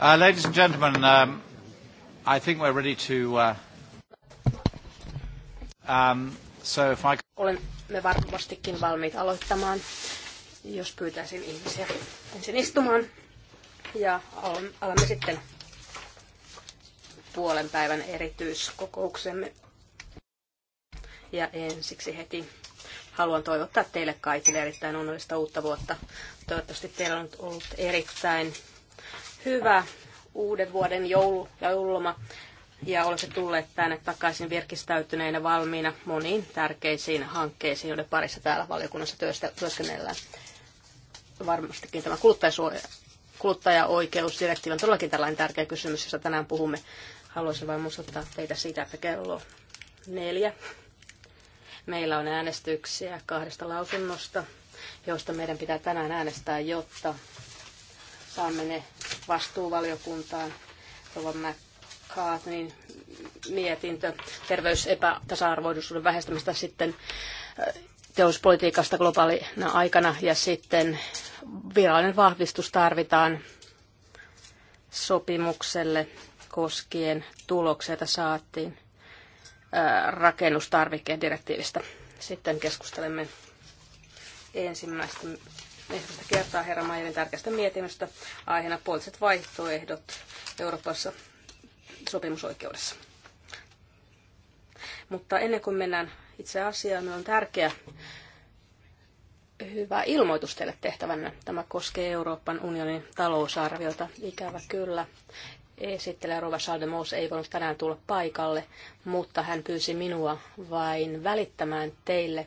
Uh, ladies and gentlemen, um, I think we're ready to. Uh, um, Olemme varmastikin valmiit aloittamaan, jos pyytäisin ihmisiä ensin istumaan. Ja alamme sitten puolen päivän erityiskokouksemme. Ja ensiksi heti haluan toivottaa teille kaikille erittäin onnellista uutta vuotta. Toivottavasti teillä on ollut erittäin hyvä uuden vuoden joulu ja jouluma ja olette tulleet tänne takaisin virkistäytyneinä valmiina moniin tärkeisiin hankkeisiin, joiden parissa täällä valiokunnassa työstä, työskennellään. Varmastikin tämä kuluttajasuoja, kuluttajaoikeusdirektiivi on todellakin tällainen tärkeä kysymys, josta tänään puhumme. Haluaisin vain muistuttaa teitä siitä, että kello neljä. Meillä on äänestyksiä kahdesta lausunnosta, joista meidän pitää tänään äänestää, jotta saamme ne vastuuvaliokuntaan. Rova McCartneyin mietintö terveysepätasa-arvoisuuden vähestämistä sitten äh, teollisuuspolitiikasta globaalina aikana ja sitten virallinen vahvistus tarvitaan sopimukselle koskien tuloksia, saatiin äh, rakennustarvikkeen direktiivistä. Sitten keskustelemme ensimmäistä ensimmäistä kertaa herra Maijerin tärkeästä mietinnöstä aiheena poliittiset vaihtoehdot Euroopassa sopimusoikeudessa. Mutta ennen kuin mennään itse asiaan, meillä niin on tärkeä hyvä ilmoitus teille tehtävänä. Tämä koskee Euroopan unionin talousarviota. Ikävä kyllä. Esittelijä Rova Saldemous ei voinut tänään tulla paikalle, mutta hän pyysi minua vain välittämään teille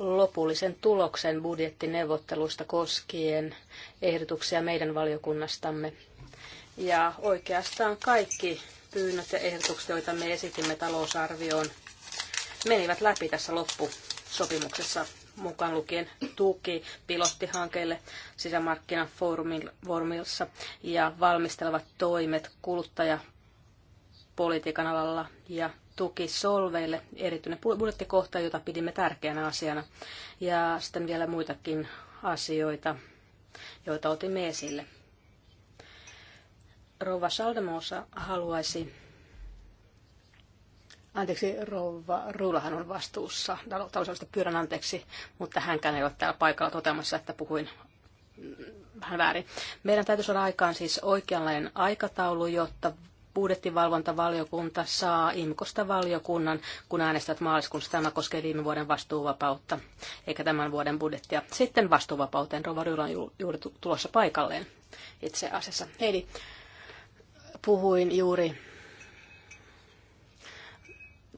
lopullisen tuloksen budjettineuvotteluista koskien ehdotuksia meidän valiokunnastamme. Ja oikeastaan kaikki pyynnöt ja ehdotukset, joita me esitimme talousarvioon, menivät läpi tässä loppusopimuksessa mukaan lukien tuki pilottihankkeille sisämarkkinafoorumissa ja valmistelevat toimet kuluttajapolitiikan alalla ja tuki solveille, erityinen budjettikohta, jota pidimme tärkeänä asiana. Ja sitten vielä muitakin asioita, joita otimme esille. Rouva Saldemosa haluaisi Anteeksi, rouva Ruulahan on vastuussa taloudellisesta pyydän anteeksi, mutta hänkään ei ole täällä paikalla toteamassa, että puhuin vähän väärin. Meidän täytyy saada aikaan siis oikeanlainen aikataulu, jotta budjettivalvontavaliokunta saa IMKosta valiokunnan, kun äänestävät maaliskuussa. Tämä koskee viime vuoden vastuuvapautta, eikä tämän vuoden budjettia. Sitten vastuuvapauteen Rova Ryl on juuri tulossa paikalleen itse asiassa. Eli puhuin juuri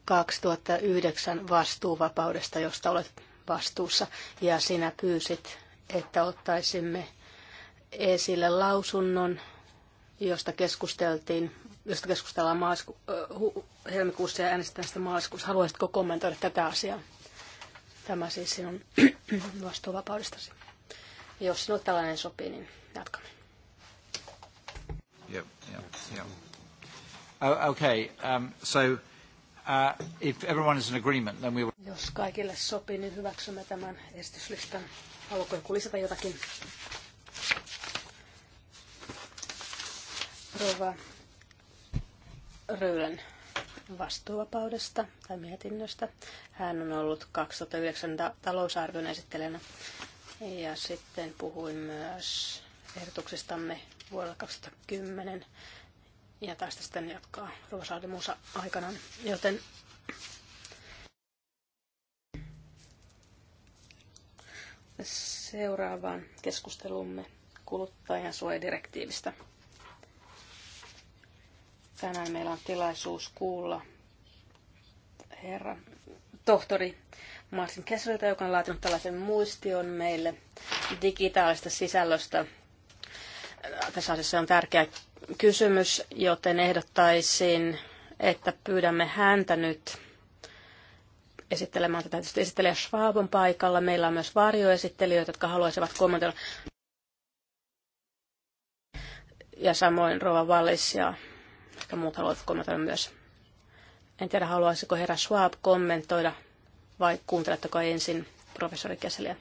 2009 vastuuvapaudesta, josta olet vastuussa, ja sinä pyysit, että ottaisimme esille lausunnon, josta keskusteltiin josta keskustellaan äh, helmikuussa ja äänestetään sitä maaliskuussa. Haluaisitko kommentoida tätä asiaa? Tämä siis sinun vastuuvapaudestasi. Jos sinulle tällainen sopii, niin jatkamme. Yep, yep, yep. Oh, okay, um, so Uh, if everyone is in agreement, then we will... Jos kaikille sopii, niin hyväksymme tämän esityslistan. Haluatko joku lisätä jotakin? Rova Ryylän vastuuvapaudesta tai mietinnöstä. Hän on ollut 2009 talousarvion esittelijänä ja sitten puhuin myös ehdotuksistamme vuodelle 2010 ja tästä sitten jatkaa Ruosaari Musa aikanaan, joten seuraavaan keskustelumme kuluttajan suojadirektiivistä. Tänään meillä on tilaisuus kuulla herra tohtori Martin Kesseltä, joka on laatinut tällaisen muistion meille digitaalista sisällöstä. Tässä asiassa on tärkeä kysymys, joten ehdottaisin, että pyydämme häntä nyt esittelemään tätä. Tietysti esittelijä Schwabon paikalla. Meillä on myös varjoesittelijöitä, jotka haluaisivat kommentoida. Ja samoin Rova Wallis ja ehkä muut haluavat kommentoida myös. En tiedä, haluaisiko herra Schwab kommentoida vai kuunteletteko ensin professori Kesseliä.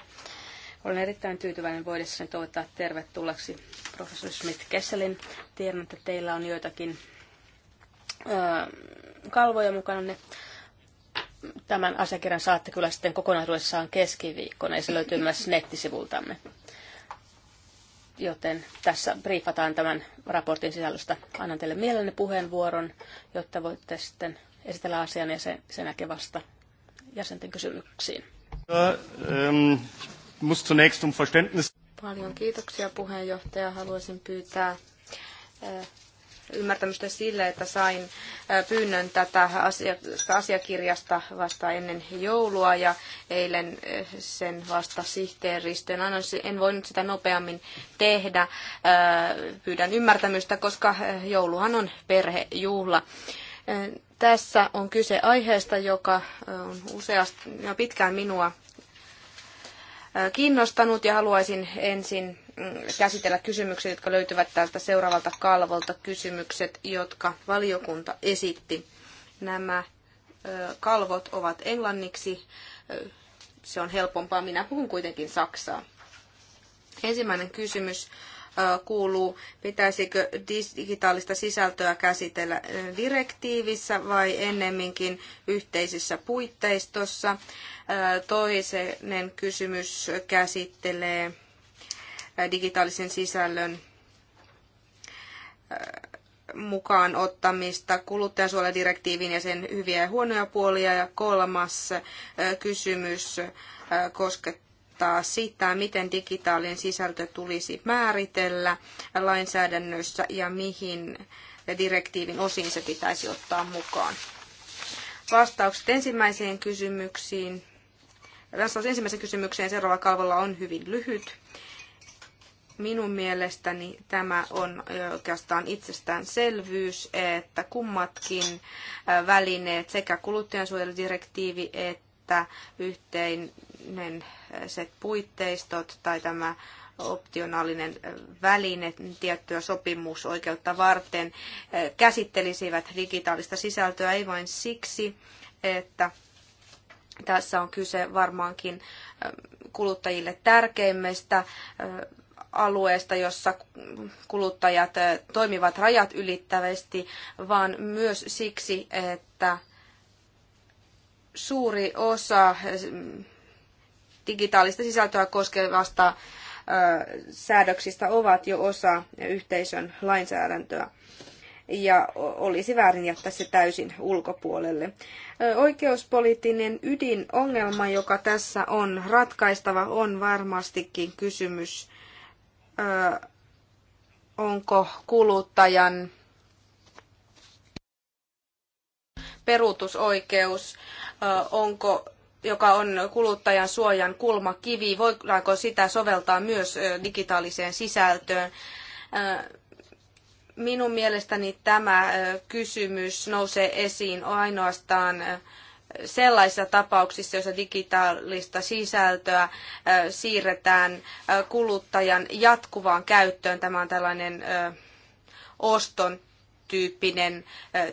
Olen erittäin tyytyväinen voidessani toivottaa tervetulleeksi professori Smith Kesselin. Tiedän, että teillä on joitakin öö, kalvoja mukana. tämän asiakirjan saatte kyllä sitten kokonaisuudessaan keskiviikkona ja se löytyy myös nettisivultamme. Joten tässä briefataan tämän raportin sisällöstä. Annan teille mielelläni puheenvuoron, jotta voitte sitten esitellä asian ja sen, sen jälkeen vasta jäsenten kysymyksiin. Ähm, um Paljon kiitoksia puheenjohtaja. Haluaisin pyytää äh, ymmärtämystä sille, että sain pyynnön tätä asiakirjasta vasta ennen joulua ja eilen sen vasta sihteeristön. En voinut sitä nopeammin tehdä. Pyydän ymmärtämystä, koska jouluhan on perhejuhla. Tässä on kyse aiheesta, joka on useasti ja pitkään minua kiinnostanut ja haluaisin ensin mm, käsitellä kysymykset, jotka löytyvät täältä seuraavalta kalvolta, kysymykset, jotka valiokunta esitti. Nämä kalvot ovat englanniksi, se on helpompaa, minä puhun kuitenkin saksaa. Ensimmäinen kysymys kuuluu, pitäisikö digitaalista sisältöä käsitellä direktiivissä vai ennemminkin yhteisessä puitteistossa. Toinen kysymys käsittelee digitaalisen sisällön mukaan ottamista kuluttajansuojadirektiivin ja sen hyviä ja huonoja puolia. Ja kolmas kysymys koskettaa ehdottaa sitä, miten digitaalinen sisältö tulisi määritellä lainsäädännössä ja mihin direktiivin osiin se pitäisi ottaa mukaan. Vastaukset ensimmäiseen kysymyksiin. Vastaus ensimmäiseen kysymykseen seuraava kalvolla on hyvin lyhyt. Minun mielestäni tämä on oikeastaan itsestäänselvyys, että kummatkin välineet, sekä kuluttajansuojeludirektiivi että että yhteinen se puitteistot tai tämä optionaalinen väline tiettyä sopimusoikeutta varten käsittelisivät digitaalista sisältöä ei vain siksi, että tässä on kyse varmaankin kuluttajille tärkeimmistä alueesta, jossa kuluttajat toimivat rajat ylittävästi, vaan myös siksi, että suuri osa mm, digitaalista sisältöä koskevasta säädöksistä ovat jo osa yhteisön lainsäädäntöä ja olisi väärin jättää se täysin ulkopuolelle. Oikeuspoliittinen ydinongelma, joka tässä on ratkaistava, on varmastikin kysymys, onko kuluttajan peruutusoikeus onko joka on kuluttajan suojan kulmakivi, voidaanko sitä soveltaa myös digitaaliseen sisältöön. Minun mielestäni tämä kysymys nousee esiin ainoastaan sellaisissa tapauksissa, joissa digitaalista sisältöä siirretään kuluttajan jatkuvaan käyttöön. Tämä on tällainen oston tyyppinen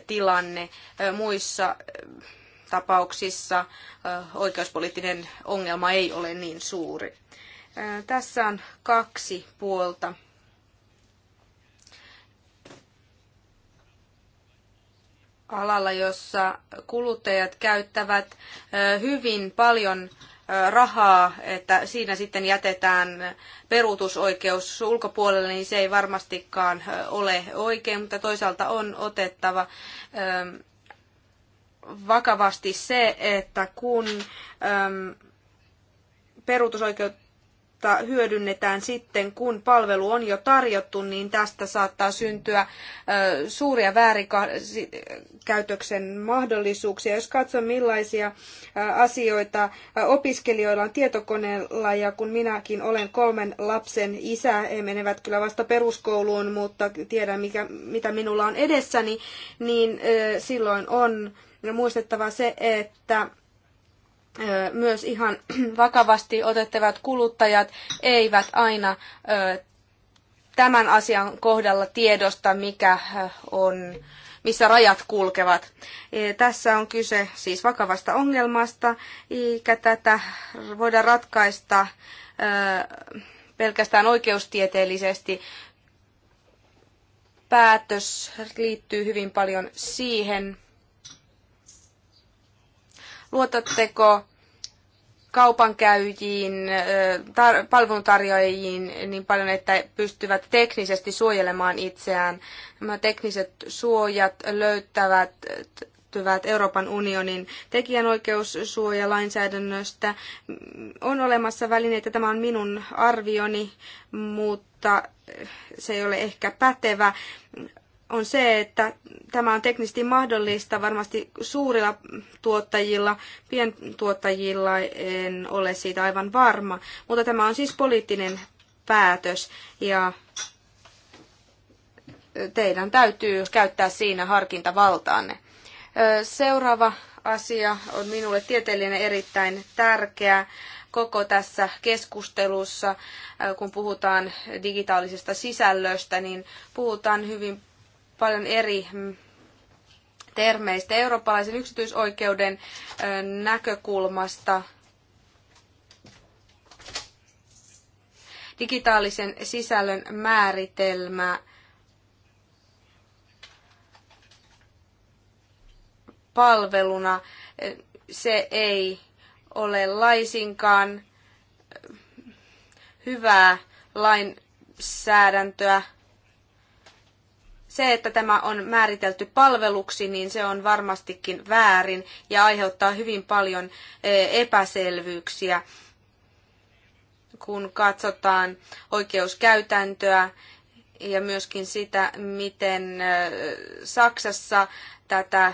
tilanne. Muissa tapauksissa oikeuspoliittinen ongelma ei ole niin suuri. Tässä on kaksi puolta. Alalla, jossa kuluttajat käyttävät hyvin paljon rahaa, että siinä sitten jätetään peruutusoikeus ulkopuolelle, niin se ei varmastikaan ole oikein, mutta toisaalta on otettava vakavasti se, että kun äm, peruutusoikeutta hyödynnetään sitten, kun palvelu on jo tarjottu, niin tästä saattaa syntyä ö, suuria väärinkäytöksen mahdollisuuksia. Jos katson millaisia asioita ö, opiskelijoilla on tietokoneella, ja kun minäkin olen kolmen lapsen isä, he menevät kyllä vasta peruskouluun, mutta tiedän mikä, mitä minulla on edessäni, niin silloin on on muistettava se, että myös ihan vakavasti otettavat kuluttajat eivät aina tämän asian kohdalla tiedosta, mikä on, missä rajat kulkevat. E, tässä on kyse siis vakavasta ongelmasta, eikä tätä voida ratkaista pelkästään oikeustieteellisesti. Päätös liittyy hyvin paljon siihen, Luotatteko kaupankäyjiin, tar- palveluntarjoajiin niin paljon, että pystyvät teknisesti suojelemaan itseään. Nämä tekniset suojat löytävät tyvät Euroopan unionin tekijänoikeussuojalainsäädännöstä. On olemassa välineitä, tämä on minun arvioni, mutta se ei ole ehkä pätevä on se, että tämä on teknisesti mahdollista varmasti suurilla tuottajilla, pientuottajilla en ole siitä aivan varma, mutta tämä on siis poliittinen päätös ja teidän täytyy käyttää siinä harkintavaltaanne. Seuraava asia on minulle tieteellinen erittäin tärkeä koko tässä keskustelussa, kun puhutaan digitaalisesta sisällöstä, niin puhutaan hyvin paljon eri termeistä eurooppalaisen yksityisoikeuden näkökulmasta. Digitaalisen sisällön määritelmä palveluna, se ei ole laisinkaan hyvää lainsäädäntöä se, että tämä on määritelty palveluksi, niin se on varmastikin väärin ja aiheuttaa hyvin paljon e, epäselvyyksiä, kun katsotaan oikeuskäytäntöä ja myöskin sitä, miten e, Saksassa tätä e,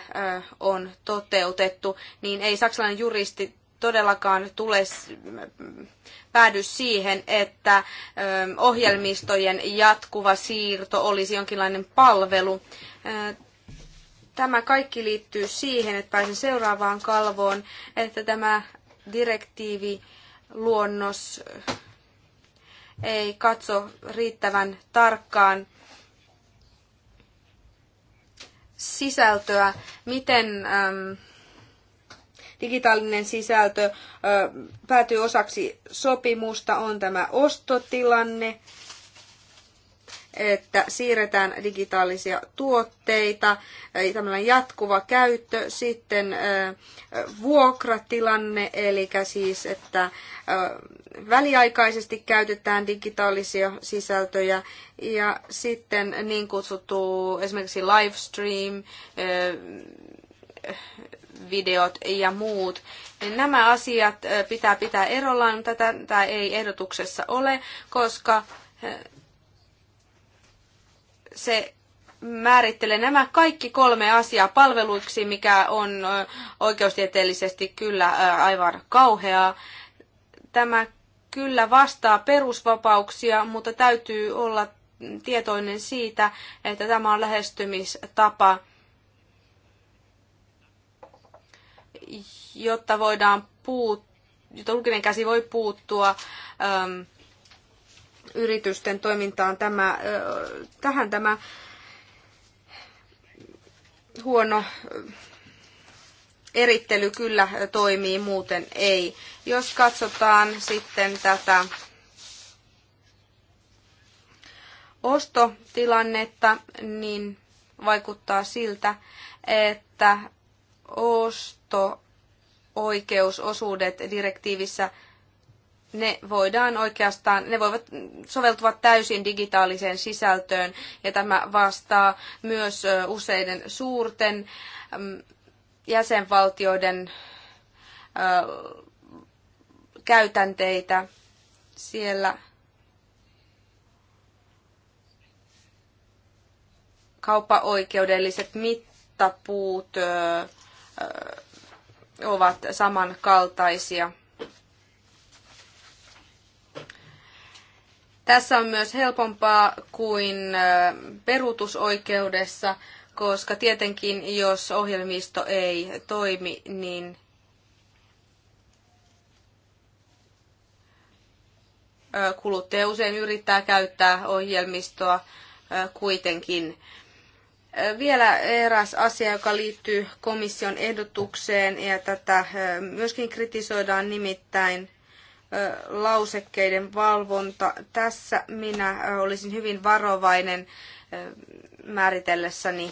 on toteutettu, niin ei saksalainen juristi todellakaan tule päädy siihen, että ohjelmistojen jatkuva siirto olisi jonkinlainen palvelu. Tämä kaikki liittyy siihen, että pääsen seuraavaan kalvoon, että tämä direktiivi luonnos ei katso riittävän tarkkaan sisältöä, miten ähm, digitaalinen sisältö päätyy osaksi sopimusta, on tämä ostotilanne, että siirretään digitaalisia tuotteita, tämmöinen jatkuva käyttö, sitten vuokratilanne, eli siis, että väliaikaisesti käytetään digitaalisia sisältöjä ja sitten niin kutsuttu esimerkiksi livestream, videot ja muut. Niin nämä asiat pitää pitää erollaan, mutta tätä ei ehdotuksessa ole, koska se määrittelee nämä kaikki kolme asiaa palveluiksi, mikä on oikeustieteellisesti kyllä aivan kauheaa. Tämä kyllä vastaa perusvapauksia, mutta täytyy olla tietoinen siitä, että tämä on lähestymistapa, jotta voidaan puut jotta julkinen käsi voi puuttua äm, yritysten toimintaan. Tämä, äh, tähän tämä huono äh, erittely kyllä toimii, muuten ei. Jos katsotaan sitten tätä ostotilannetta, niin vaikuttaa siltä, että osto-oikeusosuudet direktiivissä, ne voidaan oikeastaan, ne voivat soveltua täysin digitaaliseen sisältöön ja tämä vastaa myös useiden suurten jäsenvaltioiden käytänteitä siellä kauppaoikeudelliset mittapuut ovat samankaltaisia. Tässä on myös helpompaa kuin peruutusoikeudessa, koska tietenkin jos ohjelmisto ei toimi, niin kuluttaja usein yrittää käyttää ohjelmistoa kuitenkin. Vielä eräs asia, joka liittyy komission ehdotukseen ja tätä myöskin kritisoidaan nimittäin lausekkeiden valvonta. Tässä minä olisin hyvin varovainen määritellessäni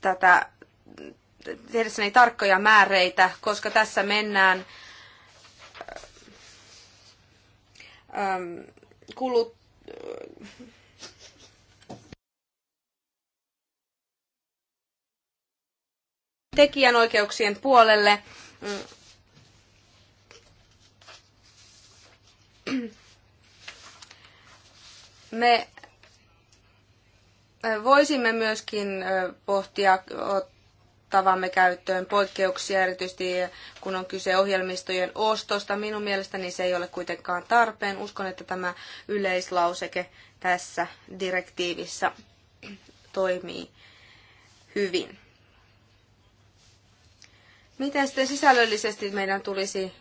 tätä tehdessäni tarkkoja määreitä, koska tässä mennään kulut, tekijänoikeuksien puolelle. Me voisimme myöskin pohtia ottavamme käyttöön poikkeuksia, erityisesti kun on kyse ohjelmistojen ostosta. Minun mielestäni se ei ole kuitenkaan tarpeen. Uskon, että tämä yleislauseke tässä direktiivissä toimii hyvin. Miten sitten sisällöllisesti meidän tulisi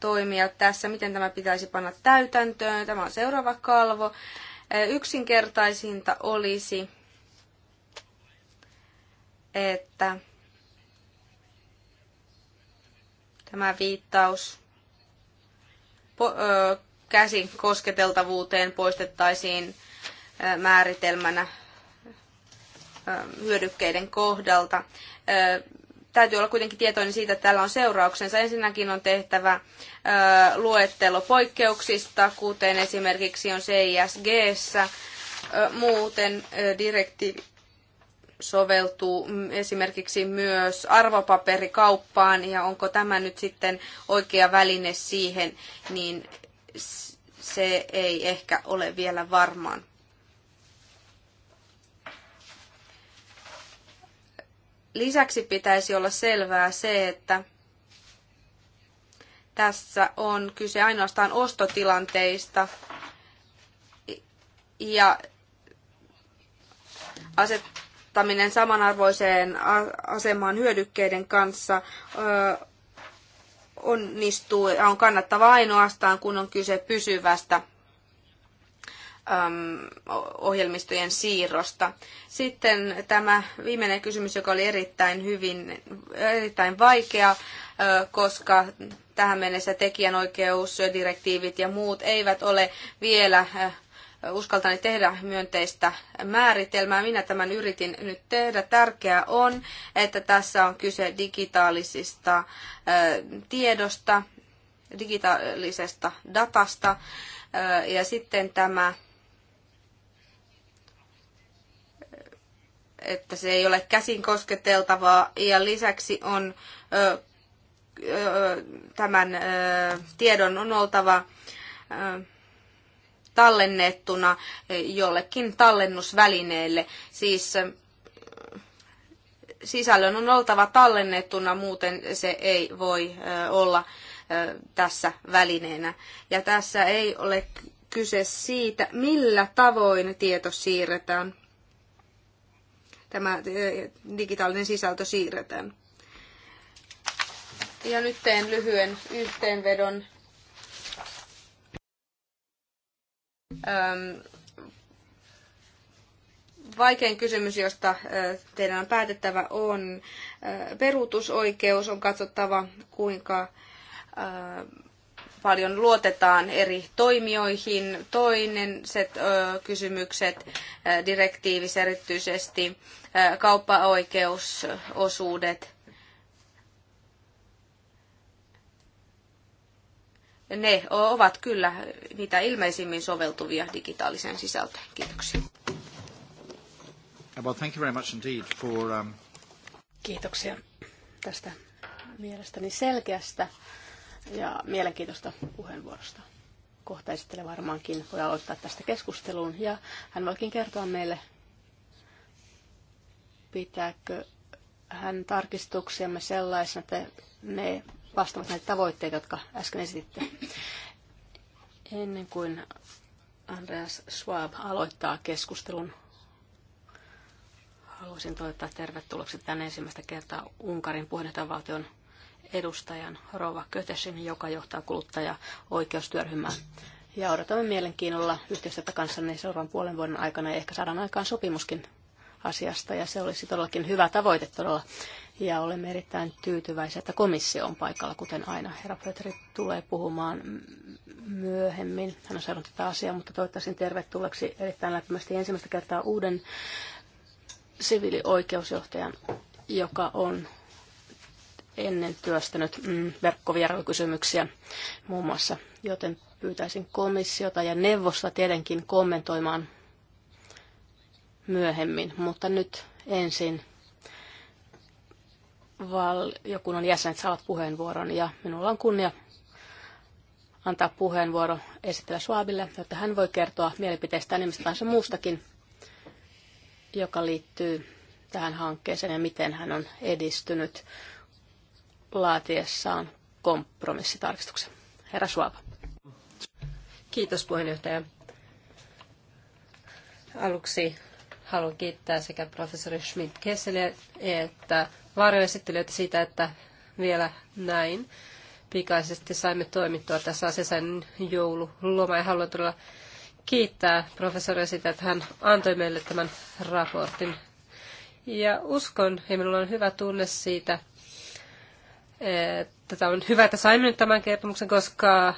toimia tässä, miten tämä pitäisi panna täytäntöön. Tämä on seuraava kalvo. Yksinkertaisinta olisi että tämä viittaus käsin kosketeltavuuteen poistettaisiin määritelmänä hyödykkeiden kohdalta. Täytyy olla kuitenkin tietoinen siitä, että tällä on seurauksensa. Ensinnäkin on tehtävä luettelo poikkeuksista, kuten esimerkiksi on CISG, muuten direktiivi soveltuu esimerkiksi myös arvopaperikauppaan ja onko tämä nyt sitten oikea väline siihen, niin se ei ehkä ole vielä varmaan. Lisäksi pitäisi olla selvää se, että tässä on kyse ainoastaan ostotilanteista ja aset asettaminen samanarvoiseen asemaan hyödykkeiden kanssa onnistuu ja on kannattava ainoastaan, kun on kyse pysyvästä ohjelmistojen siirrosta. Sitten tämä viimeinen kysymys, joka oli erittäin, hyvin, erittäin vaikea, koska tähän mennessä tekijänoikeusdirektiivit ja muut eivät ole vielä uskaltani tehdä myönteistä määritelmää. Minä tämän yritin nyt tehdä. Tärkeää on, että tässä on kyse digitaalisista tiedosta, digitaalisesta datasta ja sitten tämä että se ei ole käsin kosketeltavaa ja lisäksi on tämän tiedon on oltava tallennettuna jollekin tallennusvälineelle. Siis sisällön on oltava tallennettuna, muuten se ei voi olla tässä välineenä. Ja tässä ei ole kyse siitä, millä tavoin tieto siirretään. Tämä digitaalinen sisältö siirretään. Ja nyt teen lyhyen yhteenvedon vaikein kysymys, josta teidän on päätettävä, on peruutusoikeus. On katsottava, kuinka paljon luotetaan eri toimijoihin. Toinen set, kysymykset direktiivis erityisesti kauppaoikeusosuudet ne ovat kyllä niitä ilmeisimmin soveltuvia digitaaliseen sisältöön. Kiitoksia. Well, thank you very much indeed for, um... Kiitoksia tästä mielestäni selkeästä ja mielenkiintoista puheenvuorosta. Kohta esittelee varmaankin, voi aloittaa tästä keskusteluun ja hän voikin kertoa meille, pitääkö hän tarkistuksiamme sellaisena, että ne vastaavat näitä tavoitteita, jotka äsken esititte. Ennen kuin Andreas Schwab aloittaa keskustelun, haluaisin toivottaa tervetulleeksi tänne ensimmäistä kertaa Unkarin puheenjohtajavaltion edustajan Rova Kötesin, joka johtaa kuluttaja-oikeustyöryhmää. Ja odotamme mielenkiinnolla yhteistyötä kanssanne seuraavan puolen vuoden aikana ja ehkä saadaan aikaan sopimuskin asiasta. Ja se olisi todellakin hyvä tavoite todella ja olemme erittäin tyytyväisiä, että komissio on paikalla, kuten aina. Herra Petri tulee puhumaan myöhemmin. Hän on saanut tätä asiaa, mutta toivottavasti tervetulleeksi erittäin lämpimästi ensimmäistä kertaa uuden siviilioikeusjohtajan, joka on ennen työstänyt mm, verkkovierailukysymyksiä muun muassa, joten pyytäisin komissiota ja neuvosta tietenkin kommentoimaan myöhemmin, mutta nyt ensin valiokunnan jäsenet saavat puheenvuoron ja minulla on kunnia antaa puheenvuoro esitellä Suabille, jotta hän voi kertoa mielipiteistään ja mistä muustakin, joka liittyy tähän hankkeeseen ja miten hän on edistynyt laatiessaan kompromissitarkistuksen. Herra Suava. Kiitos puheenjohtaja. Aluksi Haluan kiittää sekä professori Schmidt Kesseliä että varjoesittelijöitä siitä, että vielä näin pikaisesti saimme toimittua tässä asiassa joululoma. Ja haluan todella kiittää professoria siitä, että hän antoi meille tämän raportin. Ja uskon, ja minulla on hyvä tunne siitä, että on hyvä, että saimme nyt tämän kertomuksen, koska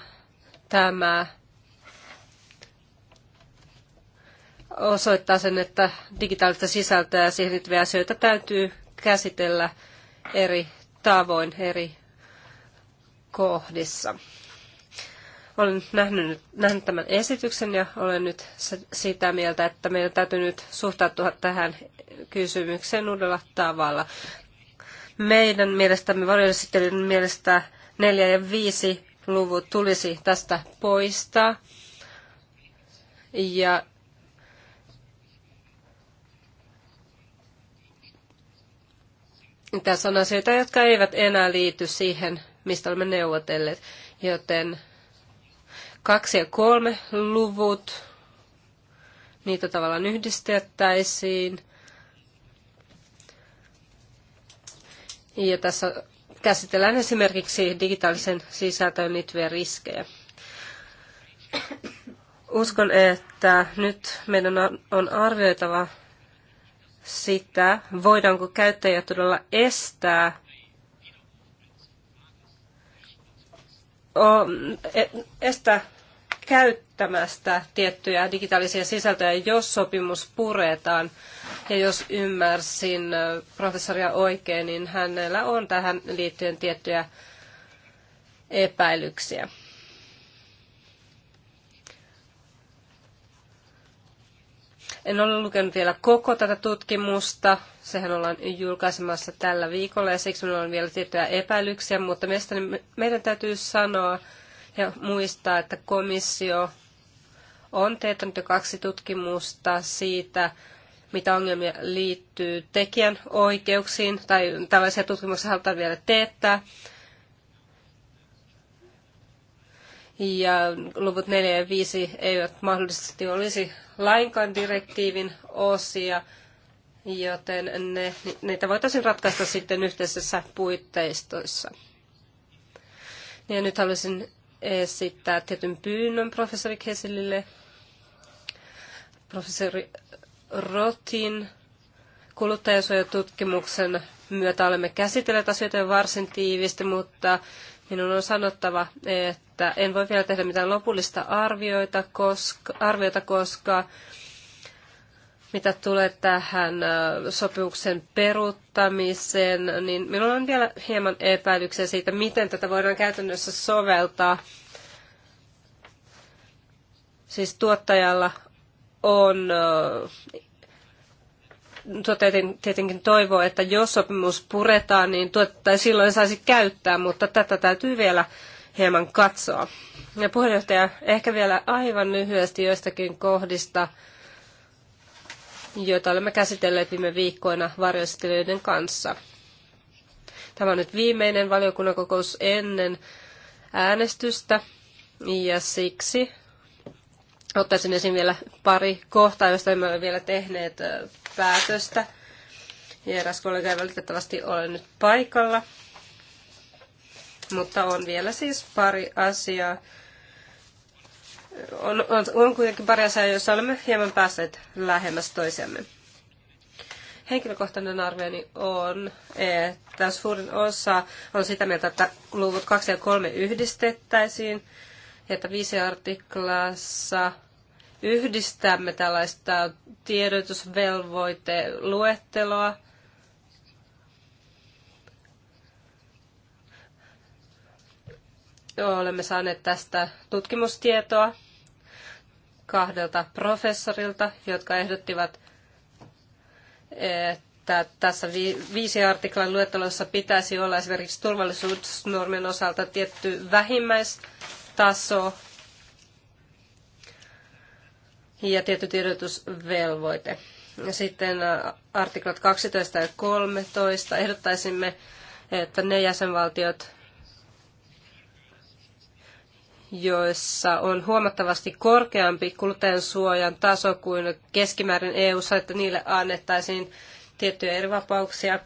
tämä osoittaa sen, että digitaalista sisältöä ja siihen liittyviä asioita täytyy käsitellä eri tavoin eri kohdissa. Olen nähnyt, nähnyt tämän esityksen ja olen nyt sitä mieltä, että meidän täytyy nyt suhtautua tähän kysymykseen uudella tavalla. Meidän mielestämme, varjoesittelyn mielestä 4 ja 5 luvut tulisi tästä poistaa. Ja Tässä on asioita, jotka eivät enää liity siihen, mistä olemme neuvotelleet, joten kaksi ja kolme luvut, niitä tavallaan yhdistettäisiin. Ja tässä käsitellään esimerkiksi digitaalisen sisältöön liittyviä riskejä. Uskon, että nyt meidän on arvioitava sitä, voidaanko käyttäjä todella estää e, estää käyttämästä tiettyjä digitaalisia sisältöjä, jos sopimus puretaan. Ja jos ymmärsin professoria oikein, niin hänellä on tähän liittyen tiettyjä epäilyksiä. En ole lukenut vielä koko tätä tutkimusta. Sehän ollaan julkaisemassa tällä viikolla ja siksi minulla on vielä tiettyjä epäilyksiä, mutta mielestäni meidän täytyy sanoa ja muistaa, että komissio on teettänyt jo kaksi tutkimusta siitä, mitä ongelmia liittyy tekijän oikeuksiin, tai tällaisia tutkimuksia halutaan vielä teettää. ja luvut 4 ja 5 eivät mahdollisesti olisi lainkaan direktiivin osia, joten ne, niitä voitaisiin ratkaista sitten yhteisessä puitteistoissa. Ja nyt haluaisin esittää tietyn pyynnön professori Keselille. Professori Rotin kuluttajasuojatutkimuksen myötä olemme käsitelleet asioita varsin tiivisti, mutta Minun on sanottava, että en voi vielä tehdä mitään lopullista arvioita, koska, arviota, koska mitä tulee tähän sopimuksen peruuttamiseen, niin minulla on vielä hieman epäilyksiä siitä, miten tätä voidaan käytännössä soveltaa. Siis tuottajalla on tietenkin toivoo, että jos sopimus puretaan, niin tai silloin saisi käyttää, mutta tätä täytyy vielä hieman katsoa. Ja puheenjohtaja, ehkä vielä aivan lyhyesti joistakin kohdista, joita olemme käsitelleet viime viikkoina varjostelijoiden kanssa. Tämä on nyt viimeinen valiokunnan kokous ennen äänestystä, ja siksi ottaisin esiin vielä pari kohtaa, joista emme ole vielä tehneet päätöstä. Ja eräs kollega ei valitettavasti ole nyt paikalla. Mutta on vielä siis pari asiaa. On, on, on kuitenkin pari asiaa, joissa olemme hieman päässeet lähemmäs toisiamme. Henkilökohtainen arvioni on, että suurin osa on sitä mieltä, että luvut 2 ja 3 yhdistettäisiin, että viisi artiklassa – yhdistämme tällaista tiedotusvelvoiteluetteloa olemme saaneet tästä tutkimustietoa kahdelta professorilta, jotka ehdottivat, että tässä viisi artiklan luettelossa pitäisi olla esimerkiksi turvallisuusnormin osalta tietty vähimmäistaso ja tietty tiedotusvelvoite. Ja sitten artiklat 12 ja 13 ehdottaisimme, että ne jäsenvaltiot, joissa on huomattavasti korkeampi suojan taso kuin keskimäärin eu että niille annettaisiin tiettyjä eri vapauksia.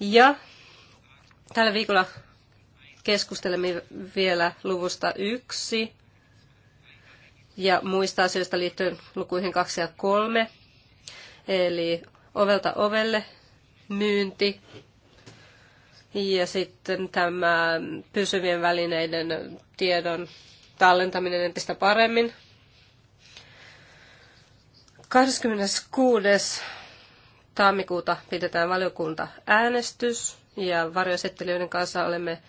Ja tällä viikolla keskustelemme vielä luvusta yksi ja muista asioista liittyen lukuihin 2 ja 3, eli ovelta ovelle myynti ja sitten tämä pysyvien välineiden tiedon tallentaminen entistä paremmin. 26. tammikuuta pidetään valiokunta äänestys ja varjoesittelijöiden kanssa olemme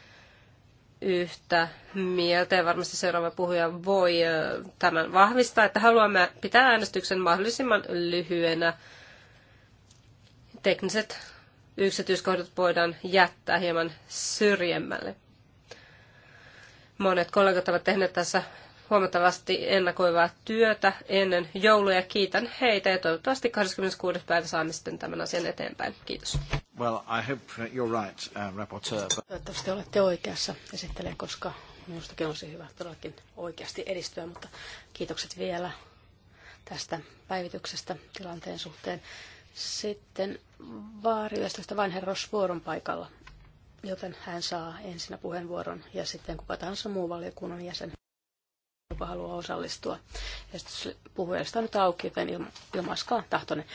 yhtä mieltä ja varmasti seuraava puhuja voi tämän vahvistaa, että haluamme pitää äänestyksen mahdollisimman lyhyenä. Tekniset yksityiskohdat voidaan jättää hieman syrjemmälle. Monet kollegat ovat tehneet tässä huomattavasti ennakoivaa työtä ennen jouluja. Kiitän heitä ja toivottavasti 26. päivä saamme sitten tämän asian eteenpäin. Kiitos. Well, I hope you're right, uh, rapporteur. But... Toivottavasti olette oikeassa esittelen, koska minustakin on se hyvä todellakin oikeasti edistyä, mutta kiitokset vielä tästä päivityksestä tilanteen suhteen. Sitten vaariyöstöstä vain vuoron paikalla, joten hän saa ensinnä puheenvuoron ja sitten kuka tahansa muu valiokunnan jäsen joka haluaa osallistua. Ja puhujasta on nyt auki, joten ilmaiskaa tahtoinen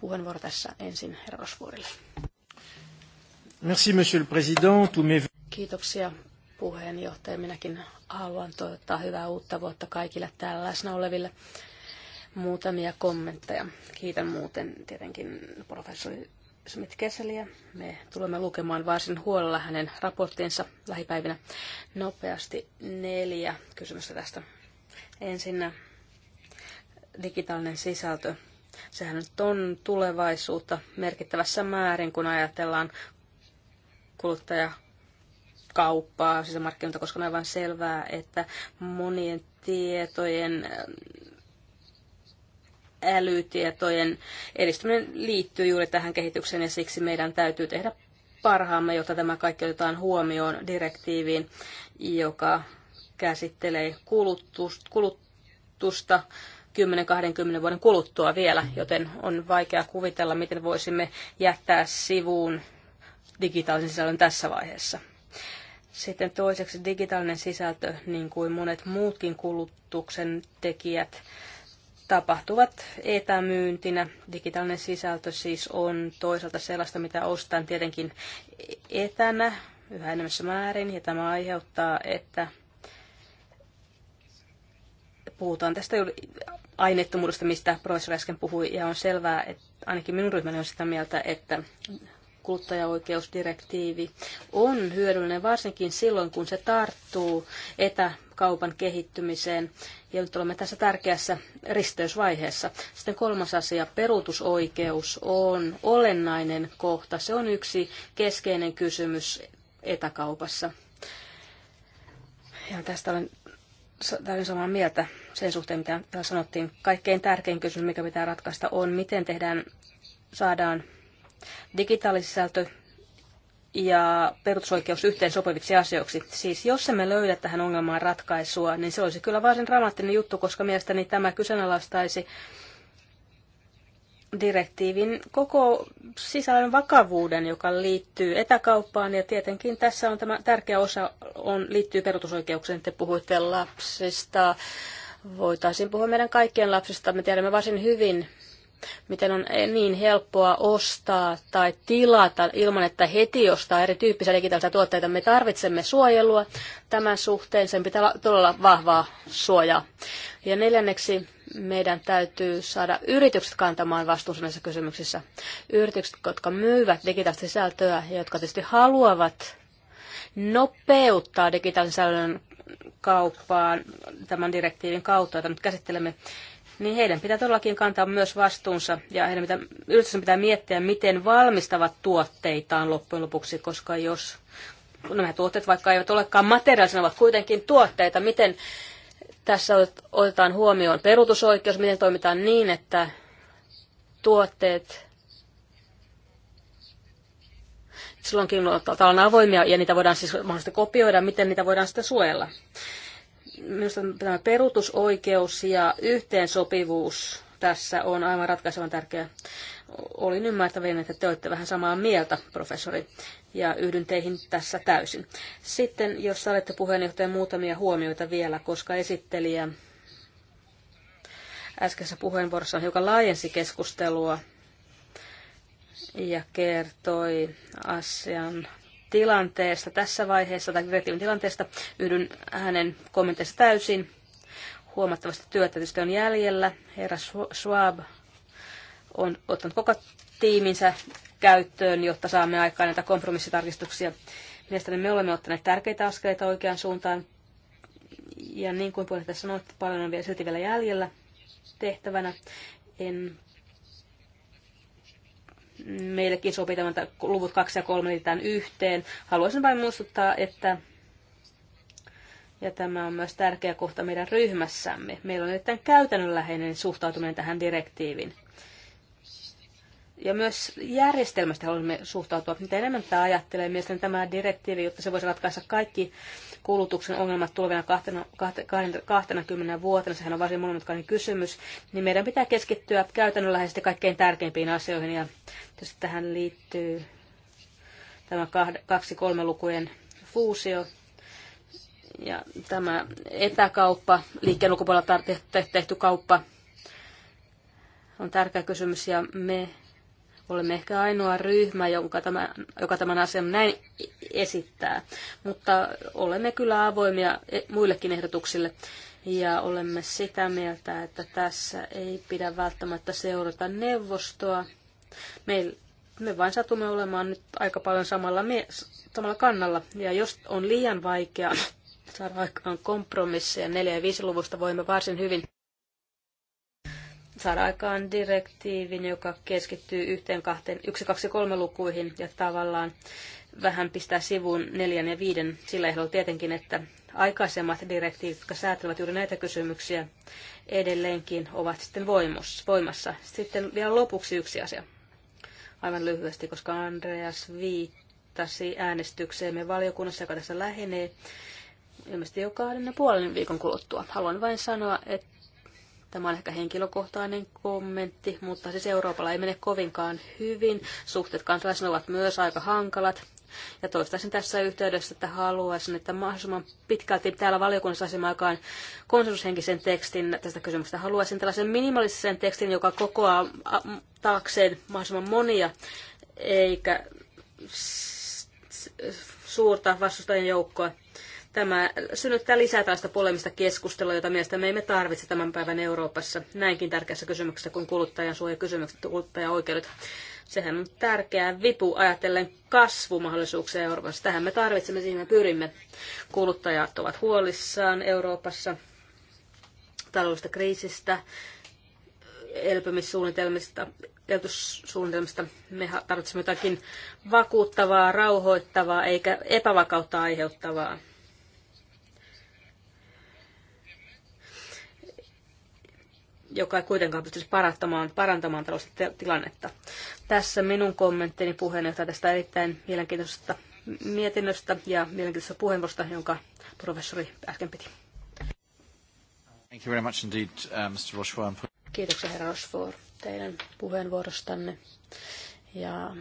puheenvuoro tässä ensin herra Rosvuorille. Merci, monsieur le président. Kiitoksia puheenjohtaja. Minäkin haluan toivottaa hyvää uutta vuotta kaikille täällä läsnä oleville. Muutamia kommentteja. Kiitän muuten tietenkin professori Smith Kesseliä. Me tulemme lukemaan varsin huolella hänen raporttinsa lähipäivinä. Nopeasti neljä kysymystä tästä. Ensin äh, digitaalinen sisältö. Sehän nyt on tulevaisuutta merkittävässä määrin, kun ajatellaan kuluttajakauppaa, sisämarkkinoita, koska on aivan selvää, että monien tietojen älytietojen edistyminen liittyy juuri tähän kehitykseen ja siksi meidän täytyy tehdä parhaamme, jotta tämä kaikki otetaan huomioon direktiiviin, joka käsittelee kulutusta 10-20 vuoden kuluttua vielä, joten on vaikea kuvitella, miten voisimme jättää sivuun digitaalisen sisällön tässä vaiheessa. Sitten toiseksi digitaalinen sisältö, niin kuin monet muutkin kulutuksen tekijät, tapahtuvat etämyyntinä. Digitaalinen sisältö siis on toisaalta sellaista, mitä ostan tietenkin etänä yhä enemmässä määrin, ja tämä aiheuttaa, että puhutaan tästä aineettomuudesta, mistä professori äsken puhui, ja on selvää, että ainakin minun ryhmäni on sitä mieltä, että kuluttajaoikeusdirektiivi on hyödyllinen varsinkin silloin, kun se tarttuu etäkaupan kehittymiseen. Ja nyt olemme tässä tärkeässä risteysvaiheessa. Sitten kolmas asia, peruutusoikeus on olennainen kohta. Se on yksi keskeinen kysymys etäkaupassa. Ja tästä olen täysin samaa mieltä sen suhteen, mitä täällä sanottiin. Kaikkein tärkein kysymys, mikä pitää ratkaista, on, miten tehdään, saadaan digitaalisisältö ja perusoikeus yhteen sopiviksi asioiksi. Siis jos emme löydä tähän ongelmaan ratkaisua, niin se olisi kyllä varsin dramaattinen juttu, koska mielestäni tämä kyseenalaistaisi direktiivin koko sisällön vakavuuden, joka liittyy etäkauppaan. Ja tietenkin tässä on tämä tärkeä osa on, liittyy perutusoikeuksiin. Te puhuitte lapsista. Voitaisiin puhua meidän kaikkien lapsista. Me tiedämme varsin hyvin, miten on eh, niin helppoa ostaa tai tilata ilman, että heti ostaa erityyppisiä digitaalisia tuotteita. Me tarvitsemme suojelua tämän suhteen, sen pitää olla todella vahvaa suojaa. Ja neljänneksi meidän täytyy saada yritykset kantamaan vastuunsa näissä kysymyksissä. Yritykset, jotka myyvät digitaalista sisältöä ja jotka tietysti haluavat nopeuttaa digitaalisen sisällön kauppaan tämän direktiivin kautta, jota nyt käsittelemme, niin heidän pitää todellakin kantaa myös vastuunsa ja heidän pitää, yritysten pitää miettiä, miten valmistavat tuotteitaan loppujen lopuksi, koska jos nämä tuotteet vaikka eivät olekaan materiaalisena, ovat kuitenkin tuotteita, miten tässä otetaan huomioon perutusoikeus, miten toimitaan niin, että tuotteet silloinkin on avoimia ja niitä voidaan siis mahdollisesti kopioida, miten niitä voidaan sitten suojella minusta tämä peruutusoikeus ja yhteensopivuus tässä on aivan ratkaisevan tärkeä. Olin ymmärtävin, että te olette vähän samaa mieltä, professori, ja yhdyn teihin tässä täysin. Sitten, jos olette puheenjohtaja, muutamia huomioita vielä, koska esittelijä äskeisessä puheenvuorossa hiukan laajensi keskustelua ja kertoi asian tilanteesta tässä vaiheessa tai direktiivin tilanteesta. Yhdyn hänen kommentteista täysin. Huomattavasti työtä tietysti on jäljellä. Herra Schwab on ottanut koko tiiminsä käyttöön, jotta saamme aikaan näitä kompromissitarkistuksia. Mielestäni me olemme ottaneet tärkeitä askeleita oikeaan suuntaan. Ja niin kuin puheenjohtaja sanoi, paljon on vielä silti vielä jäljellä tehtävänä. En meillekin sopii tämän luvut 2 ja 3 liitetään yhteen. Haluaisin vain muistuttaa, että ja tämä on myös tärkeä kohta meidän ryhmässämme. Meillä on erittäin käytännönläheinen suhtautuminen tähän direktiivin ja myös järjestelmästä haluamme suhtautua. Mitä enemmän tämä ajattelee, mielestäni tämä direktiivi, jotta se voisi ratkaista kaikki kulutuksen ongelmat tulevina 20 vuotena, sehän on varsin monimutkainen kysymys, niin meidän pitää keskittyä käytännönläheisesti kaikkein tärkeimpiin asioihin. Ja tietysti tähän liittyy tämä kaksi kolme lukujen fuusio, ja tämä etäkauppa, liikkeen ulkopuolella tehty kauppa, on tärkeä kysymys ja me Olemme ehkä ainoa ryhmä, jonka tämän, joka tämän asian näin esittää, mutta olemme kyllä avoimia e, muillekin ehdotuksille. Ja olemme sitä mieltä, että tässä ei pidä välttämättä seurata neuvostoa. Meillä me vain satumme olemaan nyt aika paljon samalla, me, samalla kannalla. Ja jos on liian vaikea saada aikaan kompromisseja, neljä ja 5 luvusta voimme varsin hyvin saada aikaan direktiivin, joka keskittyy yhteen, kahteen, yksi, kaksi, kolme lukuihin ja tavallaan vähän pistää sivuun neljän ja viiden sillä ehdolla tietenkin, että aikaisemmat direktiivit, jotka säätelevät juuri näitä kysymyksiä, edelleenkin ovat sitten voimassa. Sitten vielä lopuksi yksi asia, aivan lyhyesti, koska Andreas viittasi äänestykseemme valiokunnassa, joka tässä lähenee ilmeisesti jo kahden ja puolen viikon kuluttua. Haluan vain sanoa, että Tämä on ehkä henkilökohtainen kommentti, mutta siis Euroopalla ei mene kovinkaan hyvin. Suhteet kansalaisilla ovat myös aika hankalat. Ja toistaisin tässä yhteydessä, että haluaisin, että mahdollisimman pitkälti täällä valiokunnassa saisimme aikaan konsensushenkisen tekstin tästä kysymyksestä. Haluaisin tällaisen minimalistisen tekstin, joka kokoaa taakseen mahdollisimman monia, eikä suurta vastustajien joukkoa. Tämä synnyttää lisää tällaista polemista keskustelua, jota mielestäni me emme tarvitse tämän päivän Euroopassa näinkin tärkeässä kysymyksessä kuin kuluttajan kysymykset ja kuluttajaoikeudet. Sehän on tärkeä vipu ajatellen kasvumahdollisuuksia Euroopassa. Tähän me tarvitsemme, siihen me pyrimme. Kuluttajat ovat huolissaan Euroopassa taloudellisesta kriisistä, elpymissuunnitelmista, elpymissuunnitelmista. Me tarvitsemme jotakin vakuuttavaa, rauhoittavaa eikä epävakautta aiheuttavaa joka ei kuitenkaan pystyisi parantamaan, parantamaan taloudellista tilannetta. Tässä minun kommenttini puheenjohtaja tästä erittäin mielenkiintoisesta mietinnöstä ja mielenkiintoisesta puheenvuorosta, jonka professori äsken piti. Thank you very much indeed, uh, Mr. Kiitoksia herra Rochefort teidän puheenvuorostanne ja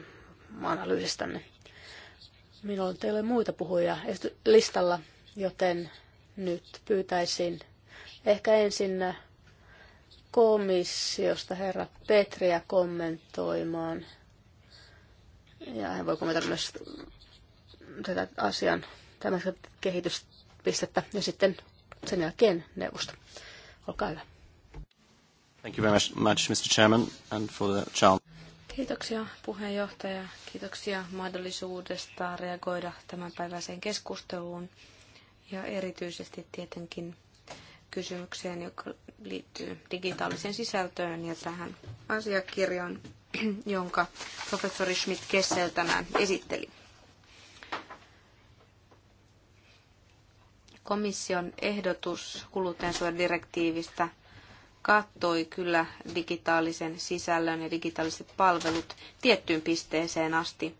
analyysistanne. Minulla on teille muita puhujia listalla, joten nyt pyytäisin ehkä ensin komissiosta herra Petriä kommentoimaan. Ja hän voi kommentoida myös tätä asian tämmöistä kehityspistettä ja sitten sen jälkeen neuvosto. Olkaa hyvä. Thank you very much, Mr. Chairman, and for the chance. Kiitoksia puheenjohtaja. Kiitoksia mahdollisuudesta reagoida tämänpäiväiseen keskusteluun ja erityisesti tietenkin kysymykseen, joka liittyy digitaaliseen sisältöön ja tähän asiakirjaan, jonka professori Schmidt Kessel tänään esitteli. Komission ehdotus kuluttajansuojadirektiivistä kattoi kyllä digitaalisen sisällön ja digitaaliset palvelut tiettyyn pisteeseen asti.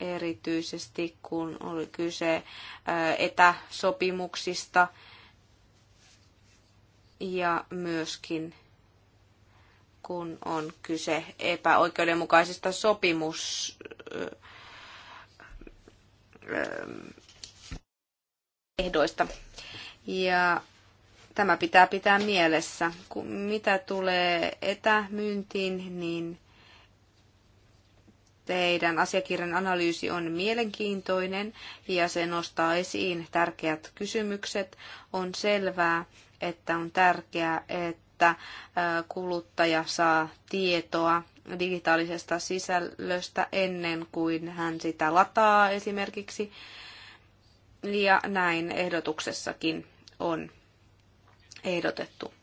Erityisesti kun oli kyse etäsopimuksista, ja myöskin kun on kyse epäoikeudenmukaisista sopimus ehdoista. Ja tämä pitää pitää mielessä. Kun mitä tulee etämyyntiin, niin teidän asiakirjan analyysi on mielenkiintoinen ja se nostaa esiin tärkeät kysymykset. On selvää, että on tärkeää, että kuluttaja saa tietoa digitaalisesta sisällöstä ennen kuin hän sitä lataa esimerkiksi. Ja näin ehdotuksessakin on ehdotettu.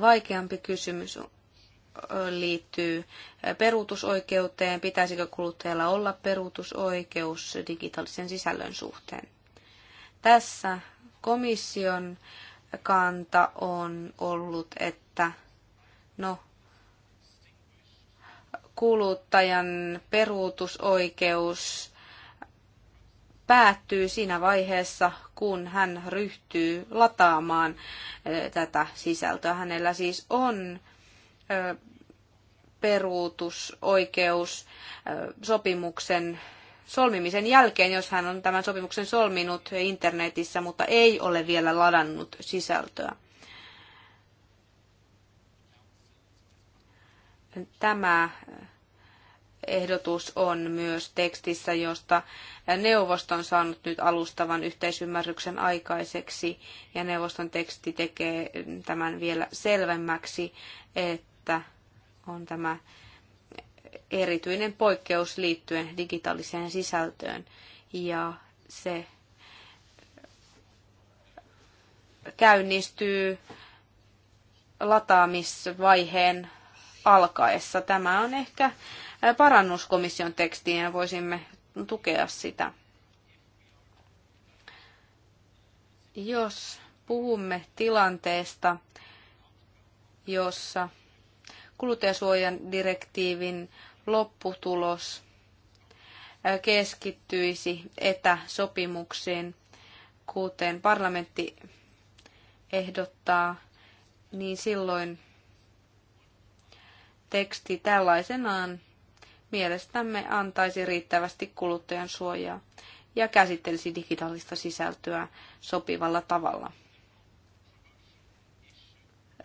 Vaikeampi kysymys liittyy peruutusoikeuteen. Pitäisikö kuluttajalla olla peruutusoikeus digitaalisen sisällön suhteen? Tässä komission kanta on ollut, että no, kuluttajan peruutusoikeus päättyy siinä vaiheessa, kun hän ryhtyy lataamaan tätä sisältöä. Hänellä siis on peruutusoikeus sopimuksen solmimisen jälkeen, jos hän on tämän sopimuksen solminut internetissä, mutta ei ole vielä ladannut sisältöä. Tämä ehdotus on myös tekstissä, josta neuvosto on saanut nyt alustavan yhteisymmärryksen aikaiseksi, ja neuvoston teksti tekee tämän vielä selvemmäksi, että on tämä erityinen poikkeus liittyen digitaaliseen sisältöön ja se käynnistyy lataamisvaiheen alkaessa. Tämä on ehkä parannuskomission tekstiin ja voisimme tukea sitä. Jos puhumme tilanteesta, jossa kuluttajasuojan direktiivin lopputulos keskittyisi etäsopimuksiin, kuten parlamentti ehdottaa, niin silloin teksti tällaisenaan mielestämme antaisi riittävästi kuluttajan suojaa ja käsittelisi digitaalista sisältöä sopivalla tavalla.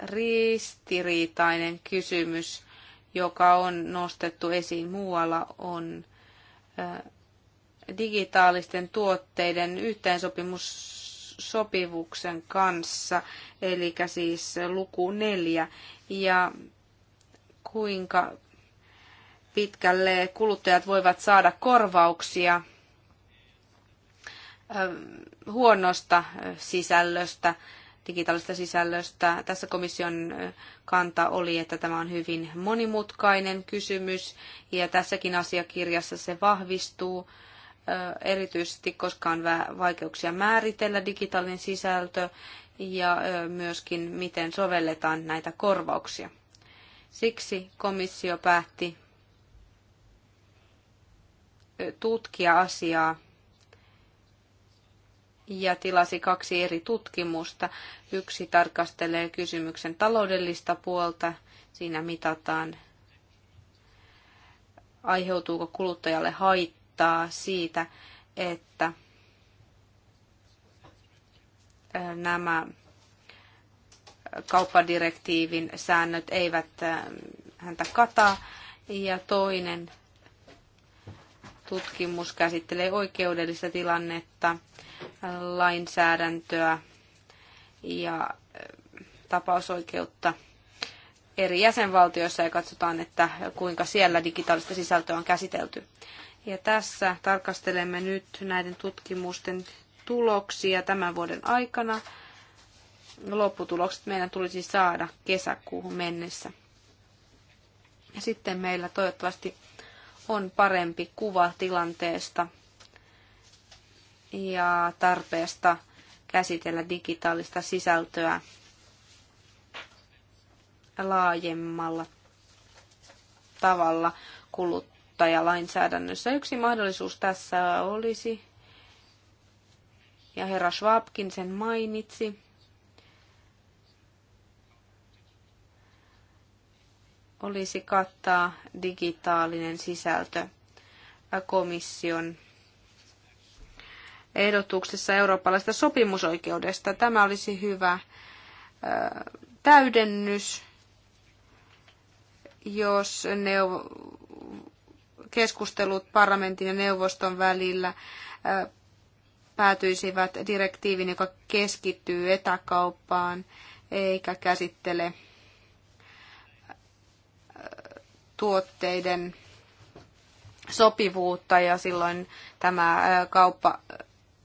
Ristiriitainen kysymys joka on nostettu esiin muualla, on digitaalisten tuotteiden yhteensopimus sopivuksen kanssa, eli siis luku neljä, ja kuinka pitkälle kuluttajat voivat saada korvauksia huonosta sisällöstä digitaalista sisällöstä. Tässä komission kanta oli, että tämä on hyvin monimutkainen kysymys ja tässäkin asiakirjassa se vahvistuu erityisesti, koska on vaikeuksia määritellä digitaalinen sisältö ja myöskin miten sovelletaan näitä korvauksia. Siksi komissio päätti tutkia asiaa ja tilasi kaksi eri tutkimusta. Yksi tarkastelee kysymyksen taloudellista puolta. Siinä mitataan, aiheutuuko kuluttajalle haittaa siitä, että nämä kauppadirektiivin säännöt eivät häntä kata. Ja toinen tutkimus käsittelee oikeudellista tilannetta lainsäädäntöä ja tapausoikeutta eri jäsenvaltioissa ja katsotaan, että kuinka siellä digitaalista sisältöä on käsitelty. Ja tässä tarkastelemme nyt näiden tutkimusten tuloksia tämän vuoden aikana. Lopputulokset meidän tulisi saada kesäkuuhun mennessä. Ja sitten meillä toivottavasti on parempi kuva tilanteesta – ja tarpeesta käsitellä digitaalista sisältöä laajemmalla tavalla kuluttajalainsäädännössä. Yksi mahdollisuus tässä olisi, ja herra Schwabkin sen mainitsi, olisi kattaa digitaalinen sisältö komission ehdotuksessa eurooppalaisesta sopimusoikeudesta. Tämä olisi hyvä täydennys, jos neuv- keskustelut parlamentin ja neuvoston välillä päätyisivät direktiivin, joka keskittyy etäkauppaan eikä käsittele tuotteiden sopivuutta ja silloin tämä kauppa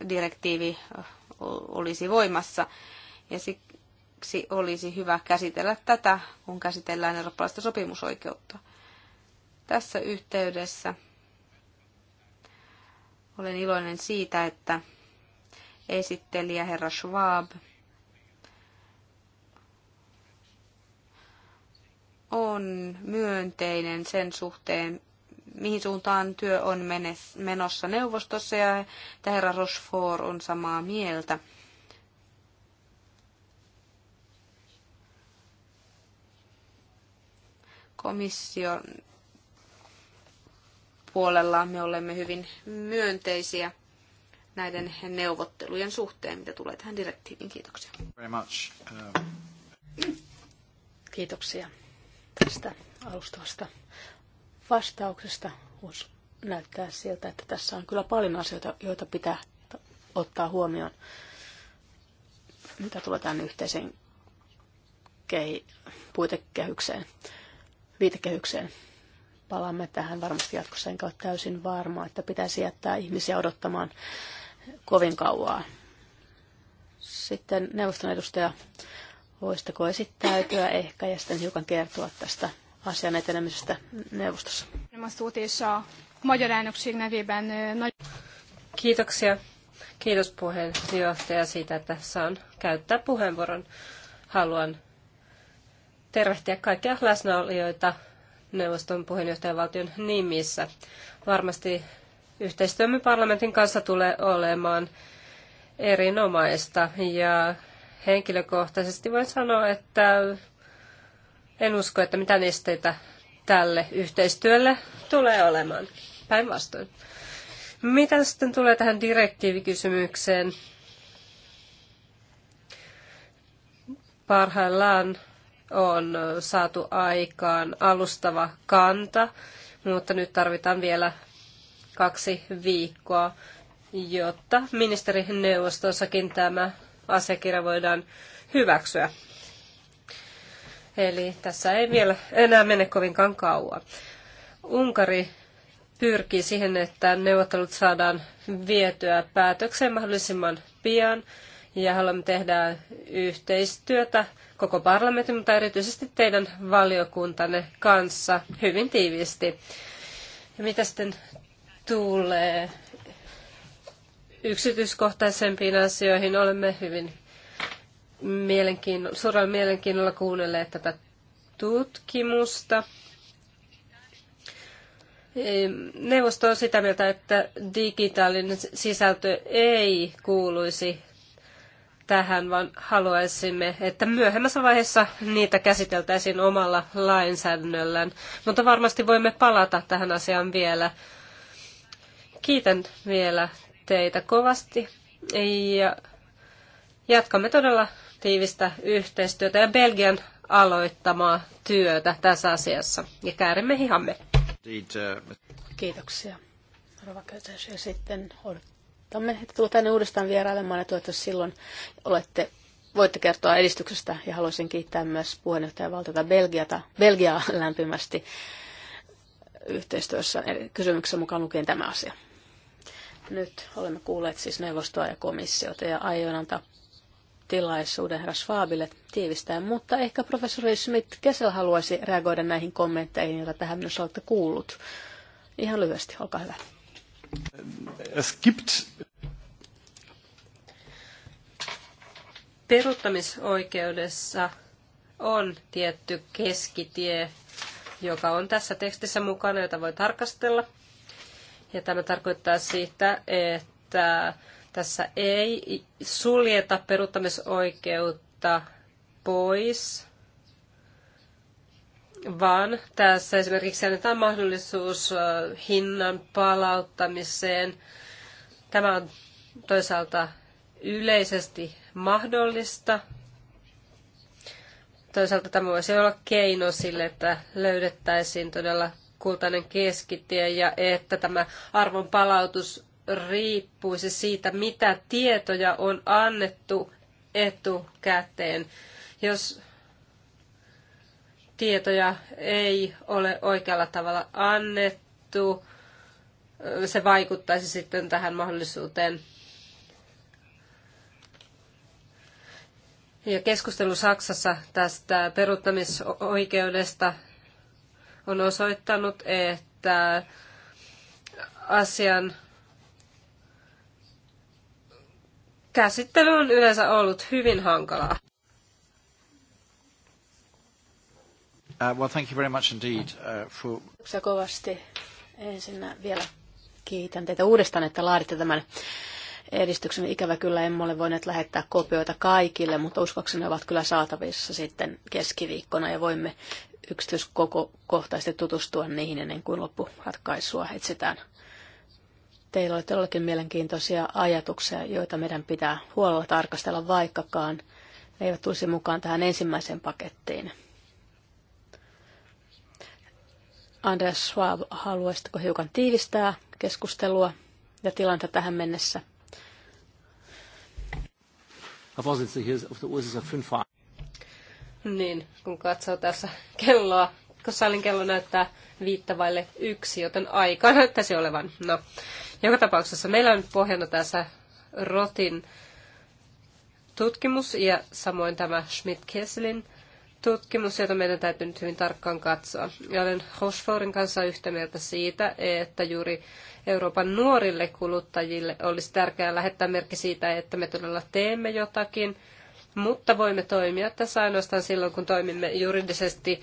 direktiivi eh, olisi voimassa. Ja siksi olisi hyvä käsitellä tätä, kun käsitellään eurooppalaista sopimusoikeutta. Tässä yhteydessä olen iloinen siitä, että esittelijä herra Schwab on myönteinen sen suhteen, mihin suuntaan työ on menossa neuvostossa ja herra Rochefort on samaa mieltä. Komission puolella me olemme hyvin myönteisiä näiden neuvottelujen suhteen, mitä tulee tähän direktiiviin. Kiitoksia. Very much. Um, Kiitoksia tästä alustavasta vastauksesta. Näyttää siltä, että tässä on kyllä paljon asioita, joita pitää ottaa huomioon, mitä tulee tämän yhteisen puitekehykseen, viitekehykseen. Palaamme tähän varmasti jatkossa, enkä ole täysin varma, että pitäisi jättää ihmisiä odottamaan kovin kauaa. Sitten neuvoston edustaja, voisitteko esittäytyä ehkä ja sitten hiukan kertoa tästä asian etenemisestä neuvostossa. Magyar elnökség nevében Kiitoksia. Kiitos puheenjohtaja siitä, että saan käyttää puheenvuoron. Haluan tervehtiä kaikkia läsnäolijoita neuvoston puheenjohtajavaltion nimissä. Varmasti yhteistyömme parlamentin kanssa tulee olemaan erinomaista ja henkilökohtaisesti voin sanoa, että en usko, että mitään esteitä tälle yhteistyölle tulee olemaan. Päinvastoin. Mitä sitten tulee tähän direktiivikysymykseen? Parhaillaan on saatu aikaan alustava kanta, mutta nyt tarvitaan vielä kaksi viikkoa, jotta ministerineuvostossakin tämä asiakirja voidaan hyväksyä. Eli tässä ei vielä enää mene kovinkaan kauan. Unkari pyrkii siihen, että neuvottelut saadaan vietyä päätökseen mahdollisimman pian ja haluamme tehdä yhteistyötä koko parlamentin, mutta erityisesti teidän valiokuntanne kanssa hyvin tiiviisti. Ja mitä sitten tulee yksityiskohtaisempiin asioihin, olemme hyvin mielenkiinno, suurella mielenkiinnolla kuunnelleet tätä tutkimusta. Neuvosto on sitä mieltä, että digitaalinen sisältö ei kuuluisi tähän, vaan haluaisimme, että myöhemmässä vaiheessa niitä käsiteltäisiin omalla lainsäädännöllään. Mutta varmasti voimme palata tähän asiaan vielä. Kiitän vielä teitä kovasti ja jatkamme todella tiivistä yhteistyötä ja Belgian aloittamaa työtä tässä asiassa. Ja käärimme hihamme. Kiitoksia. Rova ja sitten odotamme, että tulet tänne uudestaan vierailemaan ja toivottavasti silloin olette voitte kertoa edistyksestä ja haluaisin kiittää myös valtiota Belgiata, Belgiaa lämpimästi yhteistyössä kysymyksessä mukaan lukien tämä asia. Nyt olemme kuulleet siis neuvostoa ja komissiota ja aion antaa tilaisuuden herra Schwabille tiivistää, mutta ehkä professori Smith Kessel haluaisi reagoida näihin kommentteihin, joita tähän myös olette kuullut. Ihan lyhyesti, olkaa hyvä. Es gibt peruuttamisoikeudessa on tietty keskitie, joka on tässä tekstissä mukana, jota voi tarkastella. Ja tämä tarkoittaa sitä, että tässä ei suljeta peruuttamisoikeutta pois, vaan tässä esimerkiksi annetaan mahdollisuus hinnan palauttamiseen. Tämä on toisaalta yleisesti mahdollista. Toisaalta tämä voisi olla keino sille, että löydettäisiin todella kultainen keskitie ja että tämä arvon palautus riippuisi siitä, mitä tietoja on annettu etukäteen. Jos tietoja ei ole oikealla tavalla annettu, se vaikuttaisi sitten tähän mahdollisuuteen. Ja keskustelu Saksassa tästä peruuttamisoikeudesta on osoittanut, että asian käsittely on yleensä ollut hyvin hankalaa. Uh, well, thank you very much indeed uh, for... Kiitoksia kovasti. Ensin vielä kiitän teitä uudestaan, että laaditte tämän edistyksen. Ikävä kyllä emme ole voineet lähettää kopioita kaikille, mutta uskoakseni ovat kyllä saatavissa sitten keskiviikkona ja voimme yksityiskohtaisesti tutustua niihin ennen kuin loppuratkaisua etsitään. Teillä oli todellakin mielenkiintoisia ajatuksia, joita meidän pitää huolella tarkastella, vaikkakaan ne eivät tulisi mukaan tähän ensimmäiseen pakettiin. Andreas Schwab, haluaisitko hiukan tiivistää keskustelua ja tilanta tähän mennessä? Niin, kun katsoo tässä kelloa, kun salin kello näyttää viittavaille yksi, joten aika näyttäisi olevan. No, joka tapauksessa meillä on pohjana tässä Rotin tutkimus ja samoin tämä Schmidt-Kesselin tutkimus, jota meidän täytyy nyt hyvin tarkkaan katsoa. Ja olen Rochefortin kanssa yhtä mieltä siitä, että juuri Euroopan nuorille kuluttajille olisi tärkeää lähettää merkki siitä, että me todella teemme jotakin, mutta voimme toimia tässä ainoastaan silloin, kun toimimme juridisesti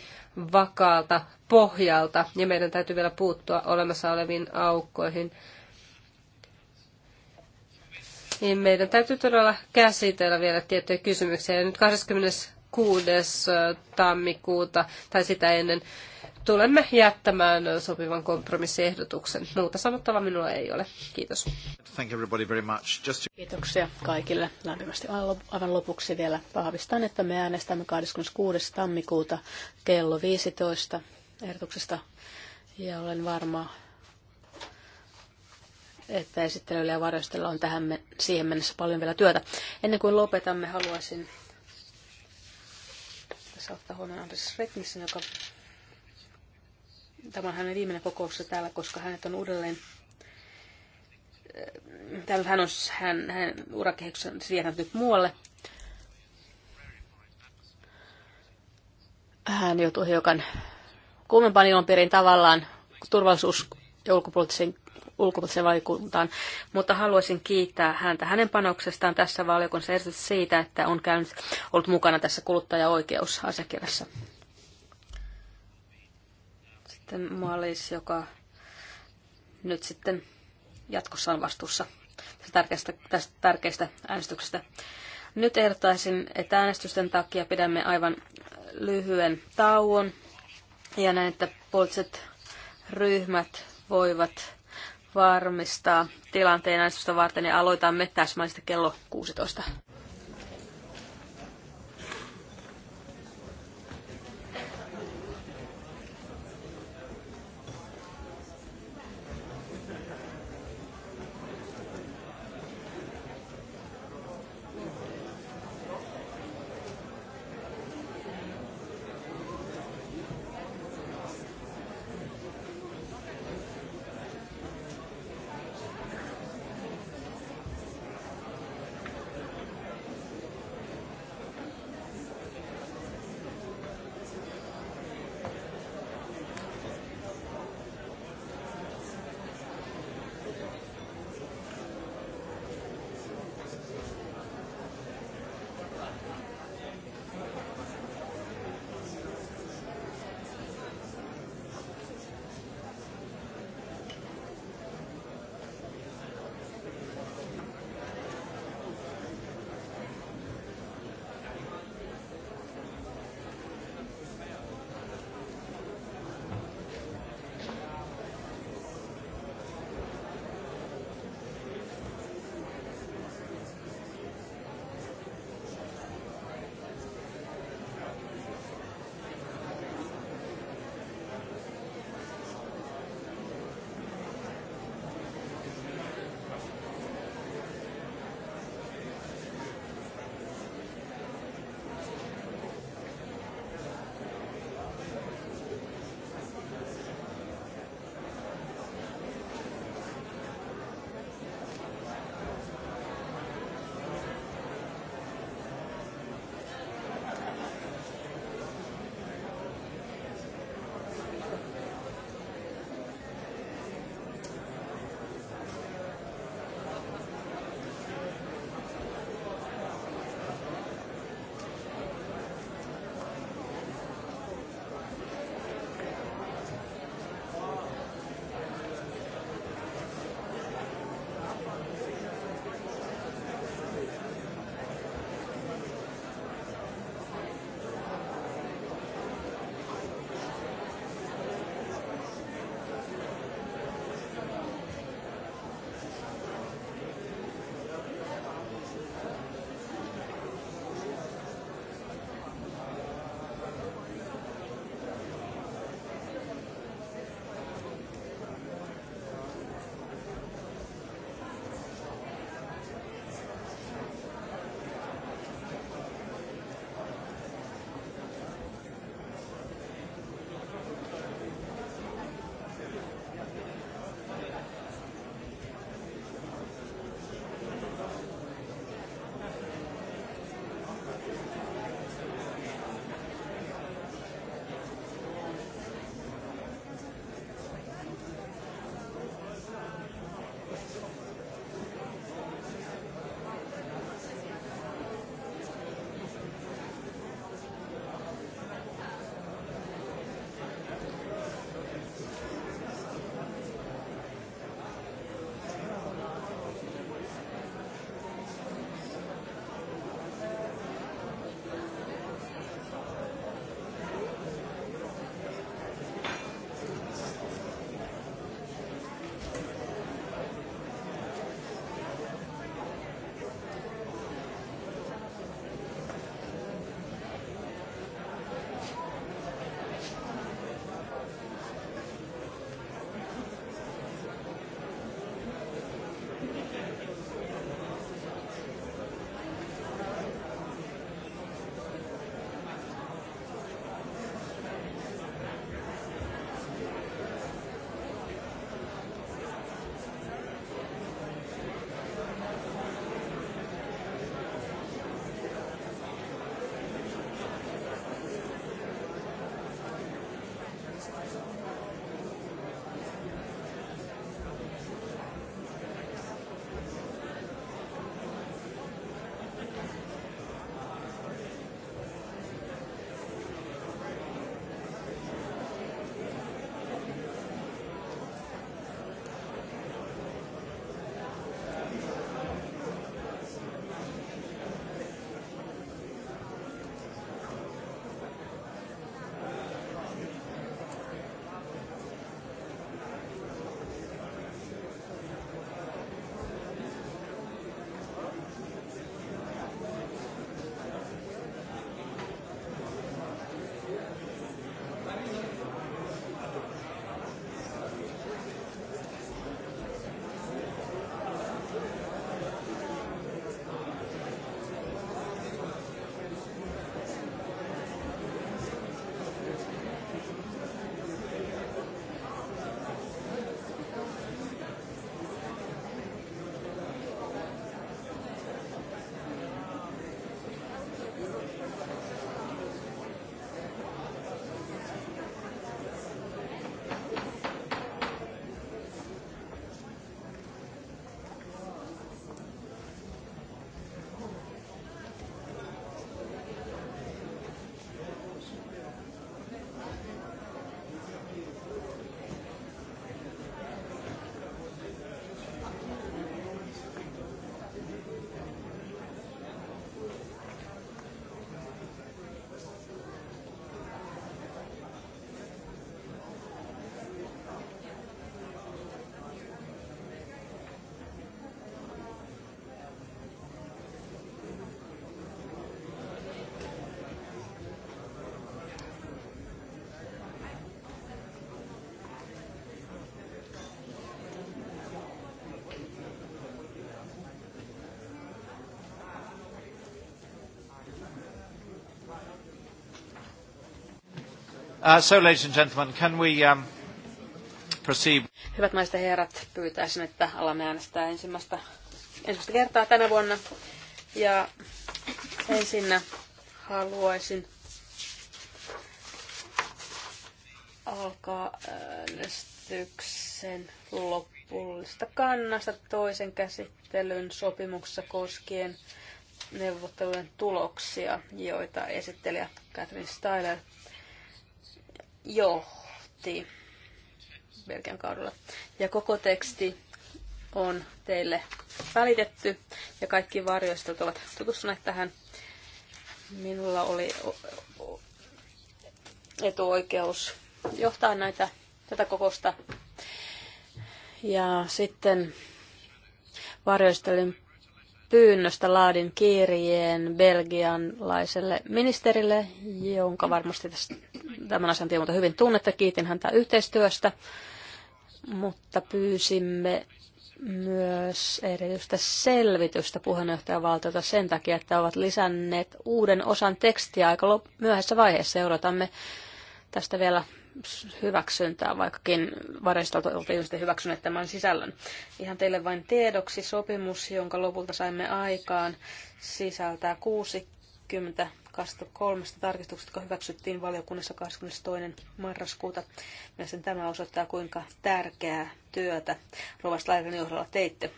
vakaalta pohjalta, ja meidän täytyy vielä puuttua olemassa oleviin aukkoihin niin meidän täytyy todella käsitellä vielä tiettyjä kysymyksiä. Ja nyt 26. tammikuuta tai sitä ennen tulemme jättämään sopivan kompromissiehdotuksen. Muuta sanottavaa minulla ei ole. Kiitos. Thank everybody very much. Just to... Kiitoksia kaikille lämpimästi. Aivan lopuksi vielä vahvistan, että me äänestämme 26. tammikuuta kello 15 ehdotuksesta. Ja olen varma, että esittelyllä ja varjostella on tähän me, siihen mennessä paljon vielä työtä. Ennen kuin lopetamme, haluaisin tässä ottaa huomioon Andres Retnissen, joka tämä on hänen viimeinen kokouksensa täällä, koska hänet on uudelleen Täällä hän on hän, hän urakehyksen siirtänyt muualle. Hän joutuu hiukan kuumempaan ilmapiiriin tavallaan turvallisuus- ja ulkopoliittisen ulkopuoliseen mutta haluaisin kiittää häntä hänen panoksestaan tässä valiokunnassa erityisesti siitä, että on käynyt, ollut mukana tässä kuluttajaoikeusasiakirjassa. Sitten Maalis, joka nyt sitten jatkossa on vastuussa tästä tärkeästä, tästä tärkeästä äänestyksestä. Nyt ehdottaisin, että äänestysten takia pidämme aivan lyhyen tauon ja näin, että poliittiset ryhmät voivat varmistaa tilanteen äänestystä varten ja aloitamme täsmällisesti kello 16. Uh, so, ladies and gentlemen, can we um, proceed? Hyvät naiset ja herrat, pyytäisin, että alamme äänestää ensimmäistä, ensimmäistä kertaa tänä vuonna. Ja ensin haluaisin alkaa äänestyksen lopullista kannasta toisen käsittelyn sopimuksessa koskien neuvottelujen tuloksia, joita esittelijä Catherine Styler johti Belgian kaudella. Ja koko teksti on teille välitetty ja kaikki varjoistot ovat tutustuneet tähän. Minulla oli etuoikeus johtaa näitä, tätä kokousta. Ja sitten varjoistelin pyynnöstä laadin kirjeen belgianlaiselle ministerille, jonka varmasti tämän asian tiimoilta hyvin tunnetta. Kiitin häntä yhteistyöstä, mutta pyysimme myös erityistä selvitystä puheenjohtajavaltiota sen takia, että ovat lisänneet uuden osan tekstiä aika myöhässä vaiheessa. Odotamme tästä vielä hyväksyntää, vaikkakin varastolta oltiin hyväksyneet tämän sisällön. Ihan teille vain tiedoksi sopimus, jonka lopulta saimme aikaan, sisältää 60 23 tarkistuksesta, jotka hyväksyttiin valiokunnassa 22. marraskuuta. Mielestäni tämä osoittaa, kuinka tärkeää työtä Rovas Laitan johdolla teitte.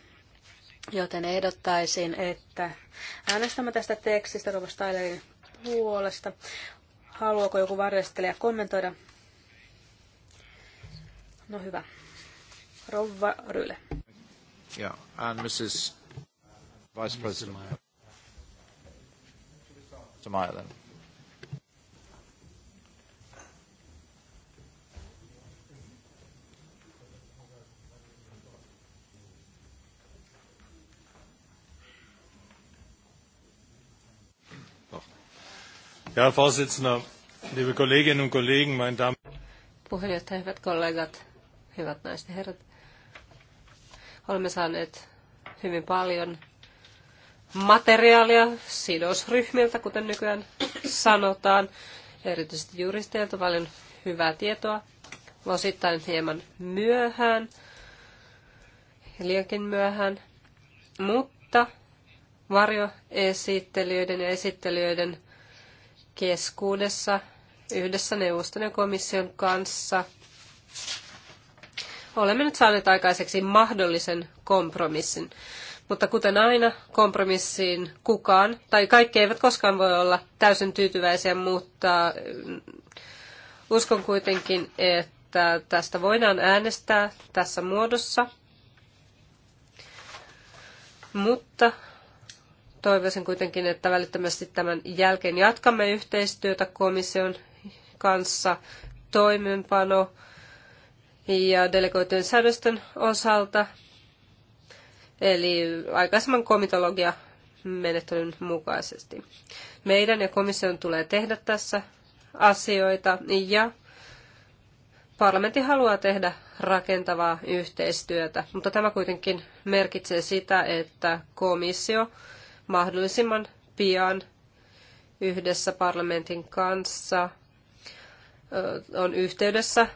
Joten ehdottaisin, että äänestämme tästä tekstistä Rovas puolesta. Haluaako joku varjostelija kommentoida No hyvä. Rouva Ryle. Yeah, and Mrs. Vice President. Tamaya then. herr präsident liebe kolleginnen und kollegen meine damen und herren! puheenjohtaja hyvät kollegat hyvät naiset ja herrat. Olemme saaneet hyvin paljon materiaalia sidosryhmiltä, kuten nykyään sanotaan, erityisesti juristeilta paljon hyvää tietoa, osittain hieman myöhään, liiankin myöhään, mutta varjoesittelijöiden ja esittelijöiden keskuudessa yhdessä neuvoston ja komission kanssa olemme nyt saaneet aikaiseksi mahdollisen kompromissin. Mutta kuten aina kompromissiin kukaan, tai kaikki eivät koskaan voi olla täysin tyytyväisiä, mutta mm, uskon kuitenkin, että tästä voidaan äänestää tässä muodossa. Mutta toivoisin kuitenkin, että välittömästi tämän jälkeen jatkamme yhteistyötä komission kanssa. Toimeenpano ja delegoitujen säädösten osalta, eli aikaisemman komitologia menettelyn mukaisesti. Meidän ja komission tulee tehdä tässä asioita ja parlamentti haluaa tehdä rakentavaa yhteistyötä, mutta tämä kuitenkin merkitsee sitä, että komissio mahdollisimman pian yhdessä parlamentin kanssa on yhteydessä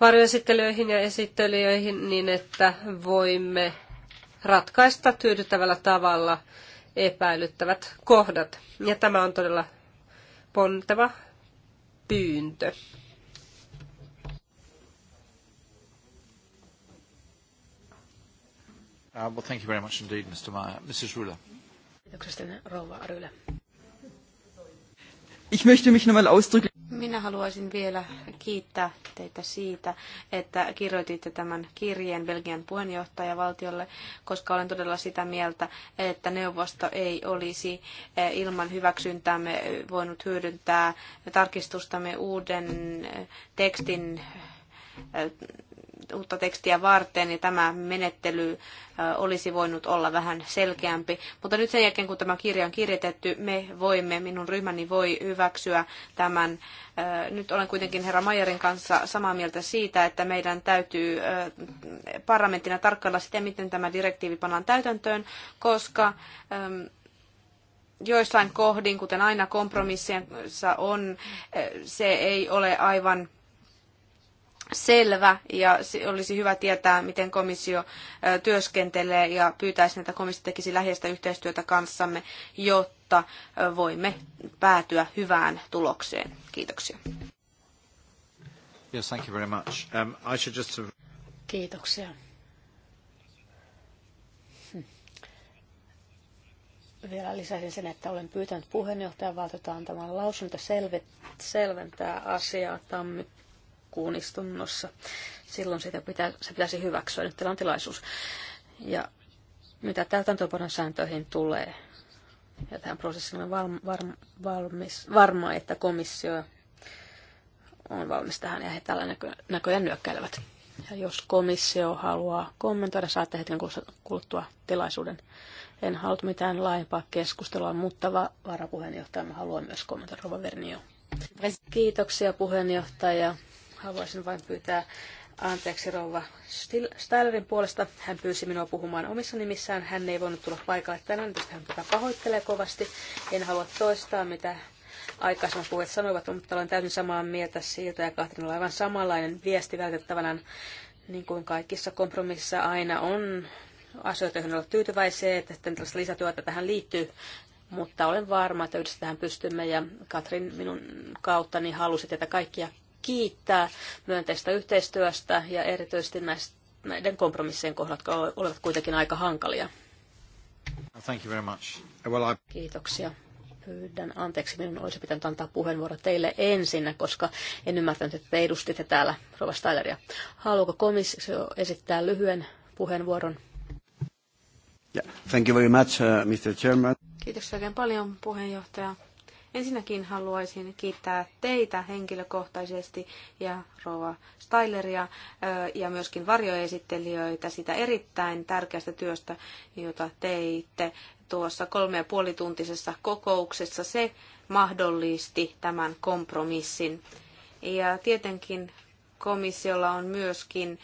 varjoesittelyihin ja esittelijöihin niin, että voimme ratkaista tyydyttävällä tavalla epäilyttävät kohdat. Ja tämä on todella ponteva pyyntö. Uh, well, thank you very much indeed, Mr. Meyer. Mrs. Rühle. rouva Rühle. Ich möchte mich nochmal ausdrücken. Minä haluaisin vielä kiittää teitä siitä, että kirjoititte tämän kirjeen Belgian puheenjohtajavaltiolle, koska olen todella sitä mieltä, että neuvosto ei olisi eh, ilman hyväksyntäämme voinut hyödyntää tarkistustamme uuden eh, tekstin eh, uutta tekstiä varten, ja niin tämä menettely olisi voinut olla vähän selkeämpi. Mutta nyt sen jälkeen, kun tämä kirja on kirjoitettu, me voimme, minun ryhmäni voi hyväksyä tämän. Nyt olen kuitenkin herra Majerin kanssa samaa mieltä siitä, että meidän täytyy parlamenttina tarkkailla sitä, miten tämä direktiivi pannaan täytäntöön, koska joissain kohdin, kuten aina kompromisseissa on, se ei ole aivan selvä ja olisi hyvä tietää, miten komissio työskentelee ja pyytäisin, että komissio tekisi läheistä yhteistyötä kanssamme, jotta voimme päätyä hyvään tulokseen. Kiitoksia. Yes, thank you very much. Um, I should just... Kiitoksia. Hm. Vielä lisäisin sen, että olen pyytänyt puheenjohtajan valtiota antamaan lausunto selventää asiaa tammikuussa loppuun istunnossa. Silloin sitä pitää, se pitäisi hyväksyä. Nyt on tilaisuus. Ja mitä täytäntöönpanon sääntöihin tulee, ja tähän prosessiin on varm, varm, valmis, varma, että komissio on valmis tähän ja he tällä näkö, näköjään nyökkäilevät. Ja jos komissio haluaa kommentoida, saatte hetken kuluttua tilaisuuden. En halua mitään laajempaa keskustelua, mutta va- varapuheenjohtaja, haluaa myös kommentoida Rova Kiitoksia puheenjohtaja. Haluaisin vain pyytää anteeksi rouva Stylerin puolesta. Hän pyysi minua puhumaan omissa nimissään. Hän ei voinut tulla paikalle tänään, tästä hän tätä pahoittelee kovasti. En halua toistaa, mitä aikaisemmat puhujat sanoivat, mutta olen täysin samaa mieltä siitä ja on aivan samanlainen viesti vältettävänä, niin kuin kaikissa kompromississa aina on asioita, joihin olla tyytyväisiä, että tällaista lisätyötä tähän liittyy, mutta olen varma, että yhdessä tähän pystymme ja Katrin minun kautta niin halusi tätä kaikkia kiittää myönteistä yhteistyöstä ja erityisesti näistä, näiden kompromissien kohdat, jotka olivat kuitenkin aika hankalia. Thank you very much. Well, I... Kiitoksia. Pyydän anteeksi, minun olisi pitänyt antaa puheenvuoro teille ensin, koska en ymmärtänyt, että te edustitte täällä Rova Styleria. Haluaako komissio esittää lyhyen puheenvuoron? Yeah. Thank you very much, uh, Mr. Chairman. Kiitos oikein paljon puheenjohtaja. Ensinnäkin haluaisin kiittää teitä henkilökohtaisesti ja Rova Styleria ja myöskin varjoesittelijöitä sitä erittäin tärkeästä työstä, jota teitte tuossa kolme ja puolituntisessa kokouksessa. Se mahdollisti tämän kompromissin. Ja tietenkin komissiolla on myöskin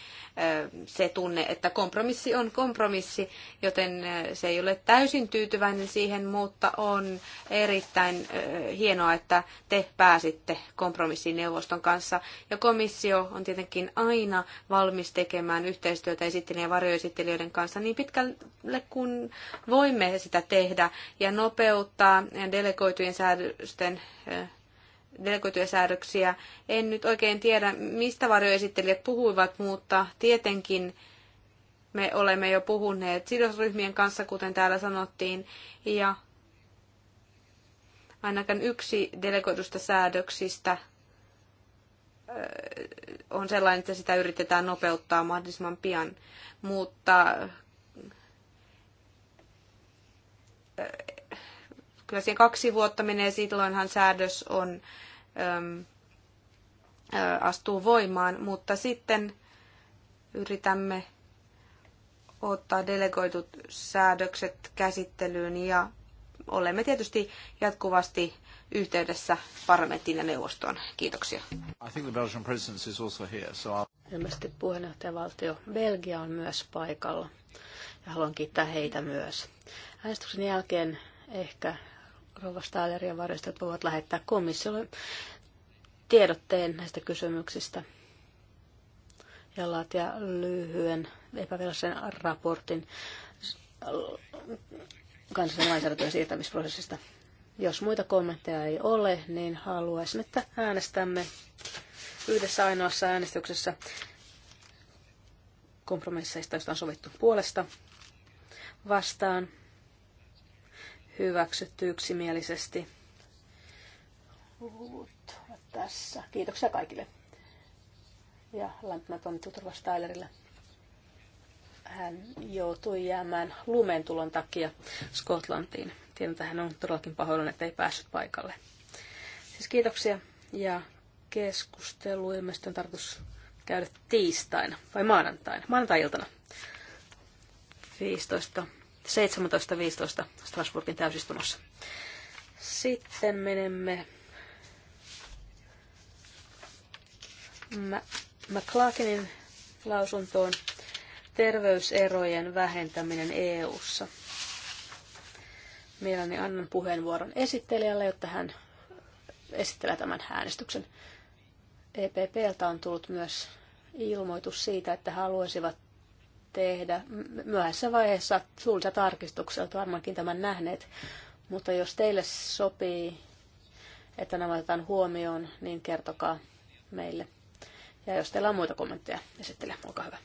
se tunne, että kompromissi on kompromissi, joten se ei ole täysin tyytyväinen siihen, mutta on erittäin hienoa, että te pääsitte kompromissineuvoston kanssa. Ja komissio on tietenkin aina valmis tekemään yhteistyötä esittelijän ja varjoesittelijöiden kanssa niin pitkälle kuin voimme sitä tehdä ja nopeuttaa delegoitujen säädösten delegoituja En nyt oikein tiedä, mistä varjoesittelijät puhuivat, mutta tietenkin me olemme jo puhuneet sidosryhmien kanssa, kuten täällä sanottiin, ja ainakaan yksi delegoidusta säädöksistä on sellainen, että sitä yritetään nopeuttaa mahdollisimman pian, mutta Kyllä siinä kaksi vuotta menee, silloinhan säädös on, äm, ä, astuu voimaan, mutta sitten yritämme ottaa delegoitut säädökset käsittelyyn ja olemme tietysti jatkuvasti yhteydessä parlamenttiin ja neuvostoon. Kiitoksia. I think the Belgian presidency is also here, so Ilmeisesti puheenjohtajavaltio Belgia on myös paikalla ja haluan kiittää heitä myös. Äänestyksen jälkeen ehkä Rova Stahler ja varjostajat voivat lähettää komissiolle tiedotteen näistä kysymyksistä ja laatia lyhyen epävirallisen raportin kansallisen lainsäädäntöön siirtämisprosessista. Jos muita kommentteja ei ole, niin haluaisin, että äänestämme yhdessä ainoassa äänestyksessä kompromisseista, joista on sovittu puolesta vastaan hyväksytty yksimielisesti. tässä. Kiitoksia kaikille. Ja lämpimät onnittelut Rova Stylerille. Hän joutui jäämään lumentulon takia Skotlantiin. Tiedän, että hän on todellakin pahoillinen, että ei päässyt paikalle. Siis kiitoksia ja keskustelu ilmeisesti on tarkoitus käydä tiistaina vai maanantaina, maanantai-iltana 15. 17.15 Strasbourgin täysistunnossa. Sitten menemme McClarkinin lausuntoon terveyserojen vähentäminen EU:ssa. Mielelläni annan puheenvuoron esittelijälle, jotta hän esittelee tämän äänestyksen. EPPltä on tullut myös ilmoitus siitä, että haluaisivat tehdä myöhässä vaiheessa suullisia tarkistukselta olette varmaankin tämän nähneet. Mutta jos teille sopii, että nämä otetaan huomioon, niin kertokaa meille. Ja jos teillä on muita kommentteja, esittele, olkaa hyvä.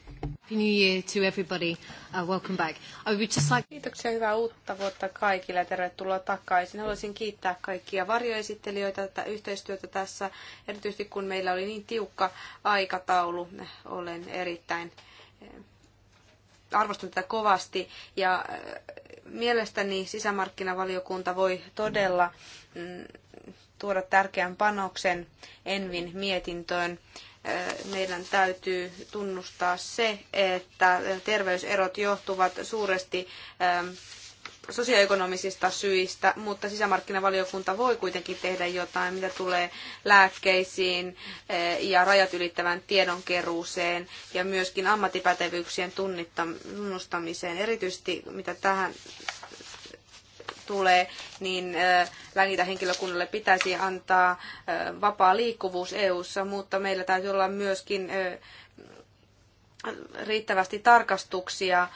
New Year to everybody. Uh, welcome back. I would just like... Kiitoksia, hyvää uutta vuotta kaikille ja tervetuloa takaisin. Haluaisin kiittää kaikkia varjoesittelijöitä tätä yhteistyötä tässä, erityisesti kun meillä oli niin tiukka aikataulu. Olen erittäin eh, arvostan tätä kovasti ja äh, mielestäni sisämarkkinavaliokunta voi todella mm, tuoda tärkeän panoksen Envin mietintöön. Äh, meidän täytyy tunnustaa se, että terveyserot johtuvat suuresti ähm, sosioekonomisista syistä, mutta sisämarkkinavaliokunta voi kuitenkin tehdä jotain, mitä tulee lääkkeisiin eh, ja rajat ylittävän tiedonkeruuseen ja myöskin ammattipätevyyksien tunnustamiseen. Erityisesti mitä tähän tulee, niin eh, lääkintähenkilökunnalle pitäisi antaa eh, vapaa liikkuvuus EU:ssa, mutta meillä täytyy olla myöskin riittävästi tarkastuksia,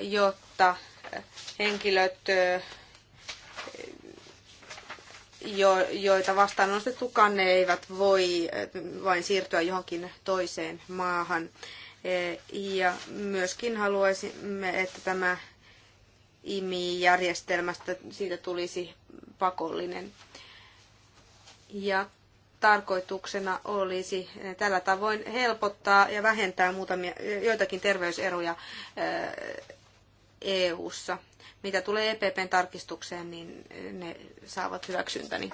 jotta henkilöt, jo, joita vastaan nostettukaan, ne eivät voi vain siirtyä johonkin toiseen maahan. E, ja myöskin haluaisimme, että tämä IMI-järjestelmästä siitä tulisi pakollinen. Ja tarkoituksena olisi tällä tavoin helpottaa ja vähentää muutamia, joitakin terveyseroja EU:ssa. Mitä tulee EPPn tarkistukseen, niin ne saavat hyväksyntäni.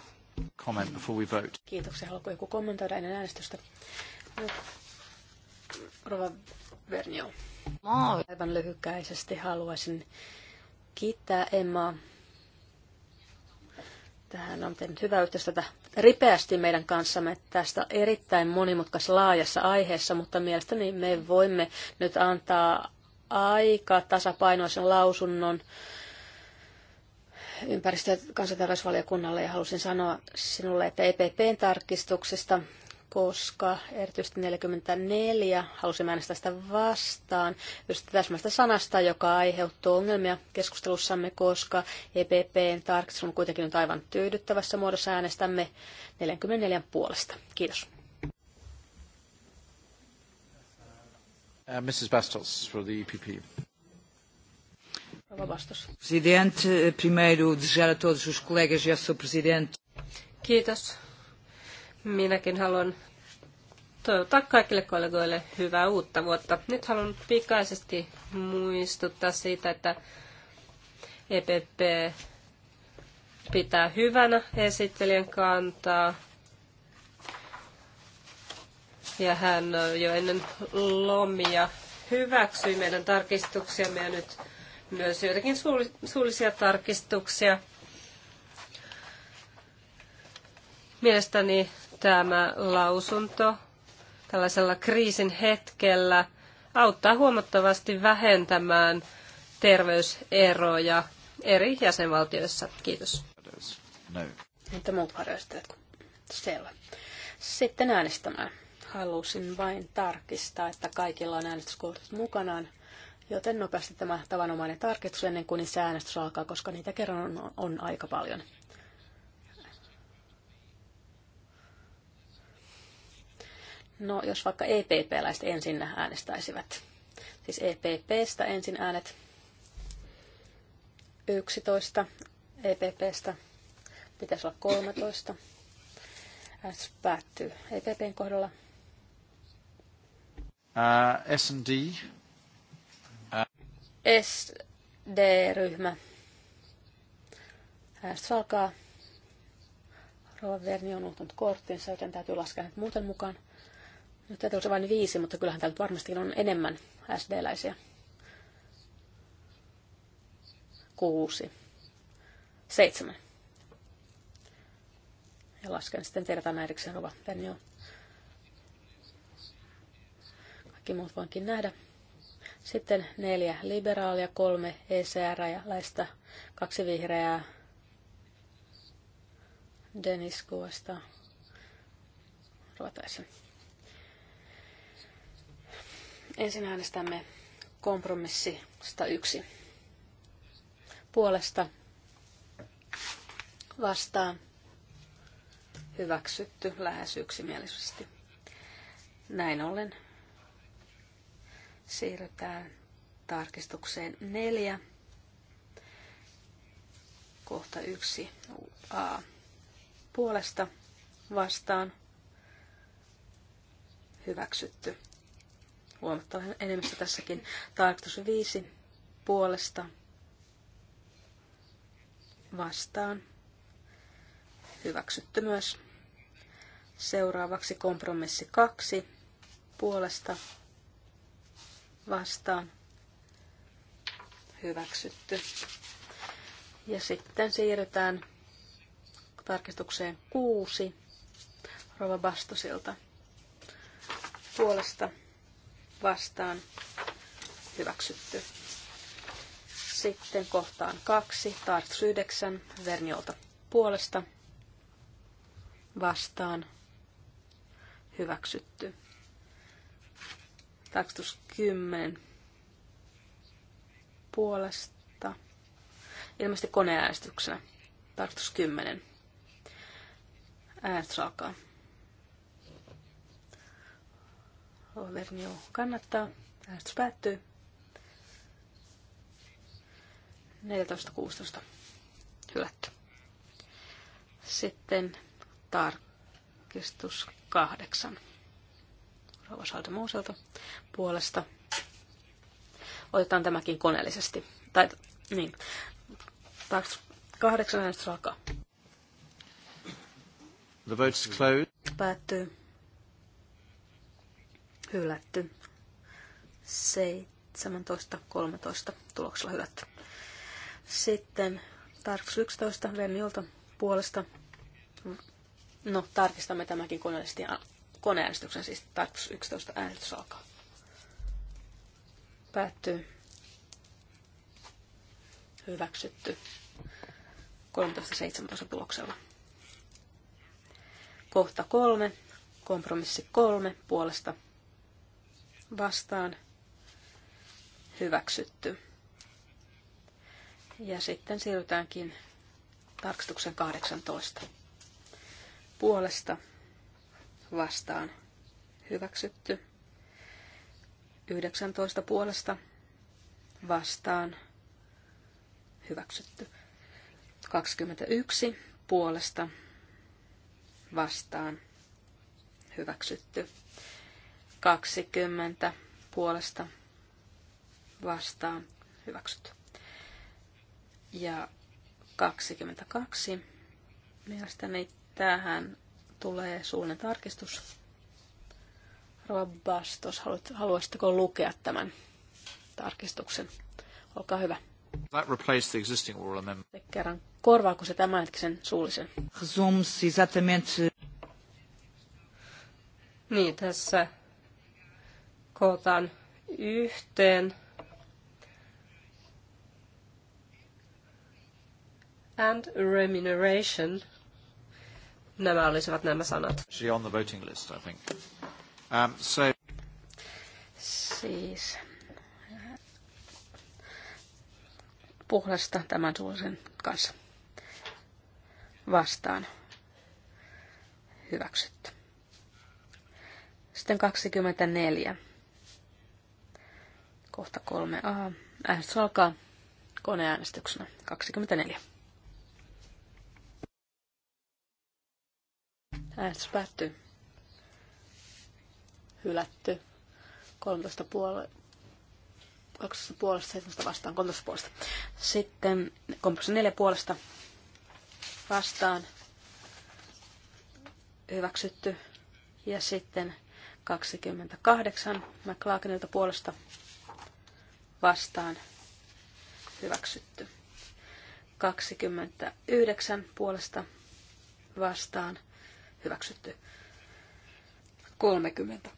Comment before we vote. Kiitoksia. Haluatko joku kommentoida ennen äänestystä? No, Rova Vernio. Aivan lyhykäisesti haluaisin kiittää Emmaa. Tähän on tehnyt hyvää yhteistyötä ripeästi meidän kanssamme tästä erittäin monimutkaisessa laajassa aiheessa, mutta mielestäni me voimme nyt antaa aika tasapainoisen lausunnon ympäristö- ja kansanterveysvaliokunnalle ja halusin sanoa sinulle, että EPPn tarkistuksesta, koska erityisesti 44 halusin äänestää sitä vastaan just täsmästä sanasta, joka aiheuttuu ongelmia keskustelussamme, koska EPPn tarkistus on kuitenkin nyt aivan tyydyttävässä muodossa äänestämme 44 puolesta. Kiitos. Uh, Mrs. Bastos for the EPP. Presidente, eh, primeiro desejar a todos os colegas e ao seu presidente. Kiitos. Minäkin haluan toivottaa kaikille kollegoille hyvää uutta vuotta. Nyt haluan pikaisesti muistuttaa siitä, että EPP pitää hyvänä esittelijän kantaa ja hän jo ennen lomia hyväksyi meidän tarkistuksiamme ja nyt myös joitakin suullisia tarkistuksia. Mielestäni tämä lausunto tällaisella kriisin hetkellä auttaa huomattavasti vähentämään terveyseroja eri jäsenvaltioissa. Kiitos. No. Entä muut harjoittajat? Selvä. Sitten äänestämään. Halusin vain tarkistaa, että kaikilla on äänestyskortit mukanaan, joten nopeasti tämä tavanomainen tarkistus ennen kuin se äänestys alkaa, koska niitä kerran on, on aika paljon. No, jos vaikka EPP-läiset ensin äänestäisivät. Siis EPPstä ensin äänet 11, EPPstä pitäisi olla 13. Äänestys päättyy EPPn kohdalla Uh, S&D. Uh. SD-ryhmä. Äänestys alkaa. Rova Verni on unohtanut korttinsa, joten täytyy laskea nyt muuten mukaan. Nyt täytyy olla vain viisi, mutta kyllähän täällä varmastikin on enemmän SD-läisiä. Kuusi. Seitsemän. Ja lasken sitten teidät aina erikseen Rova Verni on. Kaikki muut voinkin nähdä. Sitten neljä liberaalia, kolme ECR ja laista kaksi vihreää. Dennis Kuosta ruotaisen. Ensin äänestämme kompromissista yksi puolesta vastaan hyväksytty lähes yksimielisesti. Näin ollen Siirrytään tarkistukseen 4, kohta 1 A puolesta vastaan hyväksytty. Huomattavasti enemmistö tässäkin. Tarkistus 5 puolesta vastaan hyväksytty myös. Seuraavaksi kompromissi 2 puolesta vastaan hyväksytty. Ja sitten siirrytään tarkistukseen kuusi Rova Bastosilta puolesta vastaan hyväksytty. Sitten kohtaan kaksi, tarkistus 9, Verniolta puolesta vastaan hyväksytty. Tarkistus 10 puolesta. Ilmeisesti koneäänestyksenä. Tarkistus 10. Äänestys alkaa. Overnio kannattaa. Äänestys päättyy. 14.16. Hylätty. Sitten tarkistus 8 Rova Saldemuuselta puolesta. Otetaan tämäkin koneellisesti. Tai, niin. Taas kahdeksan äänestys alkaa. The vote's closed. Päättyy. Hylätty. 17.13 tuloksella hylätty. Sitten tarkistus 11 Vennilta puolesta. No, tarkistamme tämäkin koneellisesti koneäänestyksen, siis tarkoitus 11 äänestys alkaa. Päättyy. Hyväksytty. 13.17 tuloksella. Kohta kolme, kompromissi kolme puolesta vastaan hyväksytty. Ja sitten siirrytäänkin tarkistuksen 18 puolesta vastaan hyväksytty. 19 puolesta vastaan hyväksytty. 21 puolesta vastaan hyväksytty. 20 puolesta vastaan hyväksytty. Ja 22 mielestäni tähän tulee suullinen tarkistus. Rova Bastos, haluaisitteko lukea tämän tarkistuksen? Olkaa hyvä. That replaced the existing oral amendment. Kerran, korvaako se hetkisen suullisen? Niin, tässä kootaan yhteen and remuneration – Nämä olisivat nämä sanat. She on the voting list, I think. Um, so... Siis äh, puhdasta tämän suosin kanssa vastaan hyväksytty. Sitten 24. Kohta 3a. Äänestys alkaa koneäänestyksenä. 24. Äänestys Hylätty. 13 puolesta. 12 puolesta, 17 vastaan, 13 puolesta. Sitten kompromissi 4 puolesta vastaan hyväksytty. Ja sitten 28 McLaughlinilta puolesta vastaan hyväksytty. 29 puolesta vastaan hyväksytty. 30.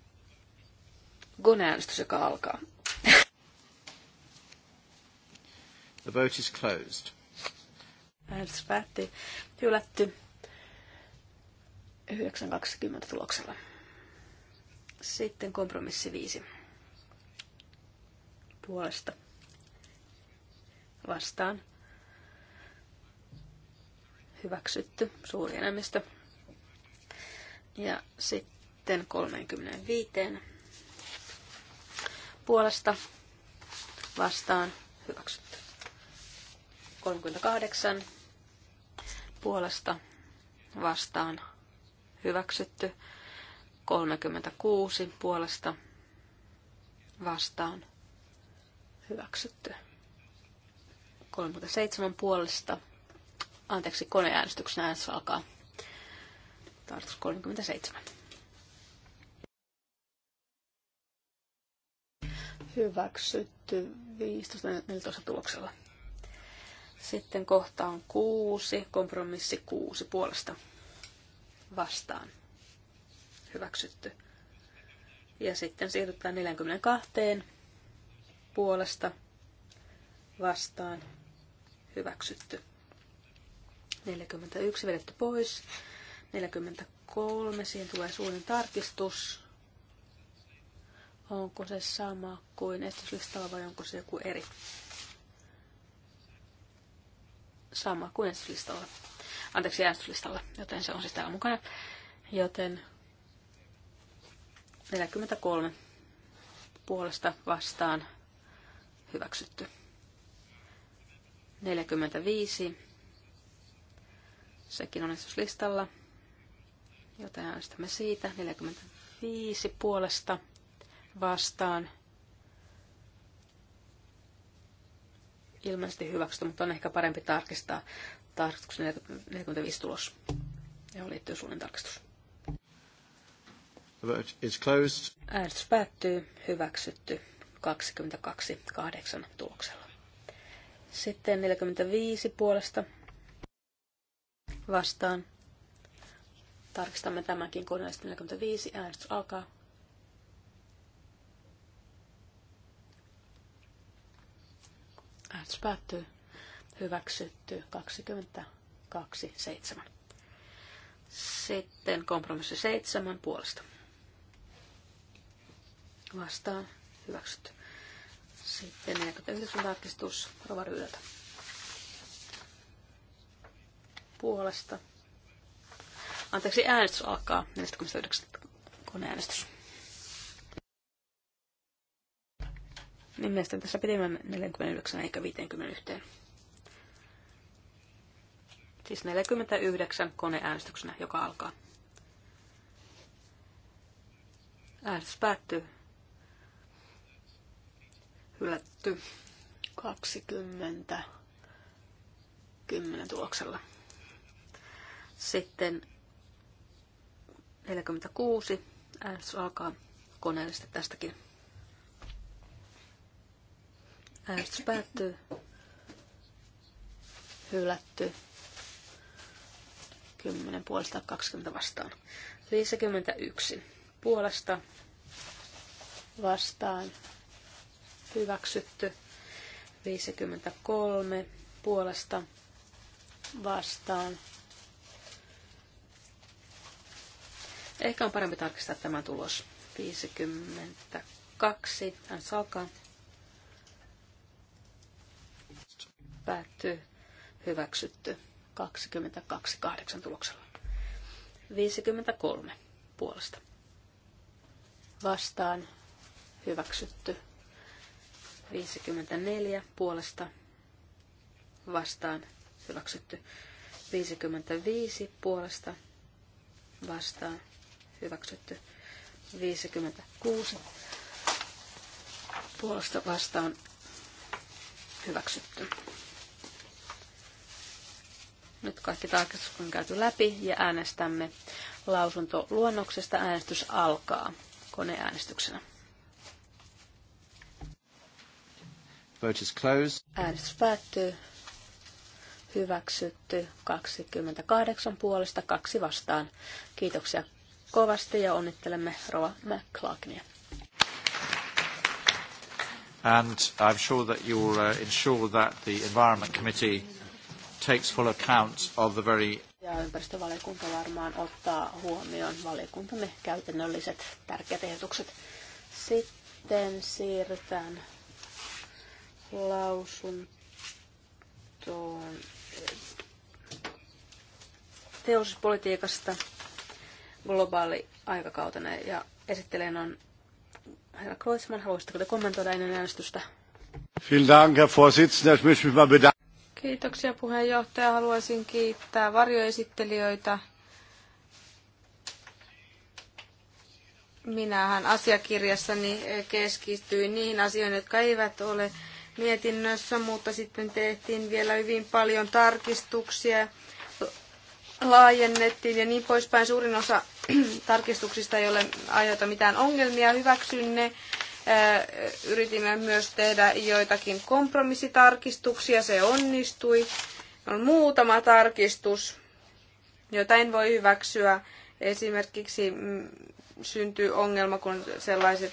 Gone-äänestys, joka alkaa. The vote is closed. Äänestys päätti Hylätty 9.20 tuloksella. Sitten kompromissi 5. Puolesta vastaan. Hyväksytty. Suuri enemmistö. Ja sitten 35 puolesta vastaan hyväksytty. 38 puolesta vastaan hyväksytty. 36 puolesta vastaan hyväksytty. 37 puolesta. Anteeksi, koneäänestyksen äänestys alkaa. Tartus 37. Hyväksytty 15-14 tuloksella. Sitten kohta on 6, kompromissi 6 puolesta vastaan. Hyväksytty. Ja sitten siirrytään 42 puolesta vastaan. Hyväksytty. 41 vedetty pois. 43, Siinä tulee suunnin tarkistus. Onko se sama kuin estyslistalla vai onko se joku eri? Sama kuin estyslistalla. Anteeksi, äänestyslistalla, joten se on siis täällä mukana. Joten 43 puolesta vastaan hyväksytty. 45. Sekin on esityslistalla joten äänestämme siitä 45 puolesta vastaan. Ilmeisesti hyväksytty, mutta on ehkä parempi tarkistaa tarkistuksen 45 tulos, johon liittyy suunnin tarkistus. Äänestys päättyy, hyväksytty 22.8 tuloksella. Sitten 45 puolesta vastaan Tarkistamme tämänkin koneesta 45. Äänestys alkaa. Äänestys päättyy. Hyväksytty 22.7. Sitten kompromissi 7 puolesta. Vastaan. Hyväksytty. Sitten 49 tarkistus Rovaryyltä. Puolesta Anteeksi, äänestys alkaa 49. koneäänestys. Niin mielestäni tässä pidimme 49 eikä 51. Siis 49 koneäänestyksenä, joka alkaa. Äänestys päättyy. Hylätty 20 10 tuloksella. Sitten 46. Äänestys alkaa koneellisesti tästäkin. Äänestys päättyy. Hylätty. 10 puolesta 20 vastaan. 51 puolesta vastaan hyväksytty. 53 puolesta vastaan Ehkä on parempi tarkistaa tämä tulos. 52. Hän alkaa. Päättyy. Hyväksytty. kahdeksan tuloksella. 53 puolesta. Vastaan hyväksytty. 54 puolesta vastaan hyväksytty. 55 puolesta vastaan hyväksytty 56 puolesta vastaan hyväksytty. Nyt kaikki tarkastus on käyty läpi ja äänestämme lausunto luonnoksesta Äänestys alkaa koneäänestyksenä. Vote is closed. Äänestys päättyy. Hyväksytty 28 puolesta, kaksi vastaan. Kiitoksia kovasti ja onnittelemme Rova McClarknia. And I'm sure that you will uh, ensure that the Environment Committee takes full account of the very ja ympäristövaliokunta varmaan ottaa huomioon valiokuntamme käytännölliset tärkeät ehdotukset. Sitten siirrytään lausuntoon teollisuuspolitiikasta globaali aikakautena ja esittelen on herra Kreuzmann. Haluaisitteko te kommentoida ennen äänestystä? Kiitoksia puheenjohtaja. Haluaisin kiittää varjoesittelijöitä. Minähän asiakirjassani keskityin niihin asioihin, jotka eivät ole mietinnössä, mutta sitten tehtiin vielä hyvin paljon tarkistuksia laajennettiin ja niin poispäin. Suurin osa tarkistuksista ei ole aiheuta mitään ongelmia. Hyväksyn ne. Yritimme myös tehdä joitakin kompromissitarkistuksia. Se onnistui. On muutama tarkistus, jota en voi hyväksyä. Esimerkiksi mm, syntyy ongelma, kun sellaiset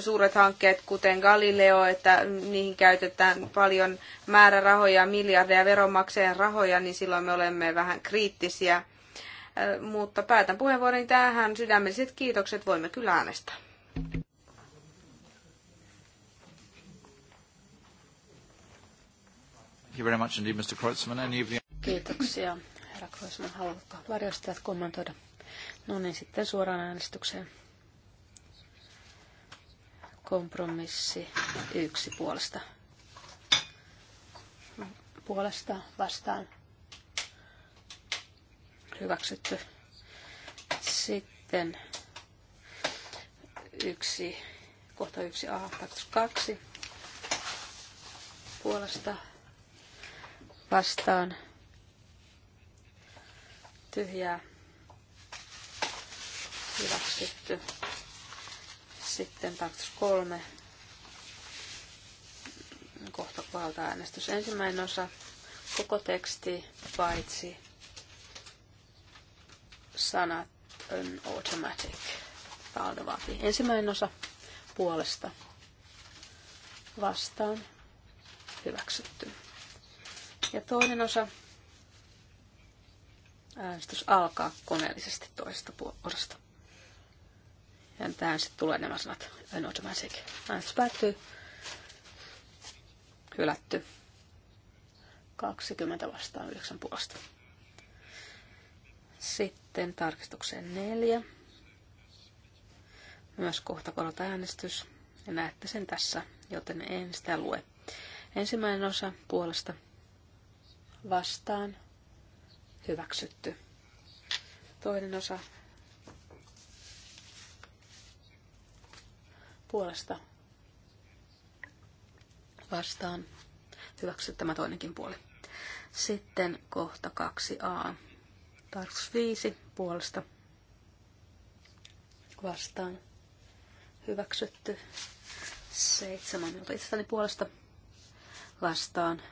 suuret hankkeet, kuten Galileo, että niihin käytetään paljon määrärahoja, miljardeja veronmaksajien rahoja, niin silloin me olemme vähän kriittisiä. Mutta päätän puheenvuoron tähän. Sydämelliset kiitokset. Voimme kyllä äänestää. Kiitoksia, herra Kreutzmann. Haluatko varjostajat kommentoida? No niin, sitten suoraan äänestykseen. Kompromissi yksi puolesta. Puolesta vastaan hyväksytty. Sitten yksi, kohta yksi A, kaksi puolesta vastaan tyhjää hyväksytty. Sitten tarkistus kolme. Kohta valta äänestys. Ensimmäinen osa. Koko teksti paitsi sanat on automatic. Valdo vaatii. Ensimmäinen osa puolesta. Vastaan. Hyväksytty. Ja toinen osa. Äänestys alkaa koneellisesti toisesta osasta. Ja tähän sitten tulee nämä sanat. An automatic. Äänestys päättyy. Hylätty. 20 vastaan 9 puolesta. Sitten tarkistukseen 4. Myös kohta korota äänestys. Ja näette sen tässä, joten en sitä lue. Ensimmäinen osa puolesta vastaan hyväksytty. Toinen osa puolesta vastaan. Hyväksy tämä toinenkin puoli. Sitten kohta 2a. Tarkoitus 5 puolesta vastaan. Hyväksytty. 7 minulta itsestäni puolesta vastaan.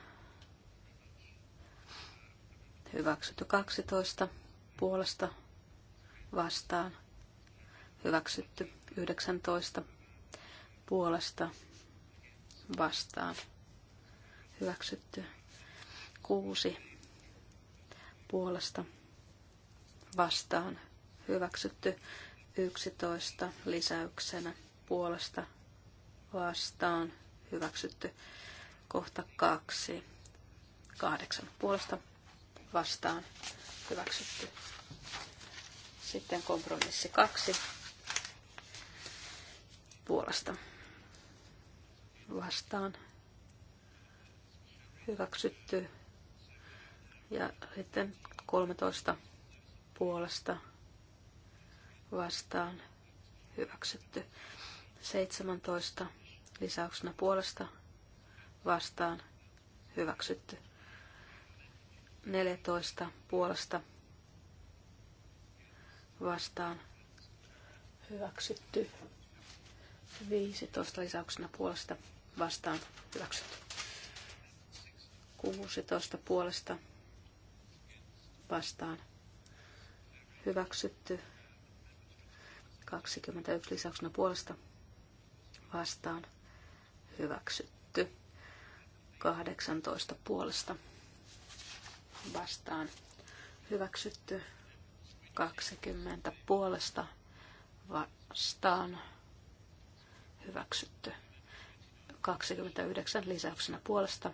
Hyväksytty 12 puolesta vastaan. Hyväksytty 19 puolesta vastaan hyväksytty. Kuusi puolesta vastaan hyväksytty. Yksitoista lisäyksenä puolesta vastaan hyväksytty. Kohta kaksi. Kahdeksan puolesta vastaan hyväksytty. Sitten kompromissi kaksi puolesta vastaan hyväksytty. Ja sitten 13 puolesta vastaan hyväksytty. 17 lisäyksenä puolesta vastaan hyväksytty. 14 puolesta vastaan hyväksytty. 15 lisäyksenä puolesta vastaan hyväksyt. 16 puolesta vastaan hyväksytty. 21 lisäyksenä puolesta vastaan hyväksytty. 18 puolesta vastaan hyväksytty. 20 puolesta vastaan hyväksytty. 29 lisäyksenä puolesta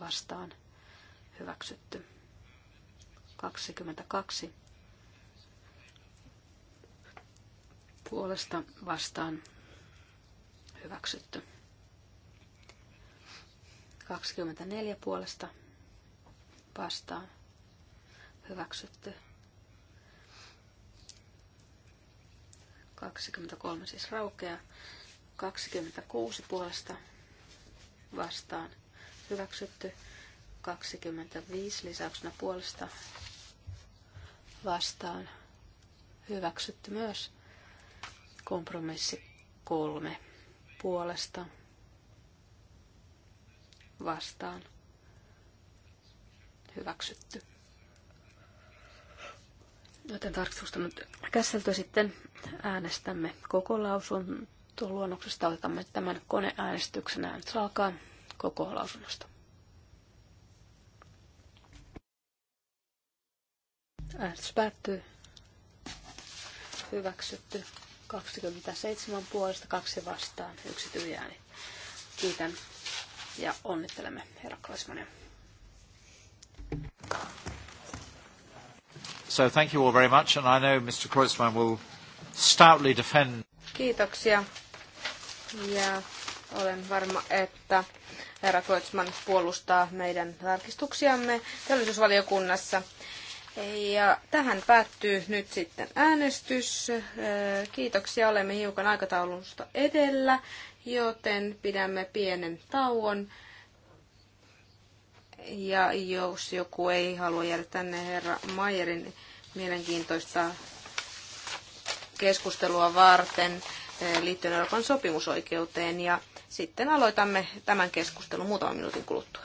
vastaan hyväksytty. 22 puolesta vastaan hyväksytty. 24 puolesta vastaan hyväksytty. 23 siis raukeaa. 26 puolesta vastaan hyväksytty. 25 lisäyksenä puolesta vastaan hyväksytty myös. Kompromissi 3 puolesta vastaan hyväksytty. Joten tarkistusta nyt käsitelty sitten äänestämme koko lausun tuon luonnoksesta otamme tämän koneäänestyksen äänestys alkaa koko lausunnosta. Äänestys päättyy. Hyväksytty. 27 puolesta, kaksi vastaan, yksi tyhjääni. Kiitän ja onnittelemme herra Klaismanen. So thank you all very much, and I know Mr. Kreutzmann will stoutly defend. Kiitoksia ja olen varma, että herra Kreutzmann puolustaa meidän tarkistuksiamme teollisuusvaliokunnassa. Ja tähän päättyy nyt sitten äänestys. Äh, kiitoksia, olemme hiukan aikataulusta edellä, joten pidämme pienen tauon. Ja jos joku ei halua jäädä tänne herra Mayerin mielenkiintoista keskustelua varten, Eh, liittyen Euroopan sopimusoikeuteen ja sitten aloitamme tämän keskustelun muutaman minuutin kuluttua.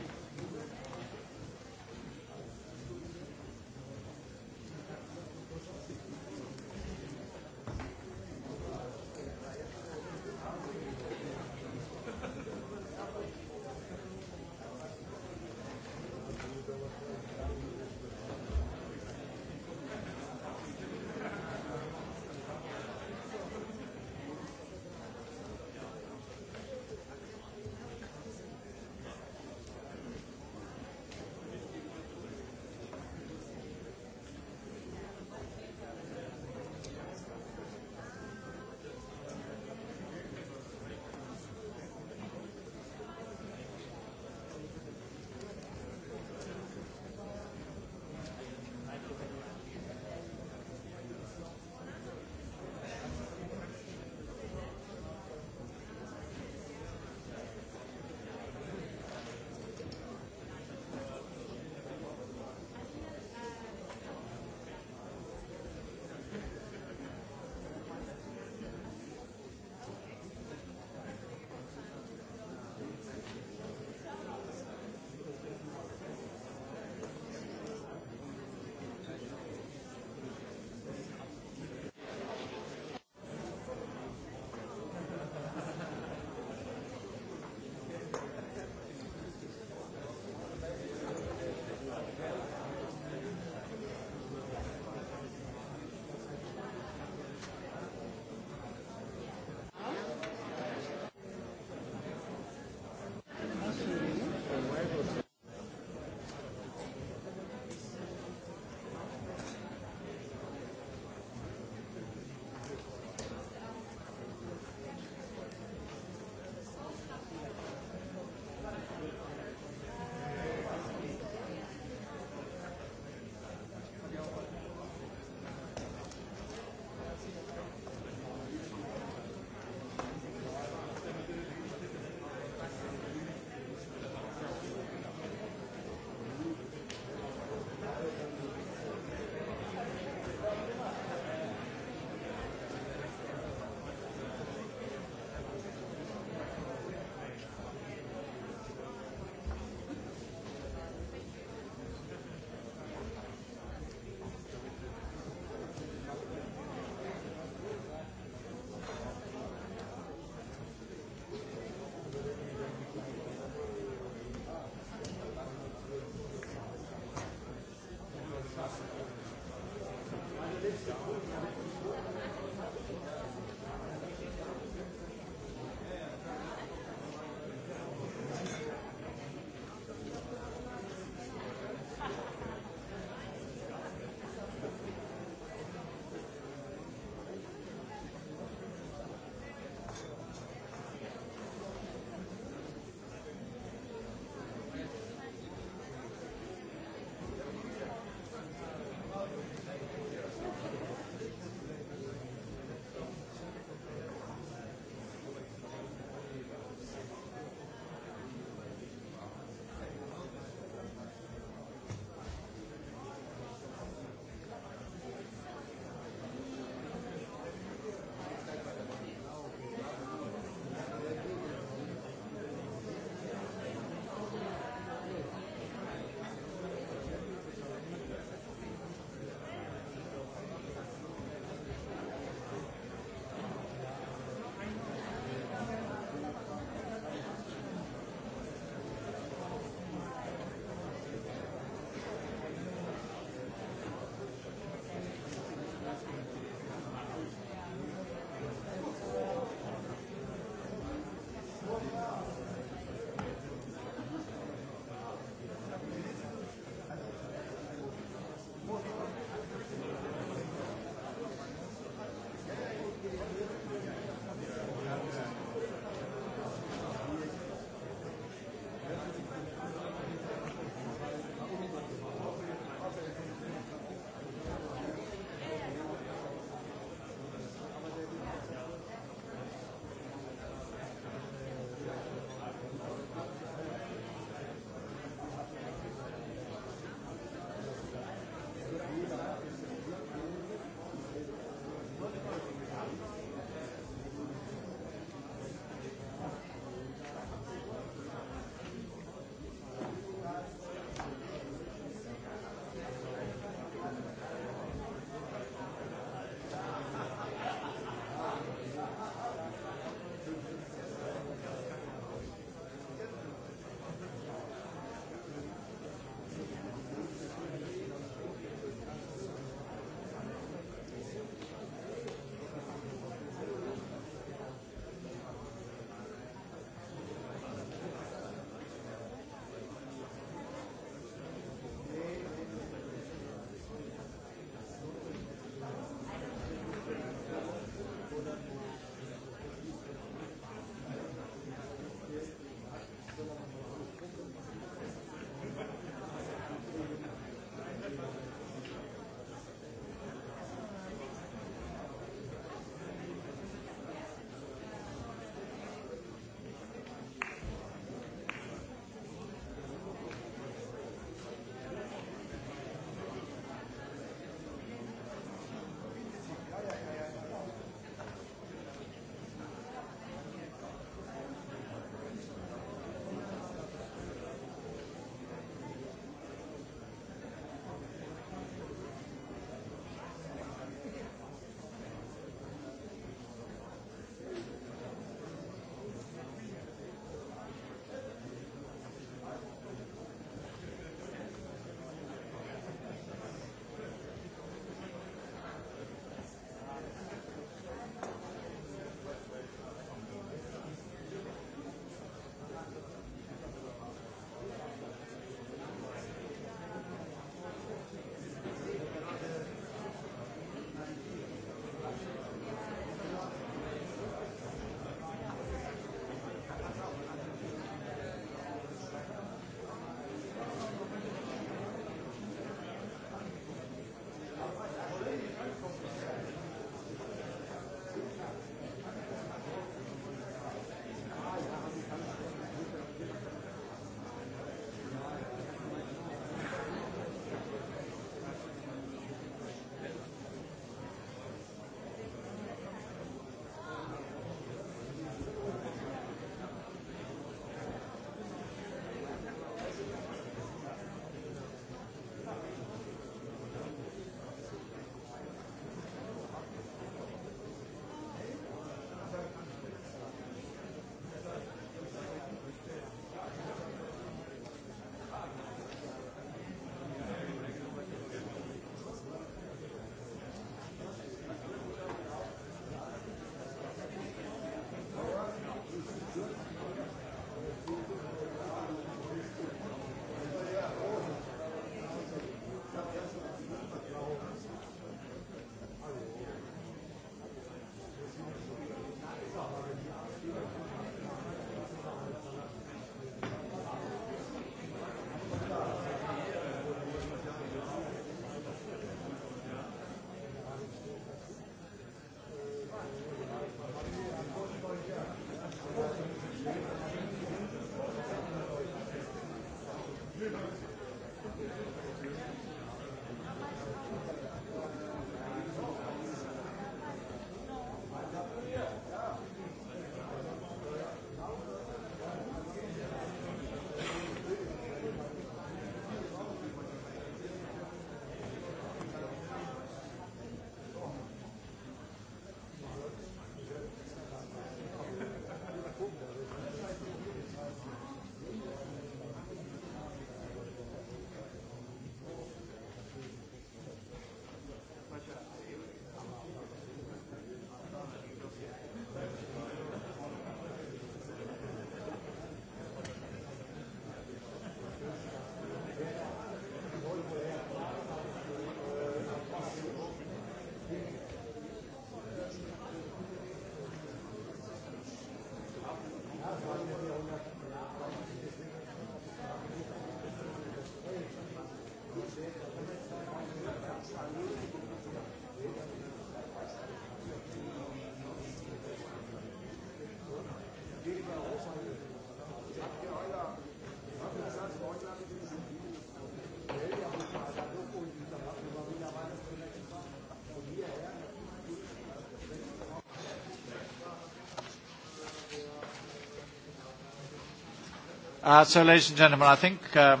Uh,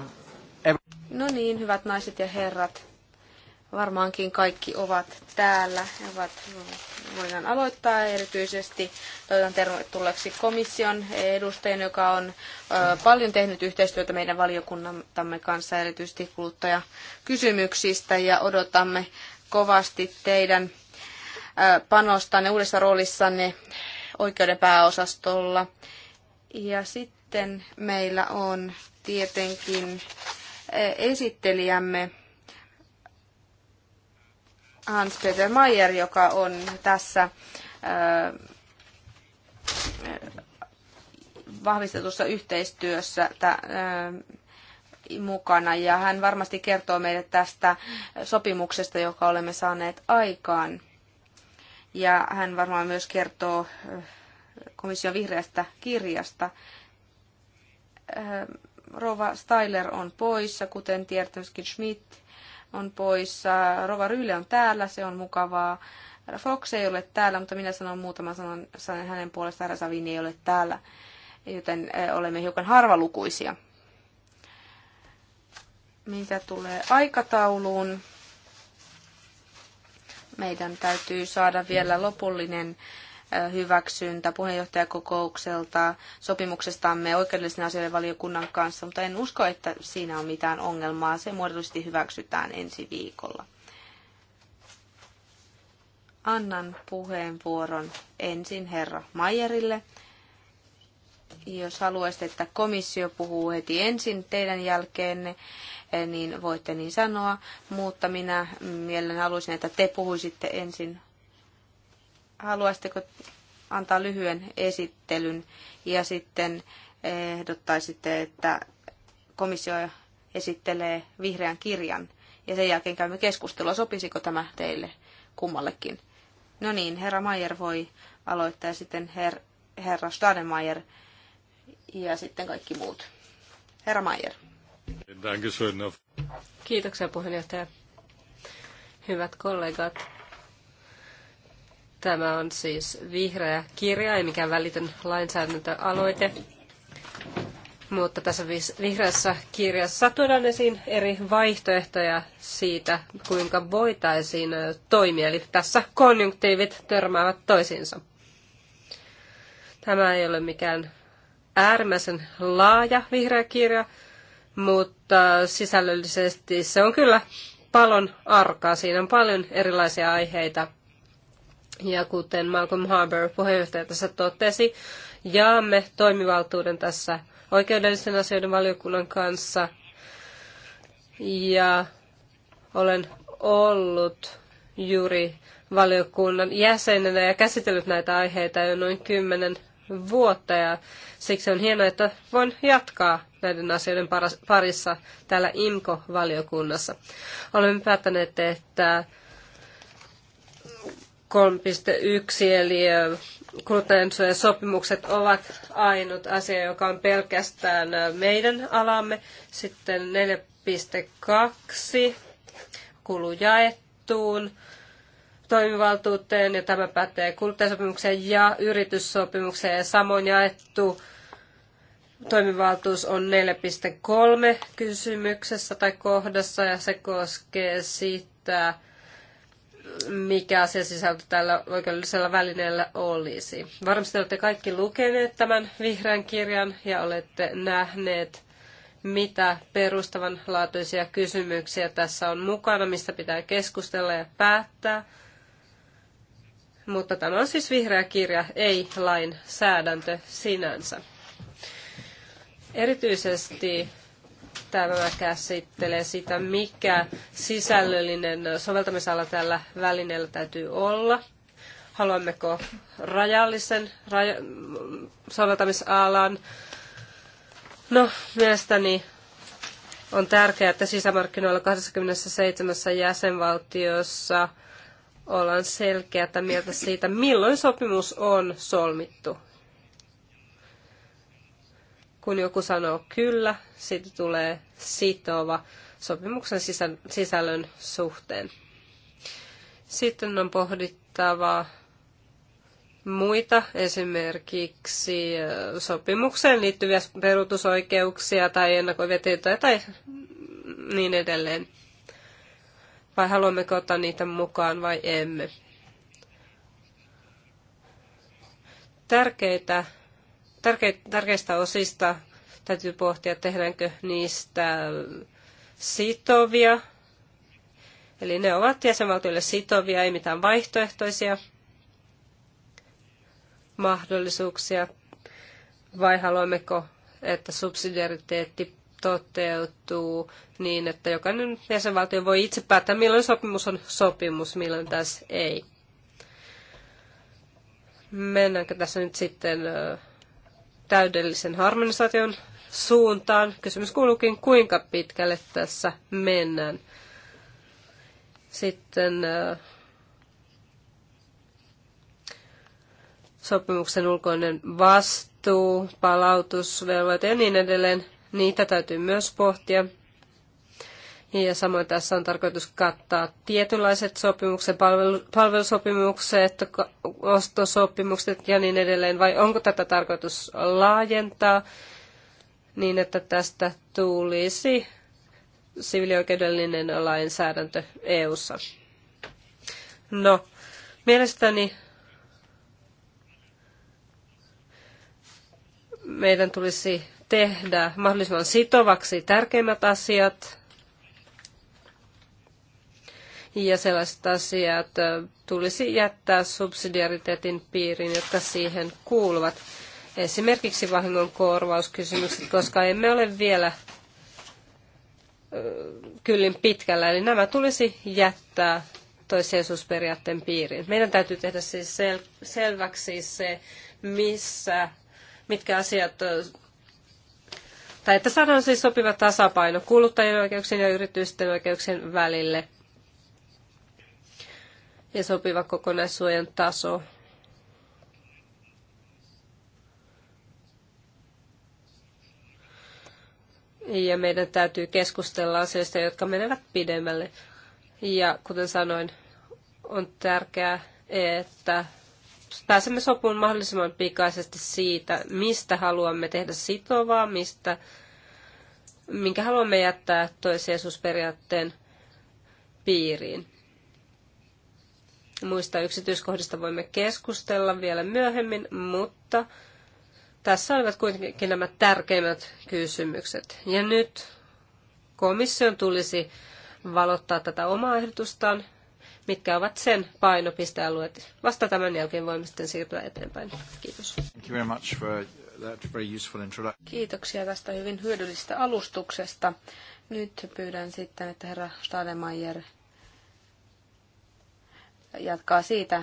um, no niin, hyvät naiset ja herrat. Varmaankin kaikki ovat täällä. ovat, voidaan aloittaa erityisesti. Toivotan tervetulleeksi komission edustajan, joka on ö, paljon tehnyt yhteistyötä meidän valiokunnamme kanssa, erityisesti kuluttajakysymyksistä, ja odotamme kovasti teidän ö, panostanne uudessa roolissanne oikeuden pääosastolla. Ja sitten sitten meillä on tietenkin eh, esittelijämme Hans-Peter Mayer, joka on tässä eh, vahvistetussa yhteistyössä eh, mukana ja hän varmasti kertoo meille tästä sopimuksesta, joka olemme saaneet aikaan. Ja hän varmaan myös kertoo komission vihreästä kirjasta. Äh, Rova Styler on poissa, kuten Tiertonskin Schmidt on poissa. Rova Ryle on täällä, se on mukavaa. Fox ei ole täällä, mutta minä sanon muutaman sanan, sanon hänen puolestaan. Rasavin ei ole täällä, joten äh, olemme hiukan harvalukuisia. Mitä tulee aikatauluun? Meidän täytyy saada vielä lopullinen äh, hyväksyntä puheenjohtajakokoukselta sopimuksestamme oikeudellisen asioiden valiokunnan kanssa, mutta en usko, että siinä on mitään ongelmaa. Se muodollisesti hyväksytään ensi viikolla. Annan puheenvuoron ensin herra Maierille. Jos haluaisit, että komissio puhuu heti ensin teidän jälkeenne, niin voitte niin sanoa, mutta minä mielen haluaisin, että te puhuisitte ensin haluaisitteko antaa lyhyen esittelyn ja sitten ehdottaisitte, että komissio esittelee vihreän kirjan ja sen jälkeen käymme keskustelua, sopisiko tämä teille kummallekin. No niin, herra Mayer voi aloittaa ja sitten her, herra Stademeyer ja sitten kaikki muut. Herra Mayer. Kiitoksia puheenjohtaja. Hyvät kollegat, Tämä on siis vihreä kirja, ei mikään välitön lainsäädäntöaloite. Mutta tässä vihreässä kirjassa tuodaan esiin eri vaihtoehtoja siitä, kuinka voitaisiin toimia. Eli tässä konjunktiivit törmäävät toisiinsa. Tämä ei ole mikään äärimmäisen laaja vihreä kirja, mutta sisällöllisesti se on kyllä palon arkaa. Siinä on paljon erilaisia aiheita – ja kuten Malcolm Harbour puheenjohtaja tässä totesi, jaamme toimivaltuuden tässä oikeudellisten asioiden valiokunnan kanssa. Ja olen ollut juuri valiokunnan jäsenenä ja käsitellyt näitä aiheita jo noin kymmenen vuotta ja siksi on hienoa, että voin jatkaa näiden asioiden parissa täällä IMKO-valiokunnassa. Olemme päättäneet, että 3.1 eli kuluttajansuojasopimukset ovat ainut asia, joka on pelkästään meidän alamme. Sitten 4.2 kulu jaettuun toimivaltuuteen ja tämä pätee kuluttajasopimukseen ja yrityssopimukseen ja samoin jaettu toimivaltuus on 4.3 kysymyksessä tai kohdassa ja se koskee sitä, mikä se sisältö tällä oikeudellisella välineellä olisi. Varmasti olette kaikki lukeneet tämän vihreän kirjan ja olette nähneet, mitä perustavanlaatuisia kysymyksiä tässä on mukana, mistä pitää keskustella ja päättää. Mutta tämä on siis vihreä kirja, ei lainsäädäntö sinänsä. Erityisesti Tämä käsittelee sitä, mikä sisällöllinen soveltamisala tällä välineellä täytyy olla. Haluammeko rajallisen raja- soveltamisalan? No, mielestäni on tärkeää, että sisämarkkinoilla 27 jäsenvaltiossa ollaan selkeätä mieltä siitä, milloin sopimus on solmittu. Kun joku sanoo kyllä, siitä tulee sitova sopimuksen sisällön suhteen. Sitten on pohdittava muita, esimerkiksi sopimukseen liittyviä peruutusoikeuksia tai ennakoivia tietoja tai niin edelleen. Vai haluammeko ottaa niitä mukaan vai emme? Tärkeitä tärkeistä osista täytyy pohtia, tehdäänkö niistä sitovia. Eli ne ovat jäsenvaltioille sitovia, ei mitään vaihtoehtoisia mahdollisuuksia. Vai haluammeko, että subsidiariteetti toteutuu niin, että jokainen jäsenvaltio voi itse päättää, milloin sopimus on sopimus, milloin taas ei. Mennäänkö tässä nyt sitten täydellisen harmonisaation suuntaan. Kysymys kuuluukin, kuinka pitkälle tässä mennään. Sitten äh, sopimuksen ulkoinen vastuu, palautusvelvoite ja niin edelleen. Niitä täytyy myös pohtia. Ja samoin tässä on tarkoitus kattaa tietynlaiset sopimukset, palvelusopimukset, ostosopimukset ja niin edelleen. Vai onko tätä tarkoitus laajentaa niin, että tästä tulisi siviilioikeudellinen lainsäädäntö EU-ssa? No, mielestäni meidän tulisi tehdä mahdollisimman sitovaksi tärkeimmät asiat ja sellaiset asiat tulisi jättää subsidiariteetin piiriin, jotka siihen kuuluvat. Esimerkiksi vahingon korvauskysymykset, koska emme ole vielä kyllin pitkällä, eli nämä tulisi jättää toissijaisuusperiaatteen piiriin. Meidän täytyy tehdä siis sel- selväksi se, missä, mitkä asiat, tai että saadaan siis sopiva tasapaino kuluttajien oikeuksien ja yritysten oikeuksien välille – ja sopiva kokonaissuojan taso. Ja meidän täytyy keskustella asioista, jotka menevät pidemmälle. Ja kuten sanoin, on tärkeää, että pääsemme sopuun mahdollisimman pikaisesti siitä, mistä haluamme tehdä sitovaa, mistä, minkä haluamme jättää toiseisuusperiaatteen piiriin. Muista yksityiskohdista voimme keskustella vielä myöhemmin, mutta tässä olivat kuitenkin nämä tärkeimmät kysymykset. Ja nyt komission tulisi valottaa tätä omaa ehdotustaan, mitkä ovat sen painopistealueet. Vasta tämän jälkeen voimme sitten siirtyä eteenpäin. Kiitos. Kiitoksia tästä hyvin hyödyllisestä alustuksesta. Nyt pyydän sitten, että herra Stademeyer jatkaa siitä,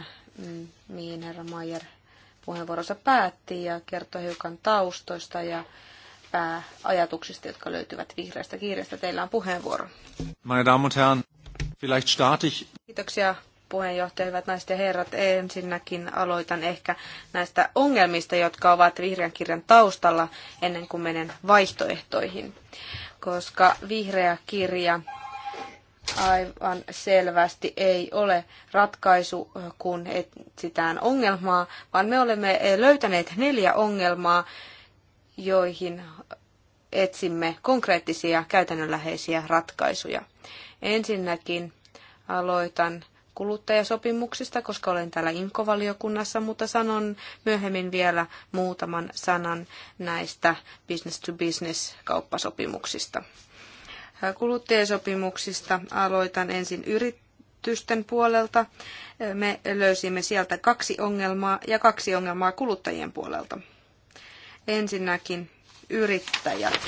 mihin herra Mayer puheenvuorossa päätti ja kertoi hiukan taustoista ja pääajatuksista, jotka löytyvät vihreästä kirjasta. Teillä on puheenvuoro. Meine Damen und Herren, vielleicht starte ich. Kiitoksia puheenjohtaja, hyvät naiset ja herrat. Ensinnäkin aloitan ehkä näistä ongelmista, jotka ovat vihreän kirjan taustalla ennen kuin menen vaihtoehtoihin, koska vihreä kirja aivan selvästi ei ole ratkaisu, kun etsitään ongelmaa, vaan me olemme löytäneet neljä ongelmaa, joihin etsimme konkreettisia käytännönläheisiä ratkaisuja. Ensinnäkin aloitan kuluttajasopimuksista, koska olen täällä Inkovaliokunnassa, mutta sanon myöhemmin vielä muutaman sanan näistä business-to-business-kauppasopimuksista kuluttajasopimuksista. Aloitan ensin yritysten puolelta. Me löysimme sieltä kaksi ongelmaa ja kaksi ongelmaa kuluttajien puolelta. Ensinnäkin yrittäjät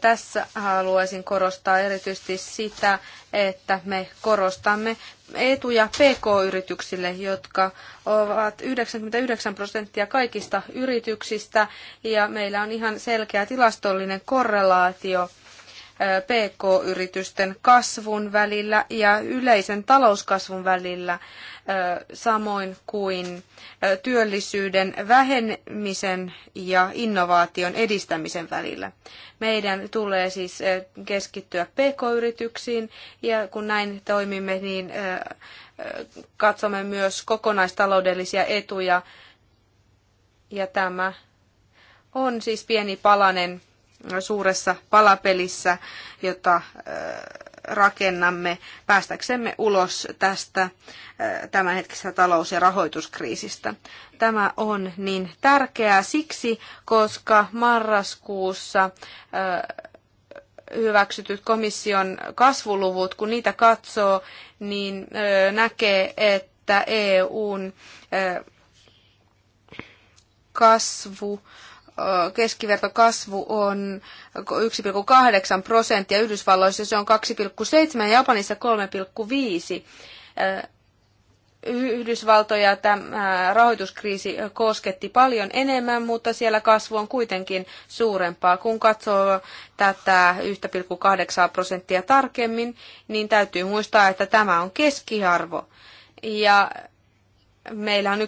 tässä haluaisin korostaa erityisesti sitä, että me korostamme etuja PK-yrityksille, jotka ovat 99 prosenttia kaikista yrityksistä, ja meillä on ihan selkeä tilastollinen korrelaatio – PK-yritysten kasvun välillä ja yleisen talouskasvun välillä, samoin kuin työllisyyden vähenemisen ja innovaation edistämisen välillä. Meidän tulee siis keskittyä PK-yrityksiin ja kun näin toimimme, niin katsomme myös kokonaistaloudellisia etuja ja tämä on siis pieni palanen suuressa palapelissä, jota äh, rakennamme päästäksemme ulos tästä äh, tämänhetkisestä talous- ja rahoituskriisistä. Tämä on niin tärkeää siksi, koska marraskuussa äh, hyväksytyt komission kasvuluvut, kun niitä katsoo, niin näkee, että EUn kasvu keskivertokasvu on 1,8 prosenttia, Yhdysvalloissa se on 2,7 ja Japanissa 3,5. Yhdysvaltoja tämä rahoituskriisi kosketti paljon enemmän, mutta siellä kasvu on kuitenkin suurempaa. Kun katsoo tätä 1,8 prosenttia tarkemmin, niin täytyy muistaa, että tämä on keskiarvo. Ja meillä on 1,8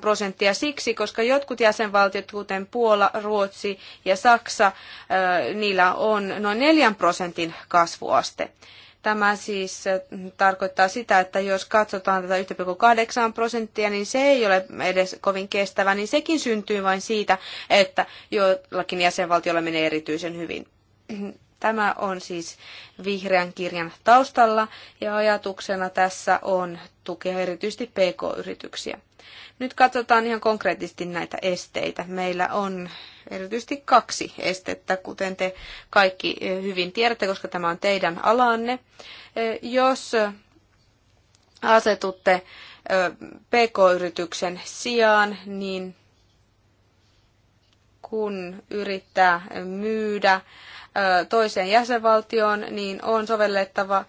prosenttia siksi, koska jotkut jäsenvaltiot, kuten Puola, Ruotsi ja Saksa, niillä on noin 4 prosentin kasvuaste. Tämä siis tarkoittaa sitä, että jos katsotaan tätä 1,8 prosenttia, niin se ei ole edes kovin kestävä, niin sekin syntyy vain siitä, että jollakin jäsenvaltiolla menee erityisen hyvin. Tämä on siis vihreän kirjan taustalla ja ajatuksena tässä on tukea erityisesti pk-yrityksiä. Nyt katsotaan ihan konkreettisesti näitä esteitä. Meillä on erityisesti kaksi estettä, kuten te kaikki eh, hyvin tiedätte, koska tämä on teidän alanne. Eh, jos asetutte eh, pk-yrityksen sijaan, niin kun yrittää myydä toiseen jäsenvaltioon, niin on sovellettava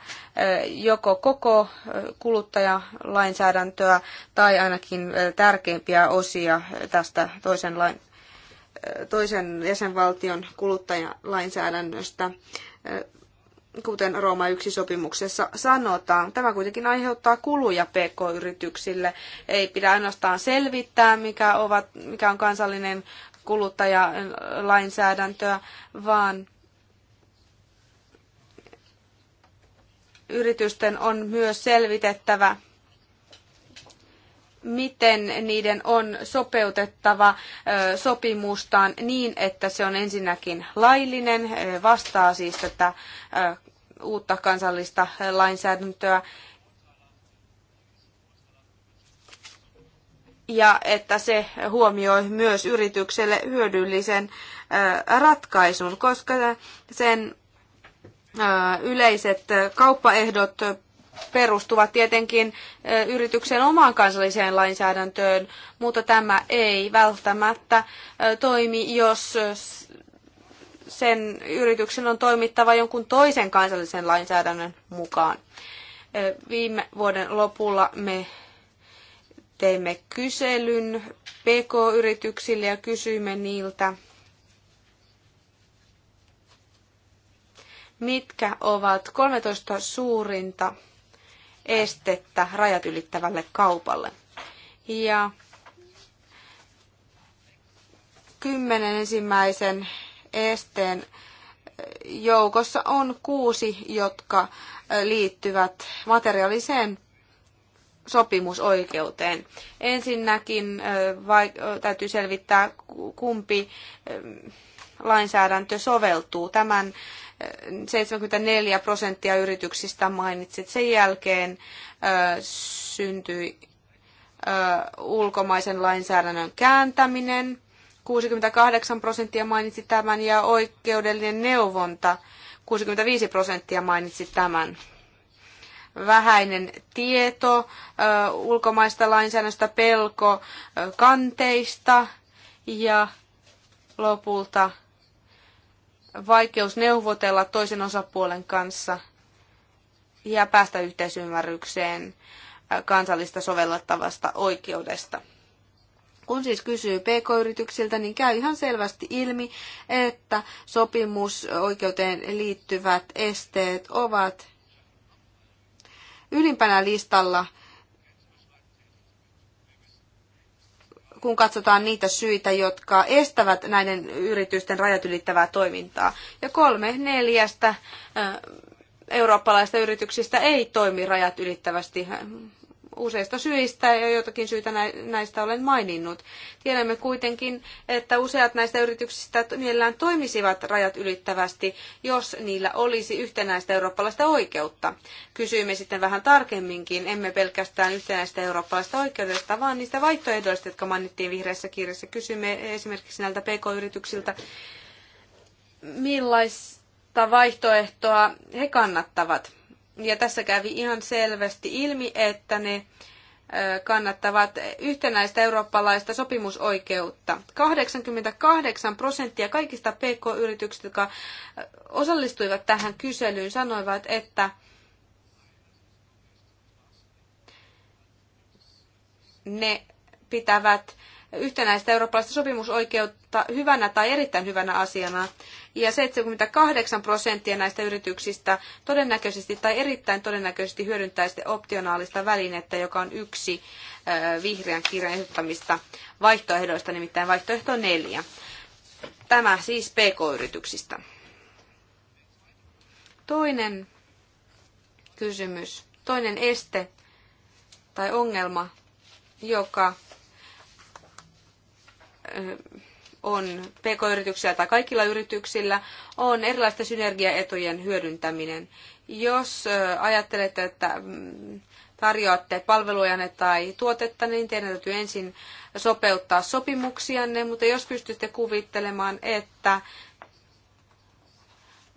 joko koko kuluttajalainsäädäntöä tai ainakin tärkeimpiä osia tästä toisen, lain, toisen jäsenvaltion kuluttajalainsäädännöstä kuten Rooma 1 sopimuksessa sanotaan. Tämä kuitenkin aiheuttaa kuluja pk-yrityksille. Ei pidä ainoastaan selvittää, mikä, ovat, mikä on kansallinen kuluttajalainsäädäntöä, vaan yritysten on myös selvitettävä, miten niiden on sopeutettava sopimustaan niin, että se on ensinnäkin laillinen, vastaa siis tätä uutta kansallista lainsäädäntöä, ja että se huomioi myös yritykselle hyödyllisen ratkaisun, koska sen yleiset kauppaehdot perustuvat tietenkin yrityksen omaan kansalliseen lainsäädäntöön, mutta tämä ei välttämättä toimi, jos sen yrityksen on toimittava jonkun toisen kansallisen lainsäädännön mukaan. Viime vuoden lopulla me teimme kyselyn PK-yrityksille ja kysyimme niiltä, mitkä ovat 13 suurinta estettä rajat ylittävälle kaupalle. Ja kymmenen ensimmäisen esteen joukossa on kuusi, jotka liittyvät materiaaliseen sopimusoikeuteen. Ensinnäkin vaik- täytyy selvittää, kumpi lainsäädäntö soveltuu. Tämän 74 prosenttia yrityksistä että Sen jälkeen syntyi ulkomaisen lainsäädännön kääntäminen. 68 prosenttia mainitsi tämän ja oikeudellinen neuvonta 65 prosenttia mainitsi tämän. Vähäinen tieto ulkomaista lainsäädännöstä, pelko kanteista ja lopulta vaikeus neuvotella toisen osapuolen kanssa ja päästä yhteisymmärrykseen äh, kansallista sovellettavasta oikeudesta. Kun siis kysyy pk-yrityksiltä, niin käy ihan selvästi ilmi, että sopimusoikeuteen liittyvät esteet ovat ylimpänä listalla kun katsotaan niitä syitä, jotka estävät näiden yritysten rajat ylittävää toimintaa. Ja kolme neljästä eurooppalaisista yrityksistä ei toimi rajat ylittävästi useista syistä ja joitakin syitä näistä olen maininnut. Tiedämme kuitenkin, että useat näistä yrityksistä mielellään toimisivat rajat ylittävästi, jos niillä olisi yhtenäistä eurooppalaista oikeutta. Kysyimme sitten vähän tarkemminkin, emme pelkästään yhtenäistä eurooppalaista oikeudesta, vaan niistä vaihtoehdoista, jotka mainittiin vihreässä kirjassa. Kysymme esimerkiksi näiltä pk-yrityksiltä, millaista vaihtoehtoa he kannattavat ja tässä kävi ihan selvästi ilmi, että ne kannattavat yhtenäistä eurooppalaista sopimusoikeutta. 88 prosenttia kaikista PK-yrityksistä, jotka osallistuivat tähän kyselyyn, sanoivat, että ne pitävät yhtenäistä eurooppalaista sopimusoikeutta hyvänä tai erittäin hyvänä asiana. Ja 78 prosenttia näistä yrityksistä todennäköisesti tai erittäin todennäköisesti hyödyntäisi optionaalista välinettä, joka on yksi vihreän kirjan ehdottamista vaihtoehdoista, nimittäin vaihtoehto neljä. Tämä siis PK-yrityksistä. Toinen kysymys, toinen este tai ongelma, joka on pk-yrityksillä tai kaikilla yrityksillä, on erilaisten synergiaetujen hyödyntäminen. Jos ajattelette, että mm, tarjoatte palvelujanne tai tuotetta, niin teidän täytyy ensin sopeuttaa sopimuksianne, mutta jos pystytte kuvittelemaan, että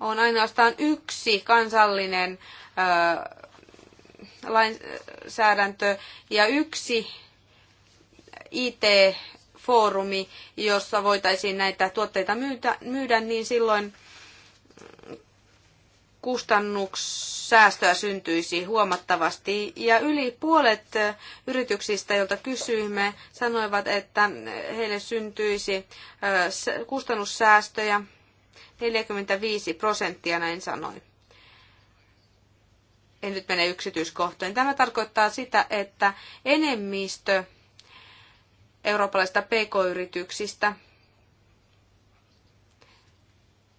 on ainoastaan yksi kansallinen lainsäädäntö ja yksi IT foorumi, jossa voitaisiin näitä tuotteita myydä, myydä niin silloin kustannussäästöä syntyisi huomattavasti. Ja yli puolet yrityksistä, joilta kysyimme, sanoivat, että heille syntyisi kustannussäästöjä 45 prosenttia, näin sanoi. En nyt mene yksityiskohtoihin. Tämä tarkoittaa sitä, että enemmistö eurooppalaisista pk-yrityksistä.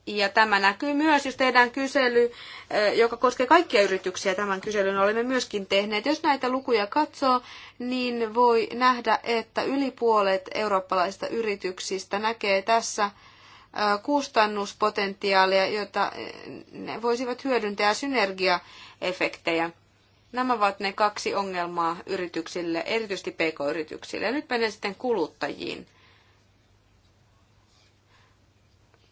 Ja tämä näkyy myös, jos tehdään kysely, eh, joka koskee kaikkia yrityksiä, tämän kyselyn olemme myöskin tehneet. Jos näitä lukuja katsoo, niin voi nähdä, että yli puolet eurooppalaisista yrityksistä näkee tässä eh, kustannuspotentiaalia, jota eh, ne voisivat hyödyntää synergiaefektejä. Nämä ovat ne kaksi ongelmaa yrityksille, erityisesti pk-yrityksille. Ja nyt menen sitten kuluttajiin,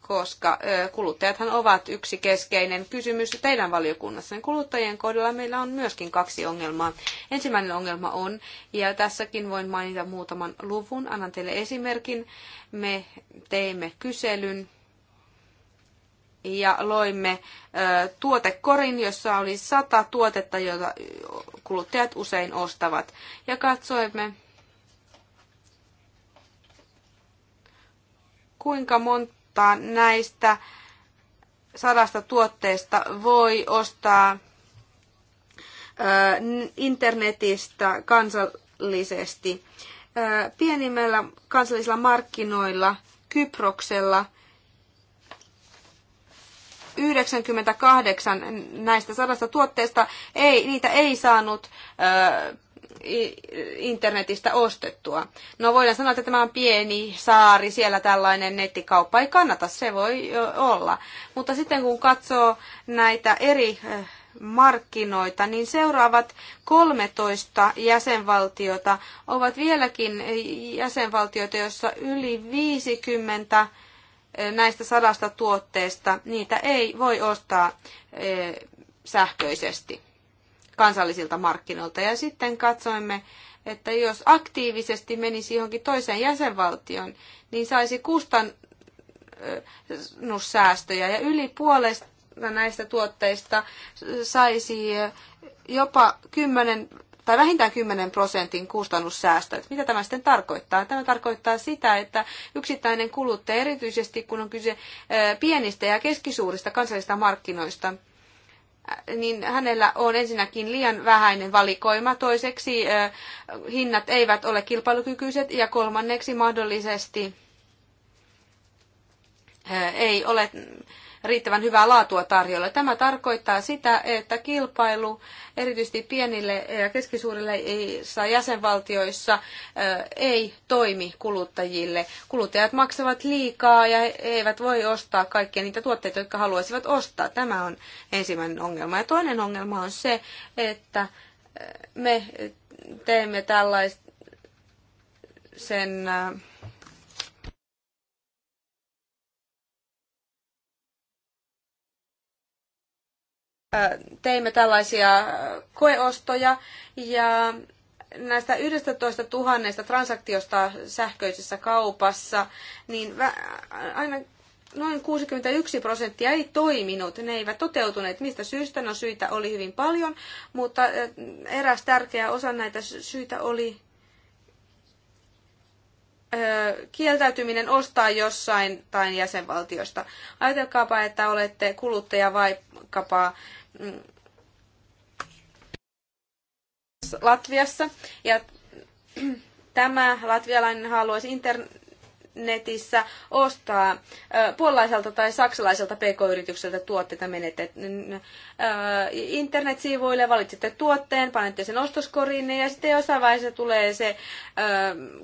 koska kuluttajathan ovat yksi keskeinen kysymys teidän valiokunnassa. Kuluttajien kohdalla meillä on myöskin kaksi ongelmaa. Ensimmäinen ongelma on, ja tässäkin voin mainita muutaman luvun, annan teille esimerkin. Me teimme kyselyn ja loimme tuotekorin, jossa oli sata tuotetta, joita kuluttajat usein ostavat. Ja katsoimme, kuinka monta näistä sadasta tuotteesta voi ostaa internetistä kansallisesti. Pienimmällä kansallisilla markkinoilla Kyproksella – 98 näistä sadasta tuotteesta ei, niitä ei saanut ö, internetistä ostettua. No voidaan sanoa, että tämä on pieni saari, siellä tällainen nettikauppa ei kannata, se voi olla. Mutta sitten kun katsoo näitä eri markkinoita, niin seuraavat 13 jäsenvaltiota ovat vieläkin jäsenvaltioita, joissa yli 50 näistä sadasta tuotteesta, niitä ei voi ostaa e, sähköisesti kansallisilta markkinoilta. Ja sitten katsoimme, että jos aktiivisesti menisi johonkin toiseen jäsenvaltioon, niin saisi kustannussäästöjä ja yli puolesta näistä tuotteista saisi jopa 10 tai vähintään 10 prosentin kustannussäästöt. Mitä tämä sitten tarkoittaa? Tämä tarkoittaa sitä, että yksittäinen kuluttaja, erityisesti kun on kyse pienistä ja keskisuurista kansallisista markkinoista, niin hänellä on ensinnäkin liian vähäinen valikoima, toiseksi hinnat eivät ole kilpailukykyiset ja kolmanneksi mahdollisesti ei ole riittävän hyvää laatua tarjolla. Tämä tarkoittaa sitä, että kilpailu erityisesti pienille ja keskisuurille jäsenvaltioissa ei toimi kuluttajille. Kuluttajat maksavat liikaa ja he eivät voi ostaa kaikkia niitä tuotteita, jotka haluaisivat ostaa. Tämä on ensimmäinen ongelma. Ja toinen ongelma on se, että me teemme tällaista sen teimme tällaisia koeostoja ja näistä 11 000 transaktiosta sähköisessä kaupassa, niin aina noin 61 prosenttia ei toiminut, ne eivät toteutuneet. Mistä syystä? No syitä oli hyvin paljon, mutta eräs tärkeä osa näitä syitä oli kieltäytyminen ostaa jossain tai jäsenvaltiosta. Ajatelkaapa, että olette kuluttaja vaikkapa mm, Latviassa ja tämä latvialainen haluaisi internet netissä ostaa puolalaiselta tai saksalaiselta pk-yritykseltä tuotteita menette internetsivuille, valitsette tuotteen, panette sen ostoskoriin ja sitten jossain vaiheessa tulee se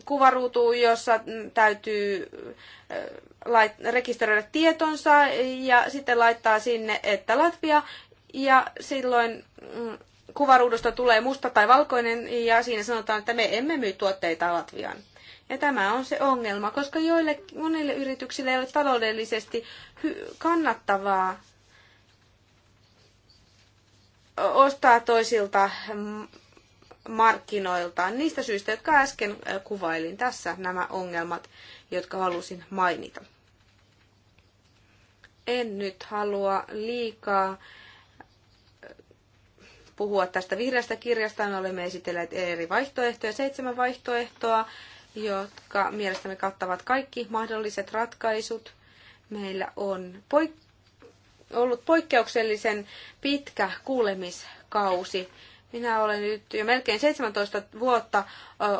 kuvaruutu, jossa täytyy rekisteröidä tietonsa ja sitten laittaa sinne, että Latvia ja silloin mm, kuvaruudusta tulee musta tai valkoinen ja siinä sanotaan, että me emme myy tuotteita Latviaan. Ja tämä on se ongelma, koska joille, monille yrityksille ei ole taloudellisesti kannattavaa ostaa toisilta markkinoiltaan niistä syistä, jotka äsken kuvailin. Tässä nämä ongelmat, jotka halusin mainita. En nyt halua liikaa puhua tästä vihreästä kirjasta. Me olemme esitelleet eri vaihtoehtoja, seitsemän vaihtoehtoa jotka mielestämme kattavat kaikki mahdolliset ratkaisut. Meillä on poik- ollut poikkeuksellisen pitkä kuulemiskausi. Minä olen nyt jo melkein 17 vuotta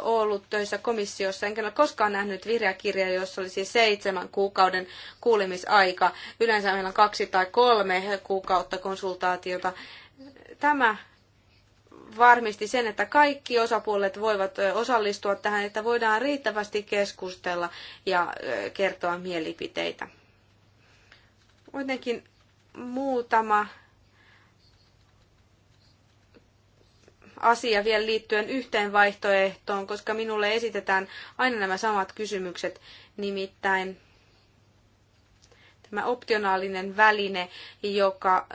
ollut töissä komissiossa, enkä ole koskaan nähnyt vihreäkirjaa, jossa olisi seitsemän kuukauden kuulemisaika. Yleensä meillä on kaksi tai kolme kuukautta konsultaatiota. Tämä varmisti sen, että kaikki osapuolet voivat osallistua tähän, että voidaan riittävästi keskustella ja kertoa mielipiteitä. Kuitenkin muutama asia vielä liittyen yhteen vaihtoehtoon, koska minulle esitetään aina nämä samat kysymykset, nimittäin tämä optionaalinen väline, joka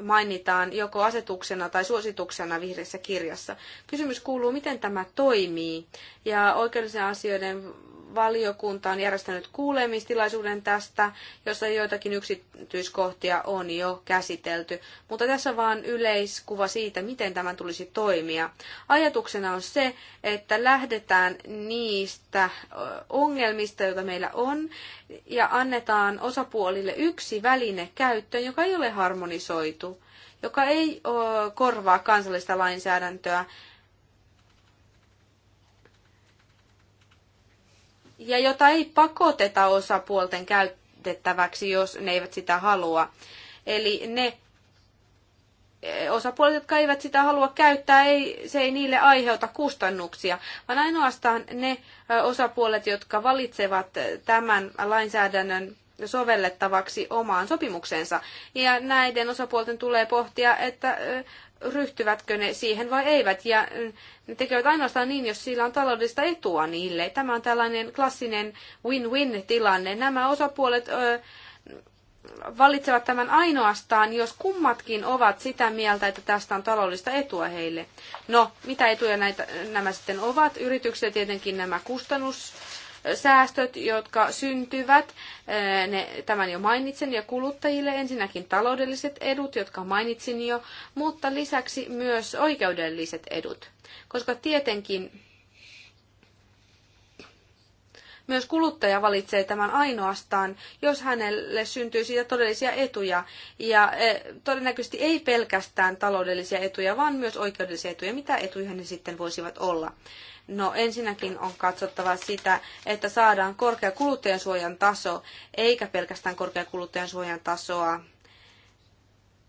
mainitaan joko asetuksena tai suosituksena vihreässä kirjassa. Kysymys kuuluu, miten tämä toimii. Ja oikeudellisen asioiden valiokunta on järjestänyt kuulemistilaisuuden tästä, jossa joitakin yksityiskohtia on jo käsitelty. Mutta tässä vain yleiskuva siitä, miten tämän tulisi toimia. Ajatuksena on se, että lähdetään niistä ongelmista, joita meillä on, ja annetaan osapuolille yksi väline käyttöön, joka ei ole harmonisoitu, joka ei korvaa kansallista lainsäädäntöä, ja jota ei pakoteta osapuolten käytettäväksi, jos ne eivät sitä halua. Eli ne e, osapuolet, jotka eivät sitä halua käyttää, ei, se ei niille aiheuta kustannuksia, vaan ainoastaan ne e, osapuolet, jotka valitsevat e, tämän lainsäädännön sovellettavaksi omaan sopimukseensa. Ja näiden osapuolten tulee pohtia, että ryhtyvätkö ne siihen vai eivät. Ja mm, ne tekevät ainoastaan niin, jos sillä on taloudellista etua niille. Tämä on tällainen klassinen win-win-tilanne. Nämä osapuolet ö, valitsevat tämän ainoastaan, jos kummatkin ovat sitä mieltä, että tästä on taloudellista etua heille. No, mitä etuja näitä, nämä sitten ovat? Yrityksille tietenkin nämä kustannus säästöt, jotka syntyvät, ne, tämän jo mainitsen, ja kuluttajille ensinnäkin taloudelliset edut, jotka mainitsin jo, mutta lisäksi myös oikeudelliset edut. Koska tietenkin myös kuluttaja valitsee tämän ainoastaan, jos hänelle syntyy siitä todellisia etuja. Ja e, todennäköisesti ei pelkästään taloudellisia etuja, vaan myös oikeudellisia etuja. Mitä etuja ne sitten voisivat olla? No ensinnäkin on katsottava sitä, että saadaan korkea kuluttajansuojan taso, eikä pelkästään korkea kuluttajansuojan tasoa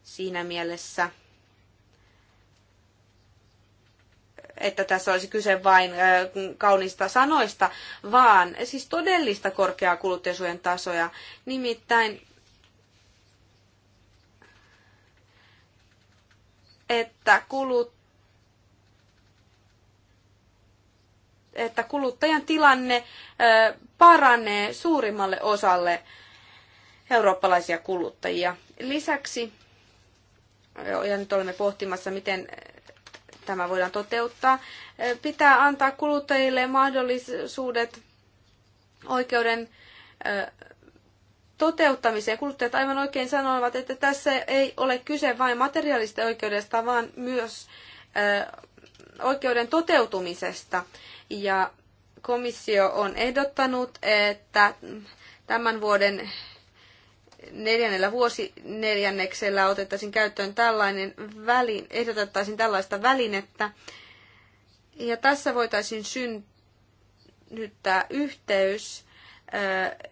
siinä mielessä, että tässä olisi kyse vain kaunista sanoista, vaan siis todellista korkeaa kuluttajasuojan tasoja. Nimittäin että kulut että kuluttajan tilanne paranee suurimmalle osalle eurooppalaisia kuluttajia. Lisäksi, ja nyt olemme pohtimassa, miten tämä voidaan toteuttaa. Pitää antaa kuluttajille mahdollisuudet oikeuden toteuttamiseen. Kuluttajat aivan oikein sanoivat, että tässä ei ole kyse vain materiaalista oikeudesta, vaan myös oikeuden toteutumisesta. Ja komissio on ehdottanut, että tämän vuoden neljännellä vuosineljänneksellä otettaisiin käyttöön tällainen välin, ehdotettaisiin tällaista välinettä. Ja tässä voitaisiin synnyttää yhteys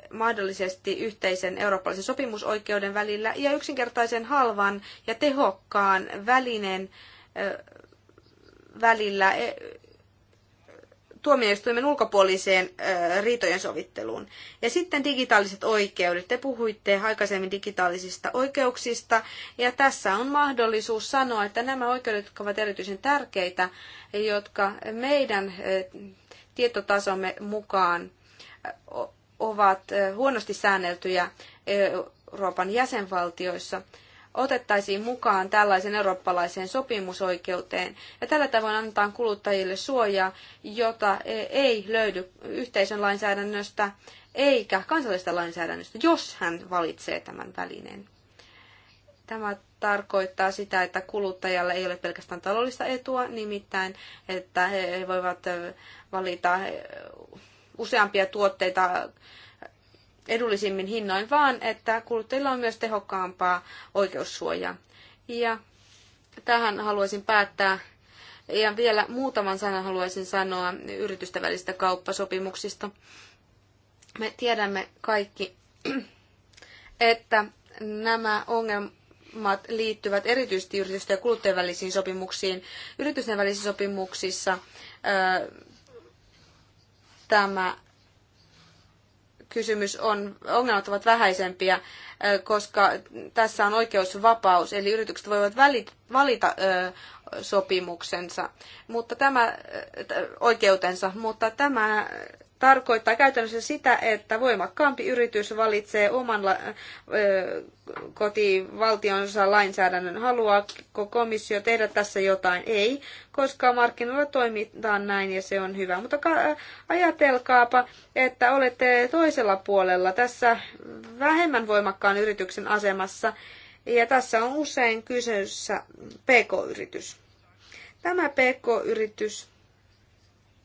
mahdollisesti yhteisen eurooppalaisen sopimusoikeuden välillä ja yksinkertaisen halvan ja tehokkaan välinen välillä e, tuomioistuimen ulkopuoliseen riitojen sovitteluun. Ja sitten digitaaliset oikeudet. Te puhuitte aikaisemmin digitaalisista oikeuksista, ja tässä on mahdollisuus sanoa, että nämä oikeudet, jotka ovat erityisen tärkeitä, jotka meidän tietotasomme mukaan ovat huonosti säänneltyjä Euroopan jäsenvaltioissa, otettaisiin mukaan tällaisen eurooppalaiseen sopimusoikeuteen. Ja tällä tavoin annetaan kuluttajille suojaa, jota e- ei löydy yhteisön lainsäädännöstä eikä kansallisesta lainsäädännöstä, jos hän valitsee tämän välineen. Tämä tarkoittaa sitä, että kuluttajalla ei ole pelkästään taloudellista etua, nimittäin, että he voivat valita e, useampia tuotteita edullisimmin hinnoin, vaan että kuluttajilla on myös tehokkaampaa oikeussuojaa. Ja tähän haluaisin päättää. Ja vielä muutaman sanan haluaisin sanoa yritysten välisistä kauppasopimuksista. Me tiedämme kaikki, että nämä ongelmat liittyvät erityisesti yritysten ja kuluttajien välisiin sopimuksiin. Yritysten välisissä sopimuksissa tämä kysymys on, ongelmat ovat vähäisempiä, koska tässä on oikeusvapaus, eli yritykset voivat valita sopimuksensa, mutta tämä, oikeutensa, mutta tämä tarkoittaa käytännössä sitä, että voimakkaampi yritys valitsee oman la- kotivaltionsa lainsäädännön. Haluaako komissio tehdä tässä jotain? Ei, koska markkinoilla toimitaan näin ja se on hyvä. Mutta ajatelkaapa, että olette toisella puolella tässä vähemmän voimakkaan yrityksen asemassa ja tässä on usein kyseessä pk-yritys. Tämä pk-yritys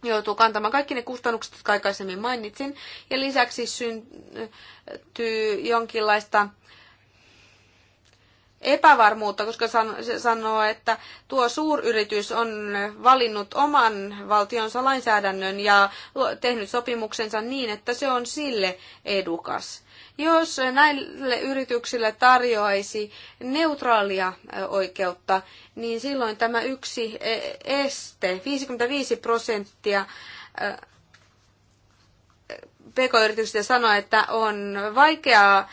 joutuu kantamaan kaikki ne kustannukset, jotka aikaisemmin mainitsin, ja lisäksi syntyy jonkinlaista epävarmuutta, koska se sanoo, että tuo suuryritys on valinnut oman valtionsa lainsäädännön ja tehnyt sopimuksensa niin, että se on sille edukas. Jos näille yrityksille tarjoaisi neutraalia oikeutta, niin silloin tämä yksi e, este, 55 prosenttia pk-yrityksistä sanoa, että on vaikeaa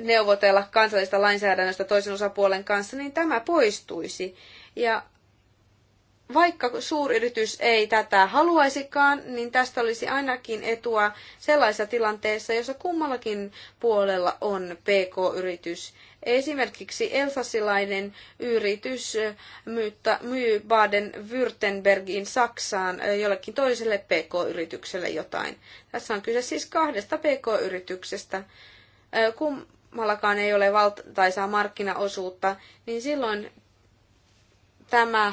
neuvotella kansallista lainsäädännöstä toisen osapuolen kanssa, niin tämä poistuisi. Ja vaikka suuryritys ei tätä haluaisikaan, niin tästä olisi ainakin etua sellaisessa tilanteessa, jossa kummallakin puolella on PK-yritys. Esimerkiksi Elsassilainen yritys myy Baden-Württembergin Saksaan jollekin toiselle PK-yritykselle jotain. Tässä on kyse siis kahdesta PK-yrityksestä. Kummallakaan ei ole valtaisaa markkinaosuutta, niin silloin tämä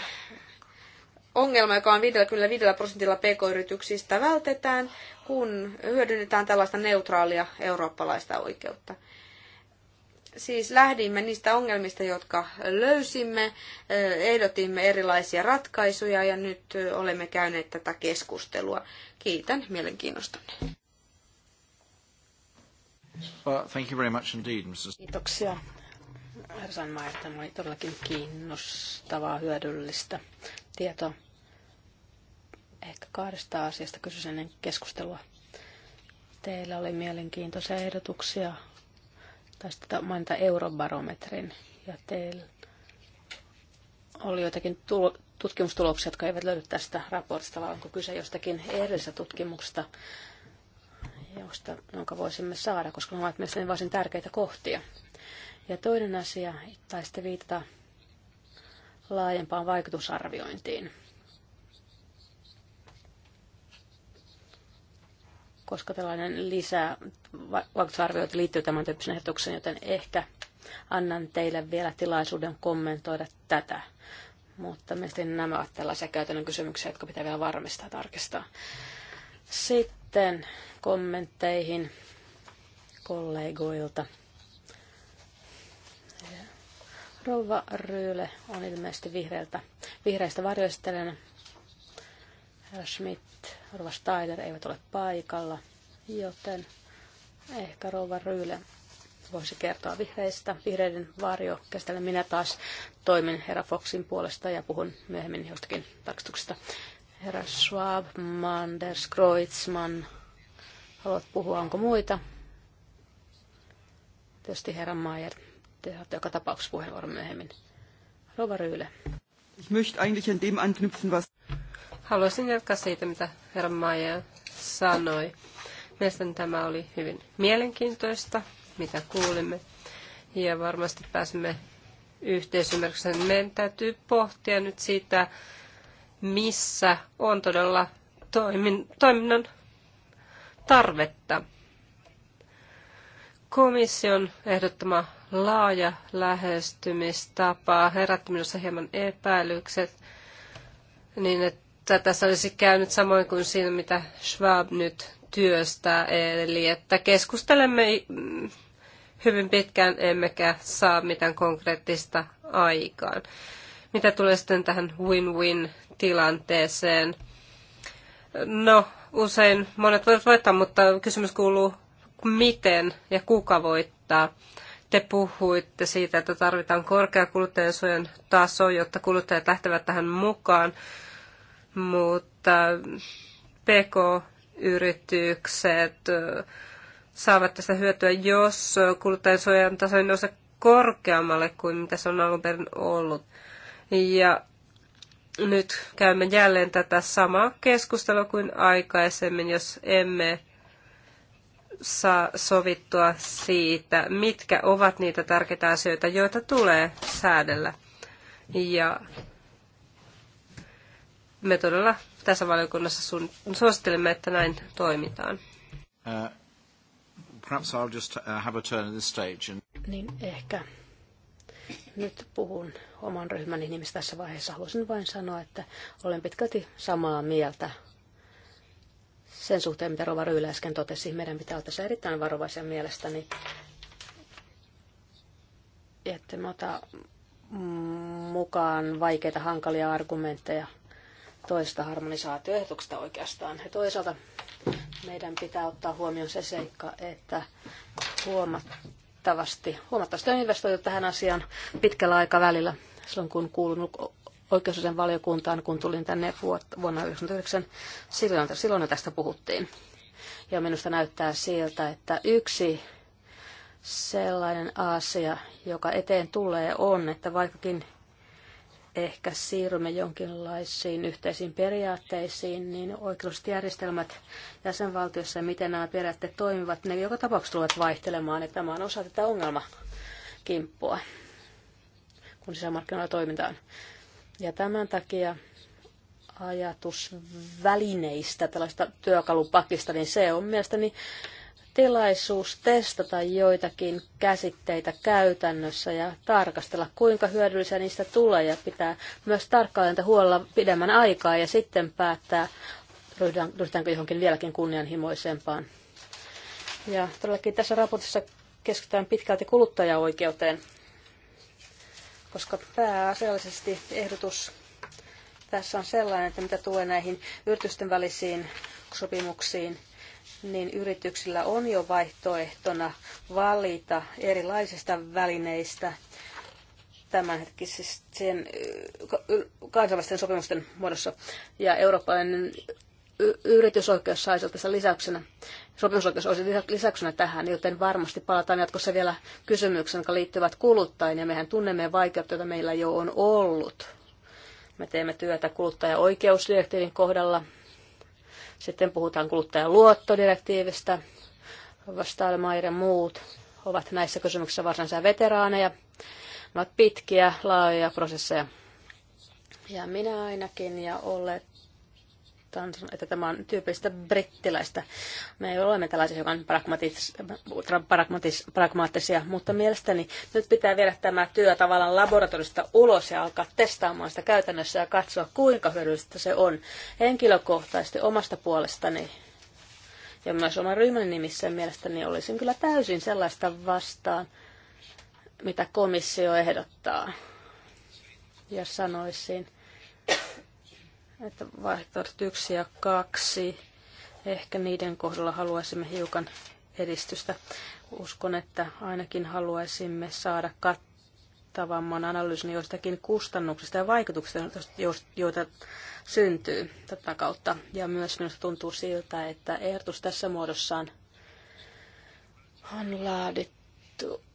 ongelma, joka on 55 prosentilla pk-yrityksistä, vältetään, kun hyödynnetään tällaista neutraalia eurooppalaista oikeutta. Siis lähdimme niistä ongelmista, jotka löysimme, eh, ehdotimme erilaisia ratkaisuja ja nyt eh, olemme käyneet tätä keskustelua. Kiitän mielenkiinnostanne. Well, thank you very much indeed, Mrs. Kiitoksia, Sanma, että oli todellakin kiinnostavaa, hyödyllistä tietoa. Ehkä kahdesta asiasta kysyisin ennen keskustelua. Teillä oli mielenkiintoisia ehdotuksia tästä mainita eurobarometrin ja teillä oli jotakin tulo- tutkimustuloksia, jotka eivät löydy tästä raportista, vaan onko kyse jostakin erillisestä tutkimuksesta, josta, jonka voisimme saada, koska ne ovat mielestäni varsin tärkeitä kohtia. Ja toinen asia, tai sitten viitata laajempaan vaikutusarviointiin. koska tällainen lisää vaikutusarvioita liittyy tämän tyyppisen ehdotukseen, joten ehkä annan teille vielä tilaisuuden kommentoida tätä. Mutta mielestäni nämä ovat tällaisia käytännön kysymyksiä, jotka pitää vielä varmistaa ja tarkistaa. Sitten kommentteihin kollegoilta. Rouva Ryyle on ilmeisesti vihreiltä, vihreistä varjoistelijana Schmidt, Rova Steiner eivät ole paikalla, joten ehkä Rova Ryyle voisi kertoa vihreistä. Vihreiden varjo käsitellä minä taas toimin herra Foxin puolesta ja puhun myöhemmin jostakin tarkistuksesta. Herra Schwab, Manders, Kreutzmann, haluat puhua, onko muita? Tietysti herra Mayer, te saatte joka tapauksessa puheenvuoron myöhemmin. Rova Ryyle. Ich möchte eigentlich an dem anknüpfen, was Haluaisin jatkaa siitä, mitä herra Maija sanoi. Mielestäni tämä oli hyvin mielenkiintoista, mitä kuulimme. Ja varmasti pääsemme yhteisymmärrykseen. Meidän täytyy pohtia nyt sitä, missä on todella toimin, toiminnan tarvetta. Komission ehdottama laaja lähestymistapa herätti minussa hieman epäilykset, niin että että tässä olisi käynyt samoin kuin siinä, mitä Schwab nyt työstää, eli että keskustelemme mm, hyvin pitkään emmekä saa mitään konkreettista aikaan. Mitä tulee sitten tähän win-win-tilanteeseen? No, usein monet voivat voittaa, mutta kysymys kuuluu, miten ja kuka voittaa. Te puhuitte siitä, että tarvitaan korkea kuluttajansuojan taso, jotta kuluttajat lähtevät tähän mukaan mutta PK-yritykset saavat tästä hyötyä, jos kuluttajansuojan taso ei nouse korkeammalle kuin mitä se on alun perin ollut. Ja nyt käymme jälleen tätä samaa keskustelua kuin aikaisemmin, jos emme saa sovittua siitä, mitkä ovat niitä tärkeitä asioita, joita tulee säädellä. Ja me todella tässä valiokunnassa suosittelemme, että näin toimitaan. Uh, uh, niin ehkä nyt puhun oman ryhmäni nimissä tässä vaiheessa. Haluaisin vain sanoa, että olen pitkälti samaa mieltä sen suhteen, mitä Rova Ryylä äsken totesi. Meidän pitää olla tässä erittäin varovaisia mielestäni, että me ota mukaan vaikeita, hankalia argumentteja – toista harmonisaatioehdotuksesta oikeastaan. Ja toisaalta meidän pitää ottaa huomioon se seikka, että huomattavasti, huomattavasti on investoitu tähän asiaan pitkällä aikavälillä. Silloin kun kuulun oikeusasian valiokuntaan, kun tulin tänne vuonna 1999, silloin, silloin tästä puhuttiin. Ja minusta näyttää siltä, että yksi sellainen asia, joka eteen tulee, on, että vaikkakin ehkä siirrymme jonkinlaisiin yhteisiin periaatteisiin, niin oikeusjärjestelmät jäsenvaltiossa ja miten nämä periaatteet toimivat, ne joka tapauksessa tulevat vaihtelemaan, että tämä on osa tätä ongelmakimppua, kun sisämarkkinoilla toimitaan. Ja tämän takia ajatus välineistä, tällaista työkalupakista, niin se on mielestäni tilaisuus testata joitakin käsitteitä käytännössä ja tarkastella, kuinka hyödyllisiä niistä tulee ja pitää myös tarkkailijoita huolella pidemmän aikaa ja sitten päättää, ryhdytäänkö johonkin vieläkin kunnianhimoisempaan. Ja todellakin tässä raportissa keskitytään pitkälti kuluttajaoikeuteen, koska pääasiallisesti ehdotus tässä on sellainen, että mitä tulee näihin yritysten välisiin sopimuksiin, niin yrityksillä on jo vaihtoehtona valita erilaisista välineistä tämänhetkisen kansainvälisten sopimusten muodossa. Ja eurooppalainen yritysoikeus saisi tässä lisäyksenä, sopimusoikeus olisi lisäyksenä tähän, joten varmasti palataan jatkossa vielä kysymyksiin, jotka liittyvät kuluttajien, ja mehän tunnemme vaikeutta, joita meillä jo on ollut. Me teemme työtä kuluttajaoikeusdirektiivin kohdalla, sitten puhutaan kuluttajan luottodirektiivistä, ja muut ovat näissä kysymyksissä varsinaisia veteraaneja. Ne ovat pitkiä, laajoja prosesseja. Ja minä ainakin ja olet että tämä on tyypillistä brittiläistä. Me ole tällaisia hiukan pragmaattisia, mutta mielestäni nyt pitää viedä tämä työ tavallaan laboratorista ulos ja alkaa testaamaan sitä käytännössä ja katsoa, kuinka hyödyllistä se on henkilökohtaisesti omasta puolestani. Ja myös oman ryhmän nimissä mielestäni olisin kyllä täysin sellaista vastaan, mitä komissio ehdottaa. Ja sanoisin, että vaihtoehdot yksi ja kaksi. ehkä niiden kohdalla haluaisimme hiukan edistystä. Uskon, että ainakin haluaisimme saada kattavamman analyysin joistakin kustannuksista ja vaikutuksista, joita syntyy tätä kautta. Ja myös minusta tuntuu siltä, että ehdotus tässä muodossaan on laadittu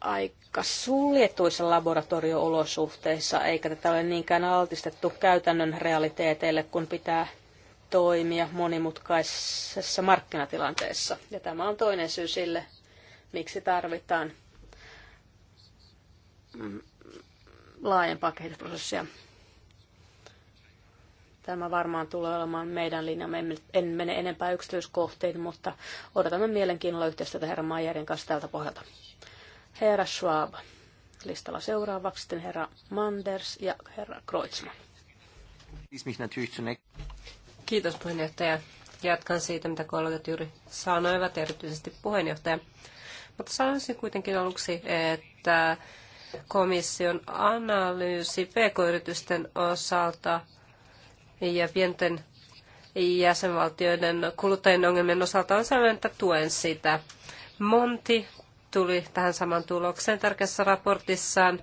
aika suljetuissa laboratorioolosuhteissa, eikä tätä ole niinkään altistettu käytännön realiteeteille, kun pitää toimia monimutkaisessa markkinatilanteessa. Ja tämä on toinen syy sille, miksi tarvitaan laajempaa kehitysprosessia. Tämä varmaan tulee olemaan meidän linjamme. En mene enempää yksityiskohtiin, mutta odotamme mielenkiinnolla yhteistyötä herran Maijerin kanssa tältä pohjalta herra Schwab. Listalla seuraavaksi sitten herra Manders ja herra Kreutzmann. Kiitos puheenjohtaja. Jatkan siitä, mitä kollegat juuri sanoivat, erityisesti puheenjohtaja. Mutta sanoisin kuitenkin aluksi, että komission analyysi pk-yritysten osalta ja pienten jäsenvaltioiden kuluttajien ongelmien osalta on sellainen, että tuen sitä. Monti tuli tähän samaan tulokseen tärkeässä raportissaan,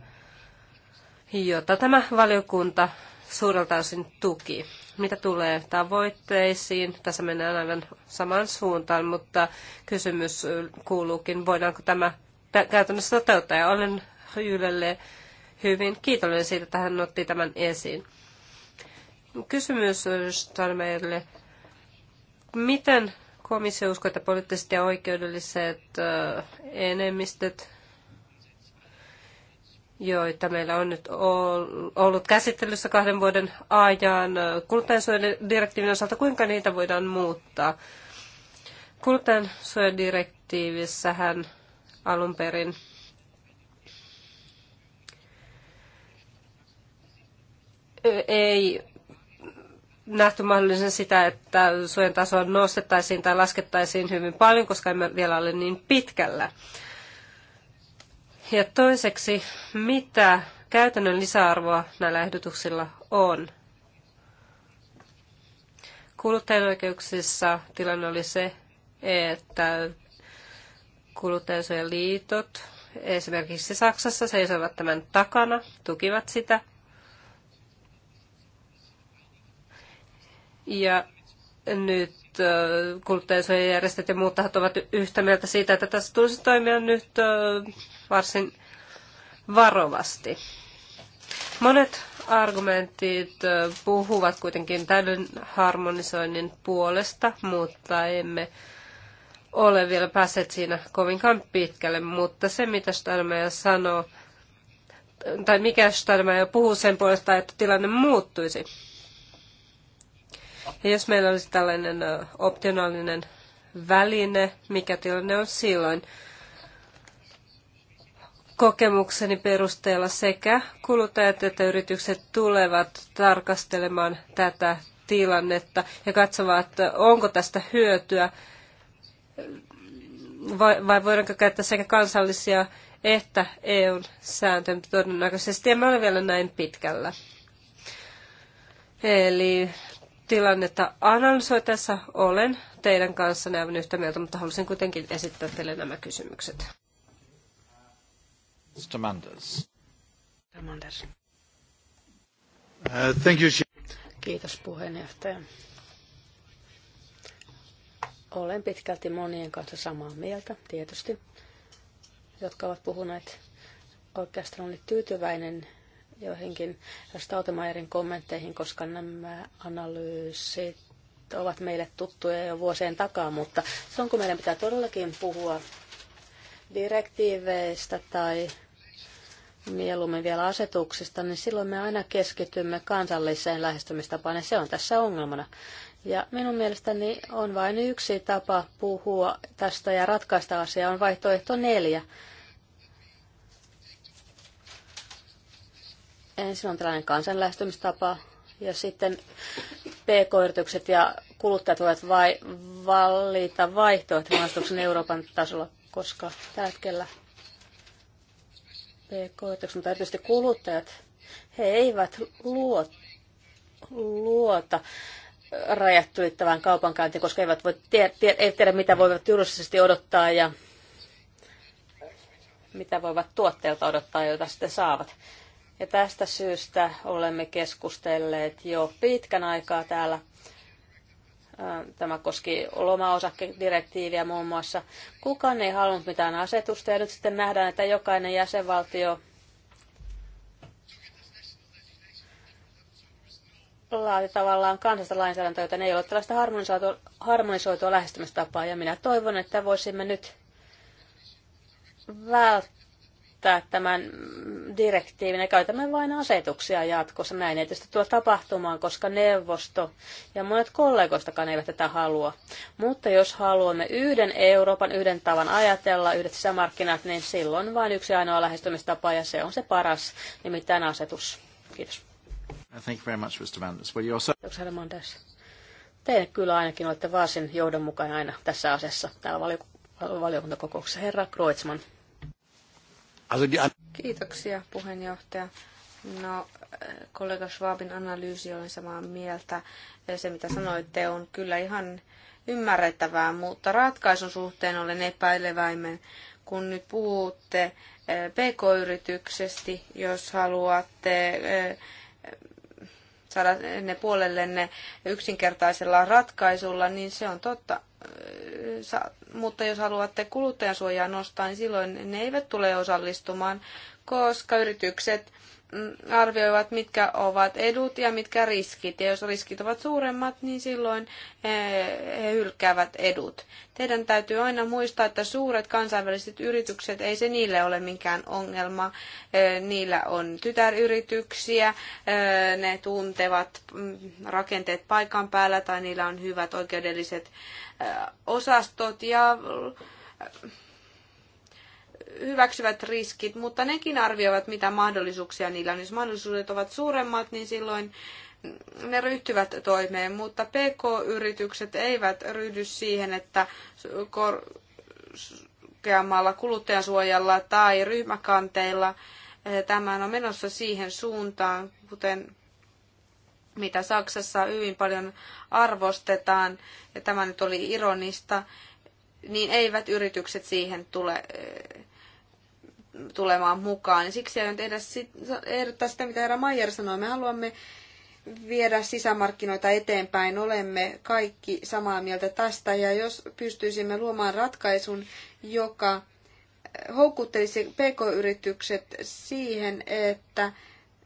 jota tämä valiokunta suurelta osin tuki. Mitä tulee tavoitteisiin, tässä mennään aivan samaan suuntaan, mutta kysymys kuuluukin, voidaanko tämä käytännössä toteuttaa. Ja olen Jylelle hyvin kiitollinen siitä, että hän otti tämän esiin. Kysymys Stalmeerille. Miten Komissio uskoo, että poliittiset ja oikeudelliset enemmistöt, joita meillä on nyt ollut käsittelyssä kahden vuoden ajan kuluttajansuojadirektiivin osalta, kuinka niitä voidaan muuttaa. Kuluttajansuojadirektiivissähän alun perin ei nähty mahdollisen sitä, että suojan tasoa nostettaisiin tai laskettaisiin hyvin paljon, koska emme vielä ole niin pitkällä. Ja toiseksi, mitä käytännön lisäarvoa näillä ehdotuksilla on? Kuluttajan oikeuksissa tilanne oli se, että kuluttajansuojan liitot esimerkiksi Saksassa seisoivat tämän takana, tukivat sitä – Ja nyt kuluttajansuojajärjestöt ja muut tahot ovat yhtä mieltä siitä, että tässä tulisi toimia nyt varsin varovasti. Monet argumentit puhuvat kuitenkin täyden harmonisoinnin puolesta, mutta emme ole vielä päässeet siinä kovinkaan pitkälle. Mutta se, mitä Stadmaja sanoo, tai mikä Stadmaja puhuu sen puolesta, että tilanne muuttuisi. Ja jos meillä olisi tällainen optionaalinen väline, mikä tilanne on silloin? Kokemukseni perusteella sekä kuluttajat että yritykset tulevat tarkastelemaan tätä tilannetta ja katsovat, että onko tästä hyötyä vai, vai voidaanko käyttää sekä kansallisia että EUn sääntöjä, mutta todennäköisesti emme ole vielä näin pitkällä. Eli tilannetta analysoitaessa olen teidän kanssa aivan yhtä mieltä, mutta halusin kuitenkin esittää teille nämä kysymykset. Stamanders. Stamanders. Uh, thank you. Kiitos puheenjohtaja. Olen pitkälti monien kanssa samaa mieltä, tietysti, jotka ovat puhuneet. Oikeastaan olin tyytyväinen joihinkin Stautemairin kommentteihin, koska nämä analyysit ovat meille tuttuja jo vuosien takaa, mutta se on, kun meidän pitää todellakin puhua direktiiveistä tai mieluummin vielä asetuksista, niin silloin me aina keskitymme kansalliseen lähestymistapaan ja se on tässä ongelmana. Ja minun mielestäni on vain yksi tapa puhua tästä ja ratkaista asiaa, on vaihtoehto neljä. Ensin on tällainen kansanlähestymistapa ja sitten PK-yritykset ja kuluttajat voivat vai, valita vaihtoehtomaastuksen Euroopan tasolla, koska tällä hetkellä PK-yritykset, mutta erityisesti kuluttajat, he eivät luo, luota rajat ylittävään kaupankäyntiin, koska eivät, voi tie, tie, tiedä, mitä voivat juridisesti odottaa ja mitä voivat tuotteelta odottaa, joita sitten saavat. Ja tästä syystä olemme keskustelleet jo pitkän aikaa täällä. Tämä koski lomaosakedirektiiviä muun muassa. Kukaan ei halunnut mitään asetusta ja nyt sitten nähdään, että jokainen jäsenvaltio laati tavallaan kansallista lainsäädäntöä, joten ei ole tällaista harmonisoitua, harmonisoitua lähestymistapaa. Ja minä toivon, että voisimme nyt välttää täyttää tämän direktiivin ja käytämme vain asetuksia jatkossa. Näin ei tietysti tule tapahtumaan, koska neuvosto ja monet kollegoistakaan eivät tätä halua. Mutta jos haluamme yhden Euroopan, yhden tavan ajatella, yhdet sisämarkkinat, niin silloin vain yksi ainoa lähestymistapa ja se on se paras, nimittäin asetus. Kiitos. Thank you very much, Mr. Manders. Well, you're so... Manders. Te kyllä ainakin olette varsin johdonmukainen aina tässä asiassa täällä valiokuntakokouksessa. Herra Kreutzmann. Kiitoksia puheenjohtaja. No, kollega Schwabin analyysi on samaa mieltä. Se, mitä sanoitte, on kyllä ihan ymmärrettävää, mutta ratkaisun suhteen olen epäileväimen, kun nyt puhutte eh, pk-yrityksesti, jos haluatte eh, saada ne puolellenne yksinkertaisella ratkaisulla, niin se on totta mutta jos haluatte kuluttajansuojaa nostaa, niin silloin ne eivät tule osallistumaan, koska yritykset arvioivat, mitkä ovat edut ja mitkä riskit. Ja jos riskit ovat suuremmat, niin silloin eh, he hylkäävät edut. Teidän täytyy aina muistaa, että suuret kansainväliset yritykset, ei se niille ole minkään ongelma. Eh, niillä on tytäryrityksiä, eh, ne tuntevat mm, rakenteet paikan päällä tai niillä on hyvät oikeudelliset osastot ja hyväksyvät riskit, mutta nekin arvioivat, mitä mahdollisuuksia niillä on. Jos mahdollisuudet ovat suuremmat, niin silloin ne ryhtyvät toimeen, mutta PK-yritykset eivät ryhdy siihen, että korkeammalla kuluttajansuojalla tai ryhmäkanteilla tämä on menossa siihen suuntaan, kuten mitä Saksassa hyvin paljon arvostetaan, ja tämä nyt oli ironista, niin eivät yritykset siihen tule tulemaan mukaan. Ja niin siksi aion tehdä sit, ehdottaa sitä, mitä herra Maijer sanoi. Me haluamme viedä sisämarkkinoita eteenpäin. Olemme kaikki samaa mieltä tästä. Ja jos pystyisimme luomaan ratkaisun, joka houkuttelisi pk-yritykset siihen, että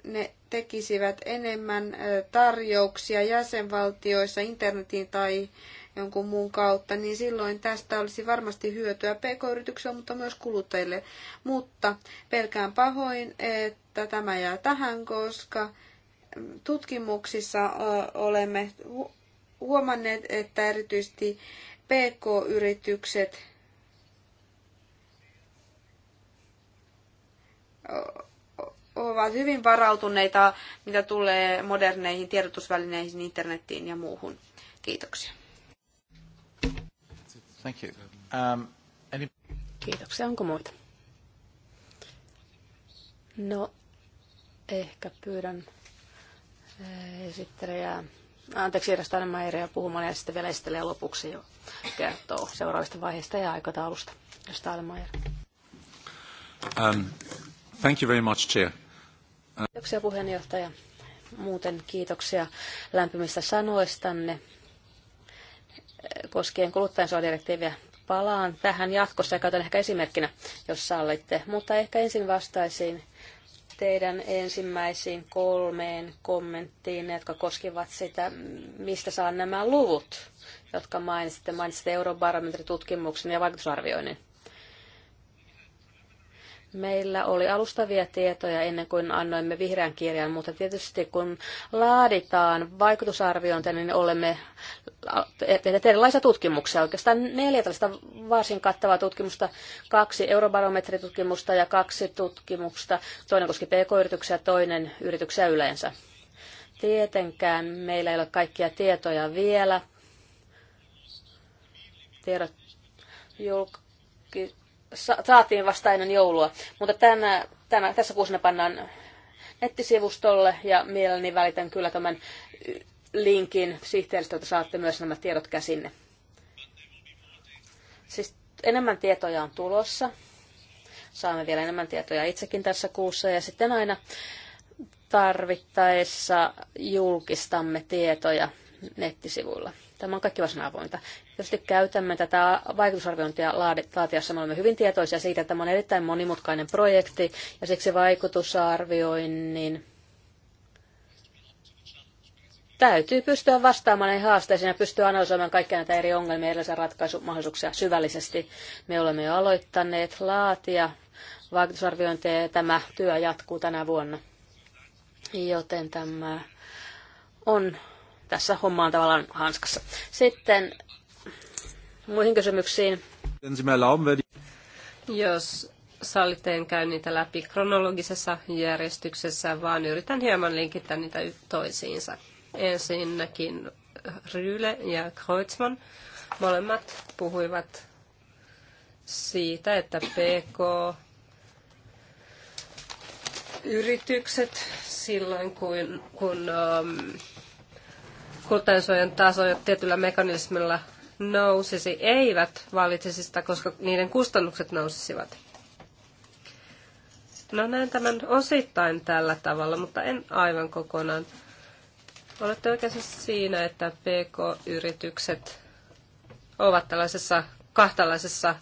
ne tekisivät enemmän tarjouksia jäsenvaltioissa internetin tai jonkun muun kautta, niin silloin tästä olisi varmasti hyötyä pk-yrityksille, mutta myös kuluttajille. Mutta pelkään pahoin, että tämä jää tähän, koska tutkimuksissa olemme huomanneet, että erityisesti pk-yritykset ovat hyvin varautuneita, mitä tulee moderneihin tiedotusvälineihin internettiin ja muuhun. Kiitoksia. Thank you. Um, any... Kiitoksia. Onko muita? No, ehkä pyydän eh, esittelijää, anteeksi Irasta Mairia puhumaan ja sitten vielä esittelijä lopuksi jo kertoo seuraavista vaiheista ja aikataulusta. Um, thank you very much, Chair. Uh... Kiitoksia puheenjohtaja. Muuten kiitoksia lämpimistä sanoistanne koskien kuluttajansuojadirektiiviä. Palaan tähän jatkossa ja käytän ehkä esimerkkinä, jos sallitte. Mutta ehkä ensin vastaisin teidän ensimmäisiin kolmeen kommenttiin, jotka koskivat sitä, mistä saan nämä luvut, jotka mainitsitte. Mainitsitte eurobarometritutkimuksen ja vaikutusarvioinnin. Meillä oli alustavia tietoja ennen kuin annoimme vihreän kirjan, mutta tietysti kun laaditaan vaikutusarviointia, niin olemme äh, tehneet erilaisia tutkimuksia. Oikeastaan neljä tällaista varsin kattavaa tutkimusta, kaksi eurobarometritutkimusta ja kaksi tutkimusta. Toinen koski pk-yrityksiä, toinen yrityksiä yleensä. Tietenkään meillä ei ole kaikkia tietoja vielä. Tiedot julk- saatiin vasta ennen joulua. Mutta tänä, tänä, tässä kuussa ne pannaan nettisivustolle ja mielelläni välitän kyllä tämän linkin sihteeristöltä saatte myös nämä tiedot käsinne. Siis enemmän tietoja on tulossa. Saamme vielä enemmän tietoja itsekin tässä kuussa ja sitten aina tarvittaessa julkistamme tietoja nettisivuilla. Tämä on kaikki varsin avointa. Tietysti käytämme tätä vaikutusarviointia laatiessa. Me olemme hyvin tietoisia siitä, että tämä on erittäin monimutkainen projekti ja siksi vaikutusarvioinnin täytyy pystyä vastaamaan näihin haasteisiin ja pystyä analysoimaan kaikkia näitä eri ongelmia ja erilaisia ratkaisumahdollisuuksia syvällisesti. Me olemme jo aloittaneet laatia vaikutusarviointeja ja tämä työ jatkuu tänä vuonna. Joten tämä on tässä homma on tavallaan hanskassa. Sitten muihin kysymyksiin. Jos salliteen käyn niitä läpi kronologisessa järjestyksessä, vaan yritän hieman linkittää niitä toisiinsa. Ensinnäkin Ryle ja Kreutzmann molemmat puhuivat siitä, että PK yritykset silloin, kun, kun um, kuluttajansuojan taso tietyllä mekanismilla nousisi, eivät valitsisi sitä, koska niiden kustannukset nousisivat. No näen tämän osittain tällä tavalla, mutta en aivan kokonaan. Olette oikeassa siinä, että PK-yritykset ovat tällaisessa kahtalaisessa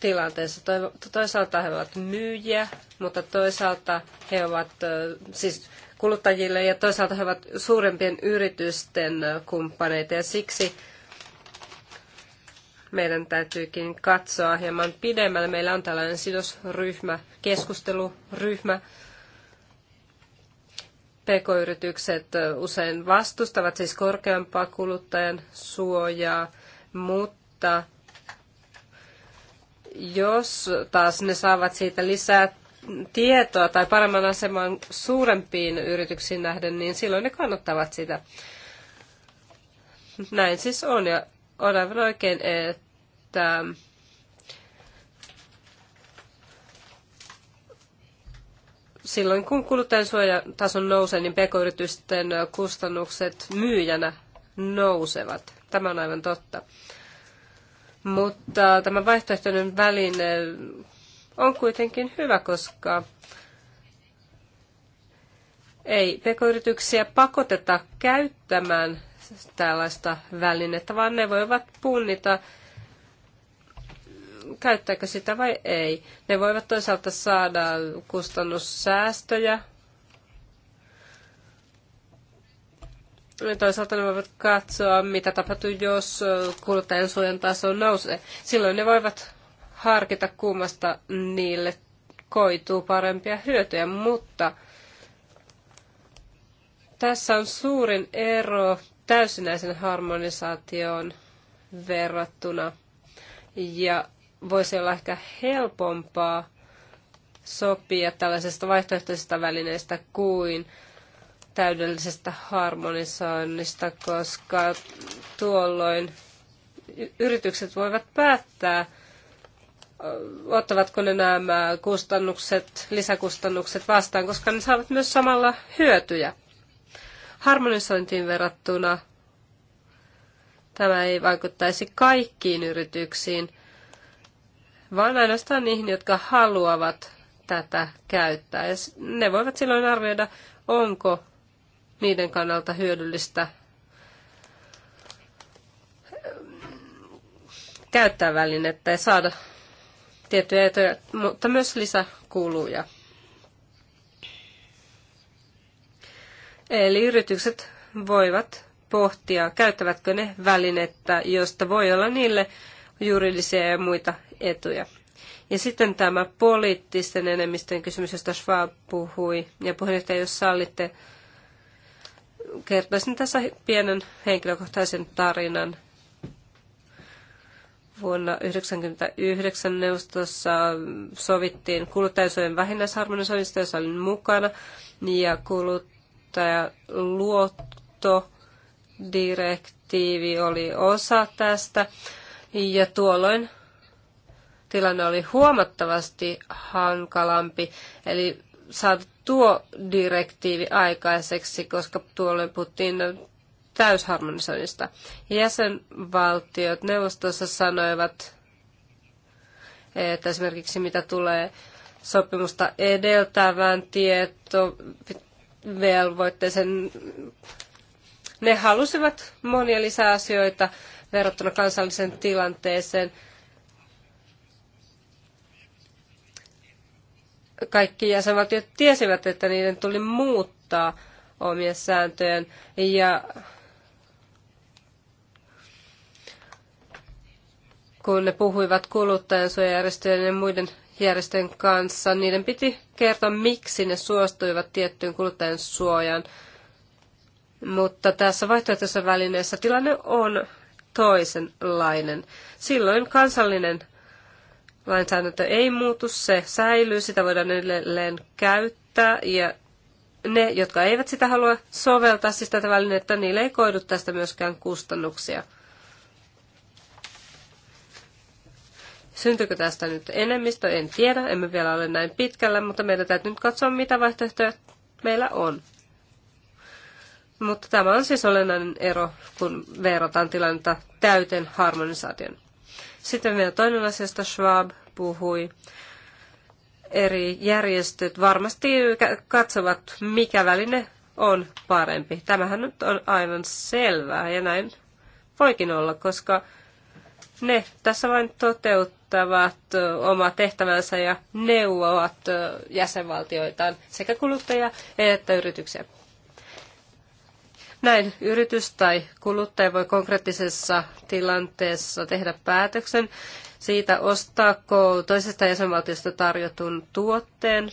tilanteessa. Toisaalta he ovat myyjiä, mutta toisaalta he ovat siis kuluttajille ja toisaalta he ovat suurempien yritysten kumppaneita ja siksi meidän täytyykin katsoa hieman pidemmälle. Meillä on tällainen sidosryhmä, keskusteluryhmä. PK-yritykset usein vastustavat siis korkeampaa kuluttajan suojaa, mutta jos taas ne saavat siitä lisää tietoa tai paremman aseman suurempiin yrityksiin nähden, niin silloin ne kannattavat sitä. Näin siis on ja on aivan oikein, että silloin kun suojatason nousee, niin pk-yritysten kustannukset myyjänä nousevat. Tämä on aivan totta. Mutta tämä vaihtoehtoinen väline on kuitenkin hyvä, koska ei pk-yrityksiä pakoteta käyttämään tällaista välinettä, vaan ne voivat punnita, käyttääkö sitä vai ei. Ne voivat toisaalta saada kustannussäästöjä. Ja toisaalta ne voivat katsoa, mitä tapahtuu, jos kuluttajansuojan taso nousee. Silloin ne voivat harkita kummasta niille koituu parempia hyötyjä, mutta tässä on suurin ero täysinäisen harmonisaatioon verrattuna. Ja voisi olla ehkä helpompaa sopia tällaisesta vaihtoehtoisesta välineestä kuin täydellisestä harmonisoinnista, koska tuolloin yritykset voivat päättää, ottavatko ne nämä kustannukset, lisäkustannukset vastaan, koska ne saavat myös samalla hyötyjä. Harmonisointiin verrattuna tämä ei vaikuttaisi kaikkiin yrityksiin, vaan ainoastaan niihin, jotka haluavat tätä käyttää. Ja ne voivat silloin arvioida, onko niiden kannalta hyödyllistä ähm, käyttää välinettä ja saada tiettyjä etuja, mutta myös lisäkuluja. Eli yritykset voivat pohtia, käyttävätkö ne välinettä, josta voi olla niille juridisia ja muita etuja. Ja sitten tämä poliittisten enemmistön kysymys, josta Schwab puhui, ja puheenjohtaja, jos sallitte, kertoisin tässä pienen henkilökohtaisen tarinan. Vuonna 1999 neuvostossa sovittiin kuluttajasuojan vähinnäisharmonisoinnista, jossa olin mukana, ja kuluttajaluottodirektiivi oli osa tästä. Ja tuolloin tilanne oli huomattavasti hankalampi, eli saatu tuo direktiivi aikaiseksi, koska tuolloin puhuttiin täysharmonisoinnista. Jäsenvaltiot neuvostossa sanoivat, että esimerkiksi mitä tulee sopimusta edeltävään tietovelvoitteeseen, ne halusivat monia asioita verrattuna kansalliseen tilanteeseen. Kaikki jäsenvaltiot tiesivät, että niiden tuli muuttaa omia sääntöjen ja kun ne puhuivat kuluttajansuojajärjestöjen ja muiden järjestöjen kanssa, niiden piti kertoa, miksi ne suostuivat tiettyyn kuluttajansuojaan. suojaan. Mutta tässä vaihtoehtoisessa välineessä tilanne on toisenlainen. Silloin kansallinen lainsäädäntö ei muutu, se säilyy, sitä voidaan edelleen käyttää ja ne, jotka eivät sitä halua soveltaa, siis tätä välinettä, niille ei koidu tästä myöskään kustannuksia. Syntyykö tästä nyt enemmistö? En tiedä, emme vielä ole näin pitkällä, mutta meidän täytyy nyt katsoa, mitä vaihtoehtoja meillä on. Mutta tämä on siis olennainen ero, kun verrataan tilannetta täyteen harmonisaation. Sitten vielä toinen asiasta Schwab puhui. Eri järjestöt varmasti katsovat, mikä väline on parempi. Tämähän nyt on aivan selvää ja näin voikin olla, koska ne tässä vain toteuttavat noudattavat omaa tehtävänsä ja neuvovat jäsenvaltioitaan sekä kuluttajia että yrityksiä. Näin yritys tai kuluttaja voi konkreettisessa tilanteessa tehdä päätöksen siitä, ostaako toisesta jäsenvaltiosta tarjotun tuotteen,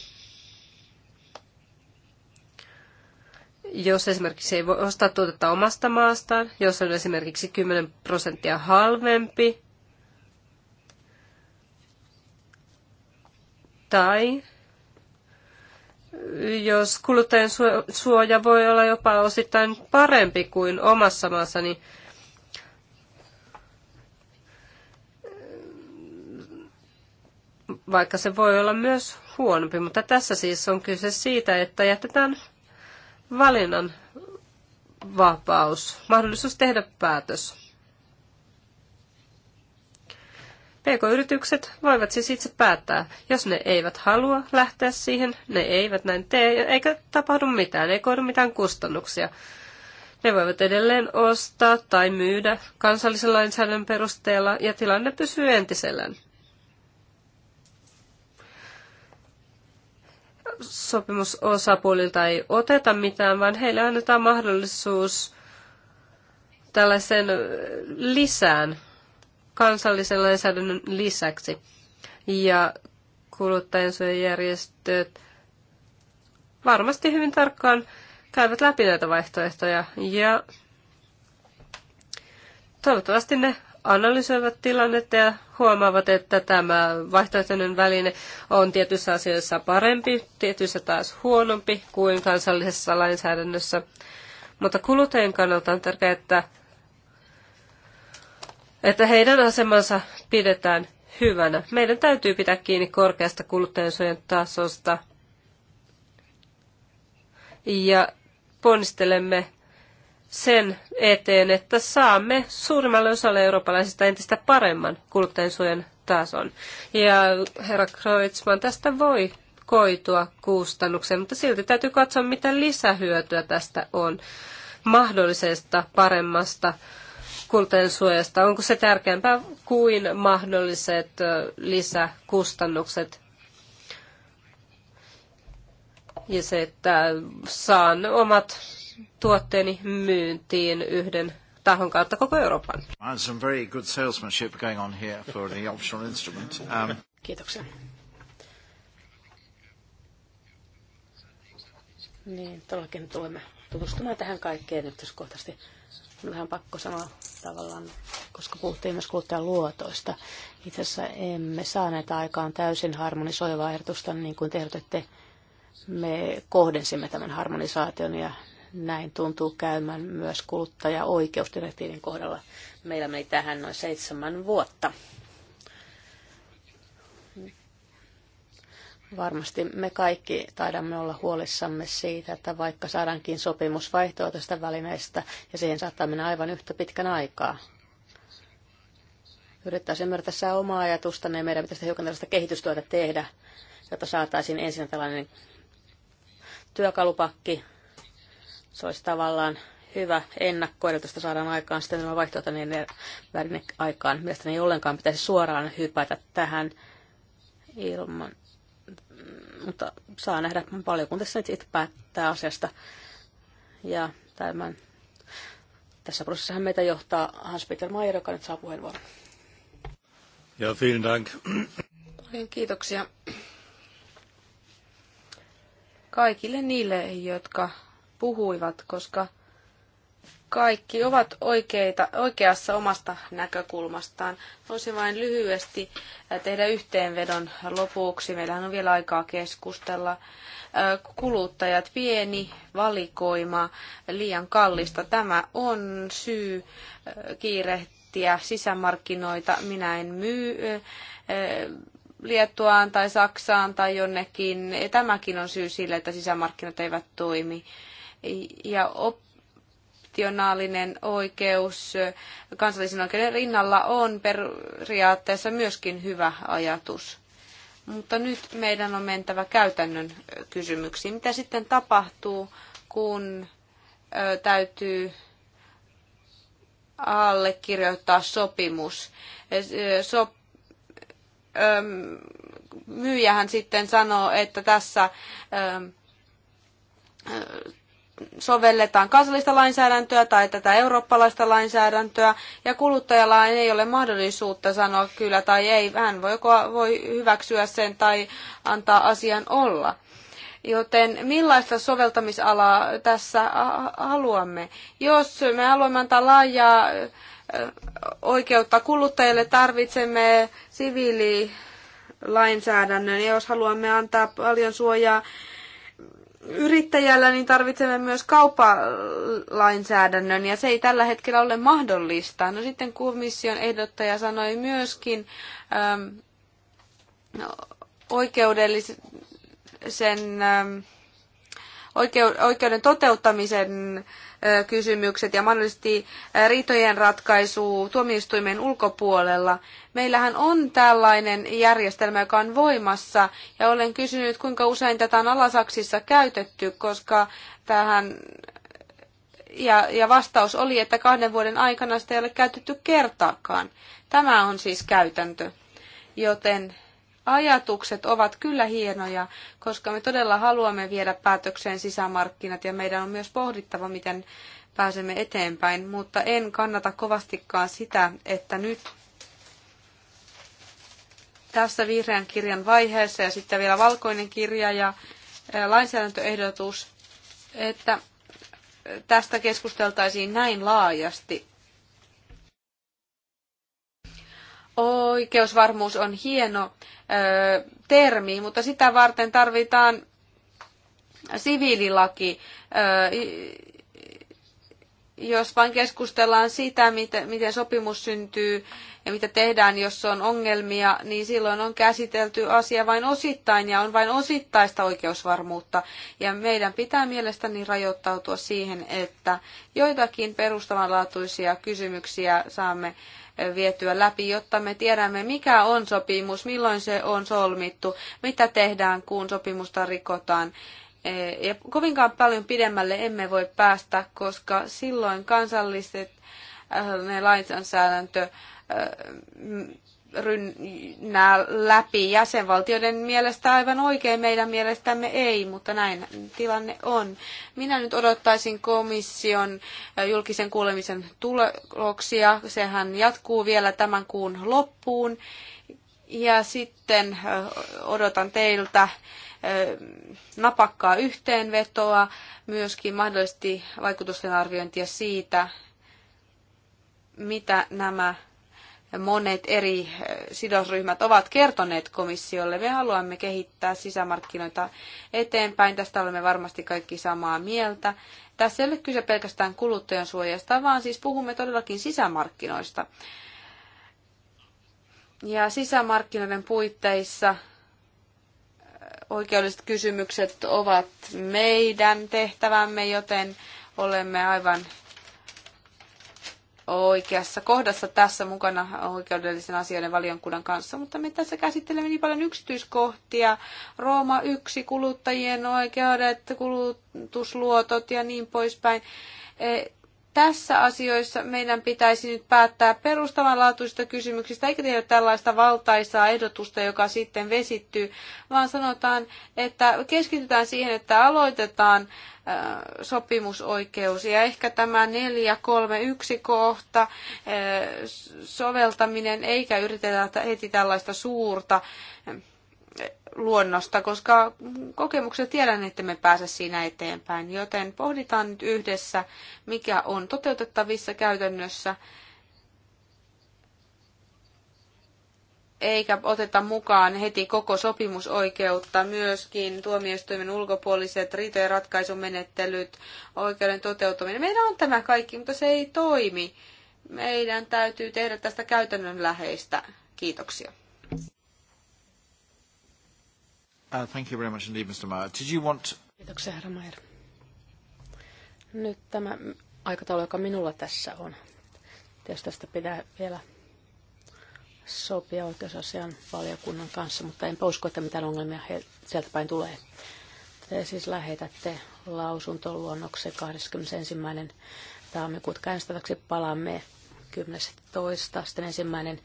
jos esimerkiksi ei voi ostaa tuotetta omasta maastaan, jos on esimerkiksi 10 prosenttia halvempi Tai jos kuluttajan suoja voi olla jopa osittain parempi kuin omassa maassa, niin vaikka se voi olla myös huonompi, mutta tässä siis on kyse siitä, että jätetään valinnan vapaus, mahdollisuus tehdä päätös. PK-yritykset voivat siis itse päättää. Jos ne eivät halua lähteä siihen, ne eivät näin tee, eikä tapahdu mitään, ei koidu mitään kustannuksia. Ne voivat edelleen ostaa tai myydä kansallisen lainsäädännön perusteella ja tilanne pysyy entisellään. Sopimusosapuolilta ei oteta mitään, vaan heille annetaan mahdollisuus tällaisen lisään kansallisen lainsäädännön lisäksi. Ja kuluttajansuojajärjestöt varmasti hyvin tarkkaan käyvät läpi näitä vaihtoehtoja ja toivottavasti ne analysoivat tilannetta ja huomaavat, että tämä vaihtoehtoinen väline on tietyissä asioissa parempi, tietyissä taas huonompi kuin kansallisessa lainsäädännössä. Mutta kuluttajien kannalta on tärkeää, että että heidän asemansa pidetään hyvänä. Meidän täytyy pitää kiinni korkeasta kuluttajansuojan tasosta ja ponnistelemme sen eteen, että saamme suurimmalle osalle eurooppalaisista entistä paremman kuluttajansuojan tason. Ja herra Kreutzmann, tästä voi koitua kustannuksen, mutta silti täytyy katsoa, mitä lisähyötyä tästä on mahdollisesta paremmasta suojasta. Onko se tärkeämpää kuin mahdolliset lisäkustannukset? Ja se, että saan omat tuotteeni myyntiin yhden tahon kautta koko Euroopan. Um, Kiitoksia. Niin, todellakin tulemme tutustumaan tähän kaikkeen yksityiskohtaisesti vähän pakko sanoa tavallaan, koska puhuttiin myös luotoista. Itse asiassa emme saaneet aikaan täysin harmonisoivaa ehdotusta, niin kuin te ehdotette, Me kohdensimme tämän harmonisaation ja näin tuntuu käymään myös kuluttaja-oikeusdirektiivin kohdalla. Meillä meni tähän noin seitsemän vuotta Varmasti me kaikki taidamme olla huolissamme siitä, että vaikka saadaankin sopimus tästä välineestä ja siihen saattaa mennä aivan yhtä pitkän aikaa. Yrittäisiin ymmärtää tässä omaa ajatusta, niin meidän pitäisi hiukan tällaista kehitystyötä tehdä, jotta saataisiin ensin tällainen työkalupakki. Se olisi tavallaan hyvä ennakkoida, että saadaan aikaan sitten tämä niin väline aikaan. Mielestäni ei ollenkaan pitäisi suoraan hypätä tähän ilman mutta saa nähdä, tässä nyt itse päättää asiasta. Ja tämän, tässä prosessissa meitä johtaa Hans-Peter Mayer, joka nyt saa puheenvuoron. Ja vielen dank. Paljon kiitoksia kaikille niille, jotka puhuivat, koska kaikki ovat oikeita, oikeassa omasta näkökulmastaan. Voisin vain lyhyesti äh, tehdä yhteenvedon lopuksi. Meillähän on vielä aikaa keskustella. Äh, kuluttajat, pieni valikoima, liian kallista. Tämä on syy äh, kiirehtiä sisämarkkinoita. Minä en myy Liettuaan tai Saksaan tai jonnekin. Tämäkin on syy sille, että sisämarkkinat eivät toimi. Ja op- konstitutionaalinen oikeus kansallisen oikeuden rinnalla on periaatteessa myöskin hyvä ajatus. Mutta nyt meidän on mentävä käytännön kysymyksiin. Mitä sitten tapahtuu, kun täytyy allekirjoittaa sopimus? Sop, myyjähän sitten sanoo, että tässä sovelletaan kansallista lainsäädäntöä tai tätä eurooppalaista lainsäädäntöä, ja kuluttajalla ei ole mahdollisuutta sanoa kyllä tai ei. Hän voi, voi hyväksyä sen tai antaa asian olla. Joten millaista soveltamisalaa tässä haluamme? Jos me haluamme antaa laajaa oikeutta kuluttajille, tarvitsemme siviililainsäädännön. Ja jos haluamme antaa paljon suojaa yrittäjällä, niin tarvitsemme myös kauppalainsäädännön, ja se ei tällä hetkellä ole mahdollista. No sitten komission ehdottaja sanoi myöskin äm, oikeudellisen äm, oikeuden toteuttamisen kysymykset ja mahdollisesti riitojen ratkaisu tuomioistuimen ulkopuolella. Meillähän on tällainen järjestelmä, joka on voimassa, ja olen kysynyt, kuinka usein tätä on Alasaksissa käytetty, koska tähän ja, ja vastaus oli, että kahden vuoden aikana sitä ei ole käytetty kertaakaan. Tämä on siis käytäntö, joten ajatukset ovat kyllä hienoja, koska me todella haluamme viedä päätökseen sisämarkkinat ja meidän on myös pohdittava, miten pääsemme eteenpäin, mutta en kannata kovastikaan sitä, että nyt tässä vihreän kirjan vaiheessa ja sitten vielä valkoinen kirja ja lainsäädäntöehdotus, että tästä keskusteltaisiin näin laajasti. Oikeusvarmuus on hieno ö, termi, mutta sitä varten tarvitaan siviililaki. Ö, jos vain keskustellaan sitä, miten sopimus syntyy ja mitä tehdään, jos on ongelmia, niin silloin on käsitelty asia vain osittain ja on vain osittaista oikeusvarmuutta. Ja meidän pitää mielestäni rajoittautua siihen, että joitakin perustavanlaatuisia kysymyksiä saamme vietyä läpi, jotta me tiedämme, mikä on sopimus, milloin se on solmittu, mitä tehdään, kun sopimusta rikotaan. E, ja kovinkaan paljon pidemmälle emme voi päästä, koska silloin kansalliset äh, ne lainsäädäntö äh, rynnää läpi jäsenvaltioiden mielestä aivan oikein, meidän mielestämme ei, mutta näin tilanne on. Minä nyt odottaisin komission äh, julkisen kuulemisen tuloksia. Sehän jatkuu vielä tämän kuun loppuun. Ja sitten äh, odotan teiltä äh, napakkaa yhteenvetoa, myöskin mahdollisesti vaikutusten arviointia siitä, mitä nämä monet eri eh, sidosryhmät ovat kertoneet komissiolle. Me haluamme kehittää sisämarkkinoita eteenpäin. Tästä olemme varmasti kaikki samaa mieltä. Tässä ei ole kyse pelkästään kuluttajan suojasta, vaan siis puhumme todellakin sisämarkkinoista. Ja sisämarkkinoiden puitteissa eh, oikeudelliset kysymykset ovat meidän tehtävämme, joten olemme aivan oikeassa kohdassa tässä mukana oikeudellisen asioiden valiokunnan kanssa, mutta me tässä käsittelemme niin paljon yksityiskohtia. Rooma 1, kuluttajien oikeudet, kulutusluotot ja niin poispäin. E, tässä asioissa meidän pitäisi nyt päättää perustavanlaatuisista kysymyksistä, eikä tehdä tällaista valtaisaa ehdotusta, joka sitten vesittyy, vaan sanotaan, että keskitytään siihen, että aloitetaan sopimusoikeus. Ja ehkä tämä 431 kohta soveltaminen, eikä yritetä heti tällaista suurta luonnosta, koska kokemuksella tiedän, että me pääse siinä eteenpäin. Joten pohditaan nyt yhdessä, mikä on toteutettavissa käytännössä, eikä oteta mukaan heti koko sopimusoikeutta, myöskin tuomioistuimen ulkopuoliset riitojen ratkaisumenettelyt, oikeuden toteutuminen. Meillä on tämä kaikki, mutta se ei toimi. Meidän täytyy tehdä tästä käytännönläheistä. Kiitoksia. Uh, thank you very much indeed, Mr. Meyer. Did you want... Kiitoksia, herra Meyer. Nyt tämä aikataulu, joka minulla tässä on. Tietysti tästä pitää vielä sopia oikeusasian valiokunnan kanssa, mutta en usko, että mitään ongelmia he, sieltä päin tulee. Te siis lähetätte lausuntoluonnoksen 21. tammikuuta käynnistäväksi. Palaamme toista, Sitten ensimmäinen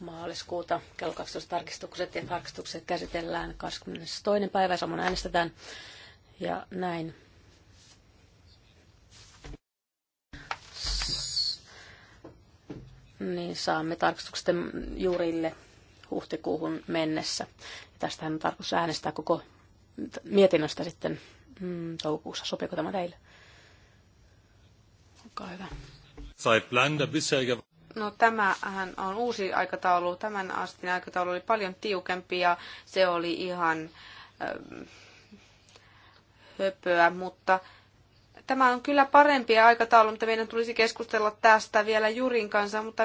maaliskuuta kello 12 tarkistukset ja tarkistukset käsitellään 22. päivä. Samoin äänestetään ja näin. Niin saamme tarkistukset juurille huhtikuuhun mennessä. Ja tästähän on tarkoitus äänestää koko mietinnöstä sitten mm, toukokuussa. Sopiiko tämä teille? Olkaa hyvä. No tämähän on uusi aikataulu. Tämän asti aikataulu oli paljon tiukempi ja se oli ihan äh, höpöä, mutta tämä on kyllä parempi aikataulu, mutta meidän tulisi keskustella tästä vielä Jurin kanssa, mutta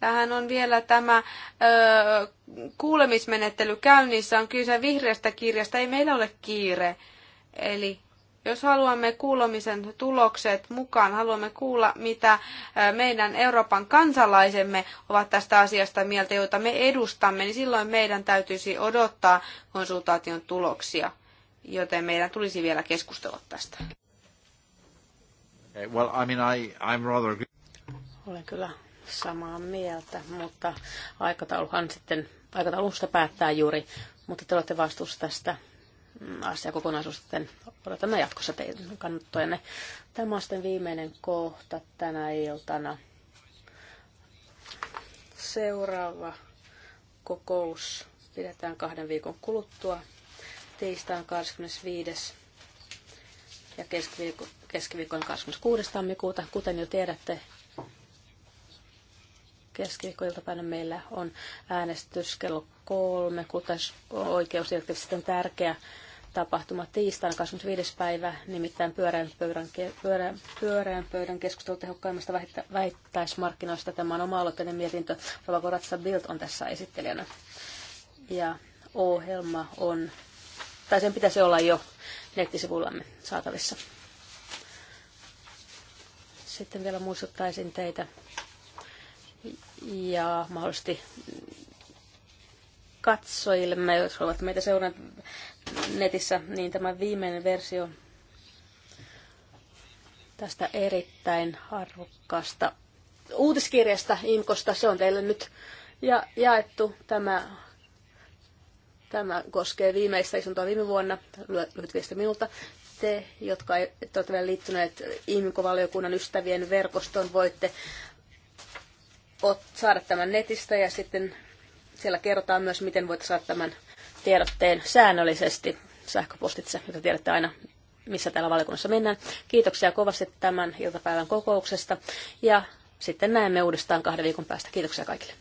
Tähän on vielä tämä ö, äh, kuulemismenettely käynnissä, on kyse vihreästä kirjasta, ei meillä ole kiire. Eli jos haluamme kuulumisen tulokset mukaan, haluamme kuulla, mitä meidän Euroopan kansalaisemme ovat tästä asiasta mieltä, joita me edustamme, niin silloin meidän täytyisi odottaa konsultaation tuloksia, joten meidän tulisi vielä keskustella tästä. Okay, well, I mean, I, I'm rather... Olen kyllä samaa mieltä, mutta aikatauluhan sitten, aikataulusta päättää juuri, mutta te olette vastuussa tästä asiakokonaisuus sitten odotamme jatkossa teidän kannattojenne. Tämä on sitten viimeinen kohta tänä iltana. Seuraava kokous pidetään kahden viikon kuluttua tiistain 25. ja keskiviikko, keskiviikon 26. tammikuuta. Kuten jo tiedätte, keskiviikkoiltapäivänä meillä on äänestys kello kolme, kuten oikeusdirektiivi on tärkeä tapahtuma tiistaina 25. päivä, nimittäin pyöreän pöydän, pyöreän, pyöreän pöydän keskustelu tehokkaimmista vähittäismarkkinoista. Tämä on oma-aloitteinen mietintö. Rova Koratsa Bild on tässä esittelijänä. Ja ohjelma on, tai sen pitäisi olla jo nettisivuillamme saatavissa. Sitten vielä muistuttaisin teitä ja mahdollisesti katsojillemme, jotka ovat meitä seuranneet netissä, niin tämä viimeinen versio tästä erittäin arvokkaasta uutiskirjasta Imkosta, se on teille nyt ja jaettu. Tämä, tämä koskee viimeistä isontoa viime vuonna, lyhyt viesti minulta. Te, jotka olette vielä liittyneet IMKO-valiokunnan ystävien verkostoon, voitte ot, saada tämän netistä ja sitten siellä kerrotaan myös, miten voit saada tämän tiedotteen säännöllisesti sähköpostitse, jota tiedätte aina, missä täällä valiokunnassa mennään. Kiitoksia kovasti tämän iltapäivän kokouksesta ja sitten näemme uudestaan kahden viikon päästä. Kiitoksia kaikille.